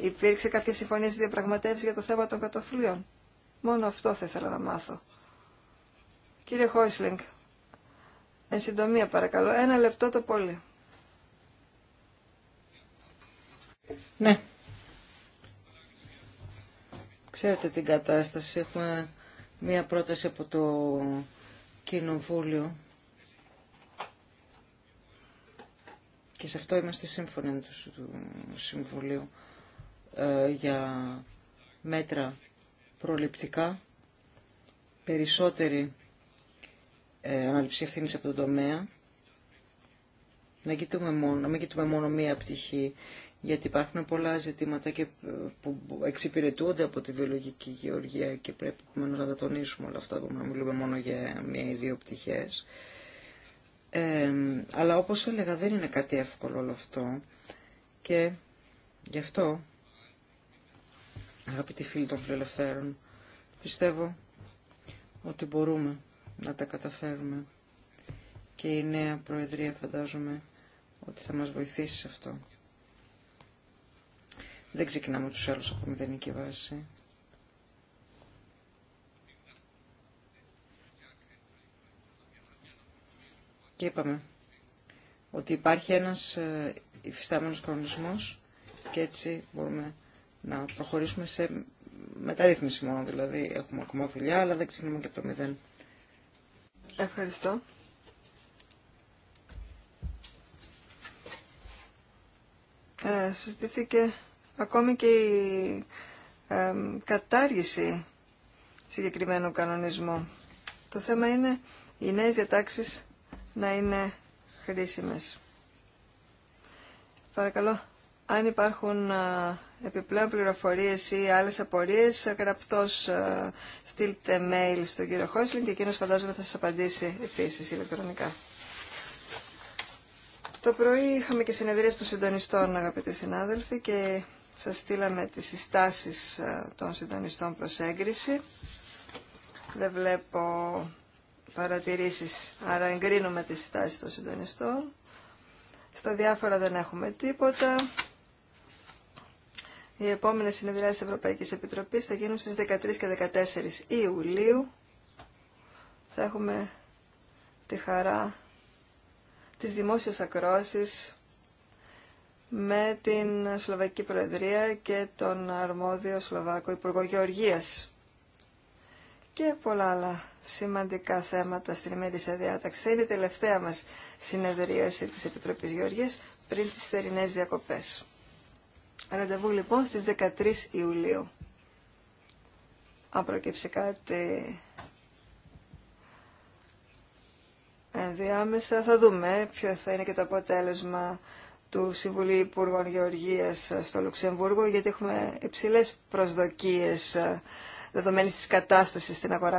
υπήρξε κάποια συμφωνία στη διαπραγματεύση για το θέμα των κατοφλίων. Μόνο αυτό θα ήθελα να μάθω. Κύριε Χόισλινγκ, εν συντομία παρακαλώ, ένα λεπτό το πολύ. Ναι. Ξέρετε την κατάσταση. Έχουμε μία πρόταση από το Κοινοβούλιο και σε αυτό είμαστε σύμφωνοι του Συμβουλίου ε, για μέτρα προληπτικά, περισσότερη ε, ανάληψη ευθύνης από τον τομέα, να, μόνο, να μην κοιτούμε μόνο μία πτυχή γιατί υπάρχουν πολλά ζητήματα και ε, που εξυπηρετούνται από τη βιολογική γεωργία και πρέπει να τα τονίσουμε όλα αυτά, να μιλούμε μόνο για μία ή δύο πτυχές. αλλά όπως έλεγα δεν είναι κάτι εύκολο όλο αυτό και γι' αυτό αγαπητοί φίλοι των φιλελευθέρων πιστεύω ότι μπορούμε να τα καταφέρουμε και η νέα Προεδρία φαντάζομαι ότι θα μας βοηθήσει σε αυτό. Δεν ξεκινάμε τους άλλους από μηδενική βάση. Και είπαμε ότι υπάρχει ένας ε, υφιστάμενος κανονισμός και έτσι μπορούμε να προχωρήσουμε σε μεταρρύθμιση μόνο. Δηλαδή έχουμε ακόμα δουλειά, αλλά δεν ξεκινάμε και από το μηδέν. Ευχαριστώ. Ε, συζητήθηκε Ακόμη και η κατάργηση συγκεκριμένου κανονισμού. Το θέμα είναι οι νέες διατάξεις να είναι χρήσιμες. Παρακαλώ, αν υπάρχουν επιπλέον πληροφορίες ή άλλες απορίες, γραπτός στείλτε mail στον κύριο Χόσλιν και εκείνος φαντάζομαι θα σας απαντήσει επίσης ηλεκτρονικά. Το πρωί είχαμε και συνεδρία των συντονιστών, αγαπητοί συνάδελφοι, και σας στείλαμε τις συστάσεις ε, των συντονιστών προς έγκριση. Δεν βλέπω παρατηρήσεις, άρα εγκρίνουμε τις συστάσεις των συντονιστών. Στα διάφορα δεν έχουμε τίποτα. Οι επόμενες συνεδριάσεις της Ευρωπαϊκής Επιτροπής θα γίνουν στις 13 και 14 Ιουλίου. Θα έχουμε τη χαρά της δημόσιας ακρόασης με την Σλοβακική Προεδρία και τον αρμόδιο Σλοβάκο Υπουργό Γεωργίας και πολλά άλλα σημαντικά θέματα στην ημερήσια διάταξη. Θα είναι η τελευταία μας συνεδρίαση της Επιτροπής Γεωργίας πριν τις θερινές διακοπές. Ραντεβού λοιπόν στις 13 Ιουλίου. Αν προκύψει κάτι ενδιάμεσα θα δούμε ποιο θα είναι και το αποτέλεσμα του Συμβουλίου Υπουργών Γεωργίας στο Λουξεμβούργο, γιατί έχουμε υψηλές προσδοκίες ε, δεδομένης της κατάστασης στην αγορά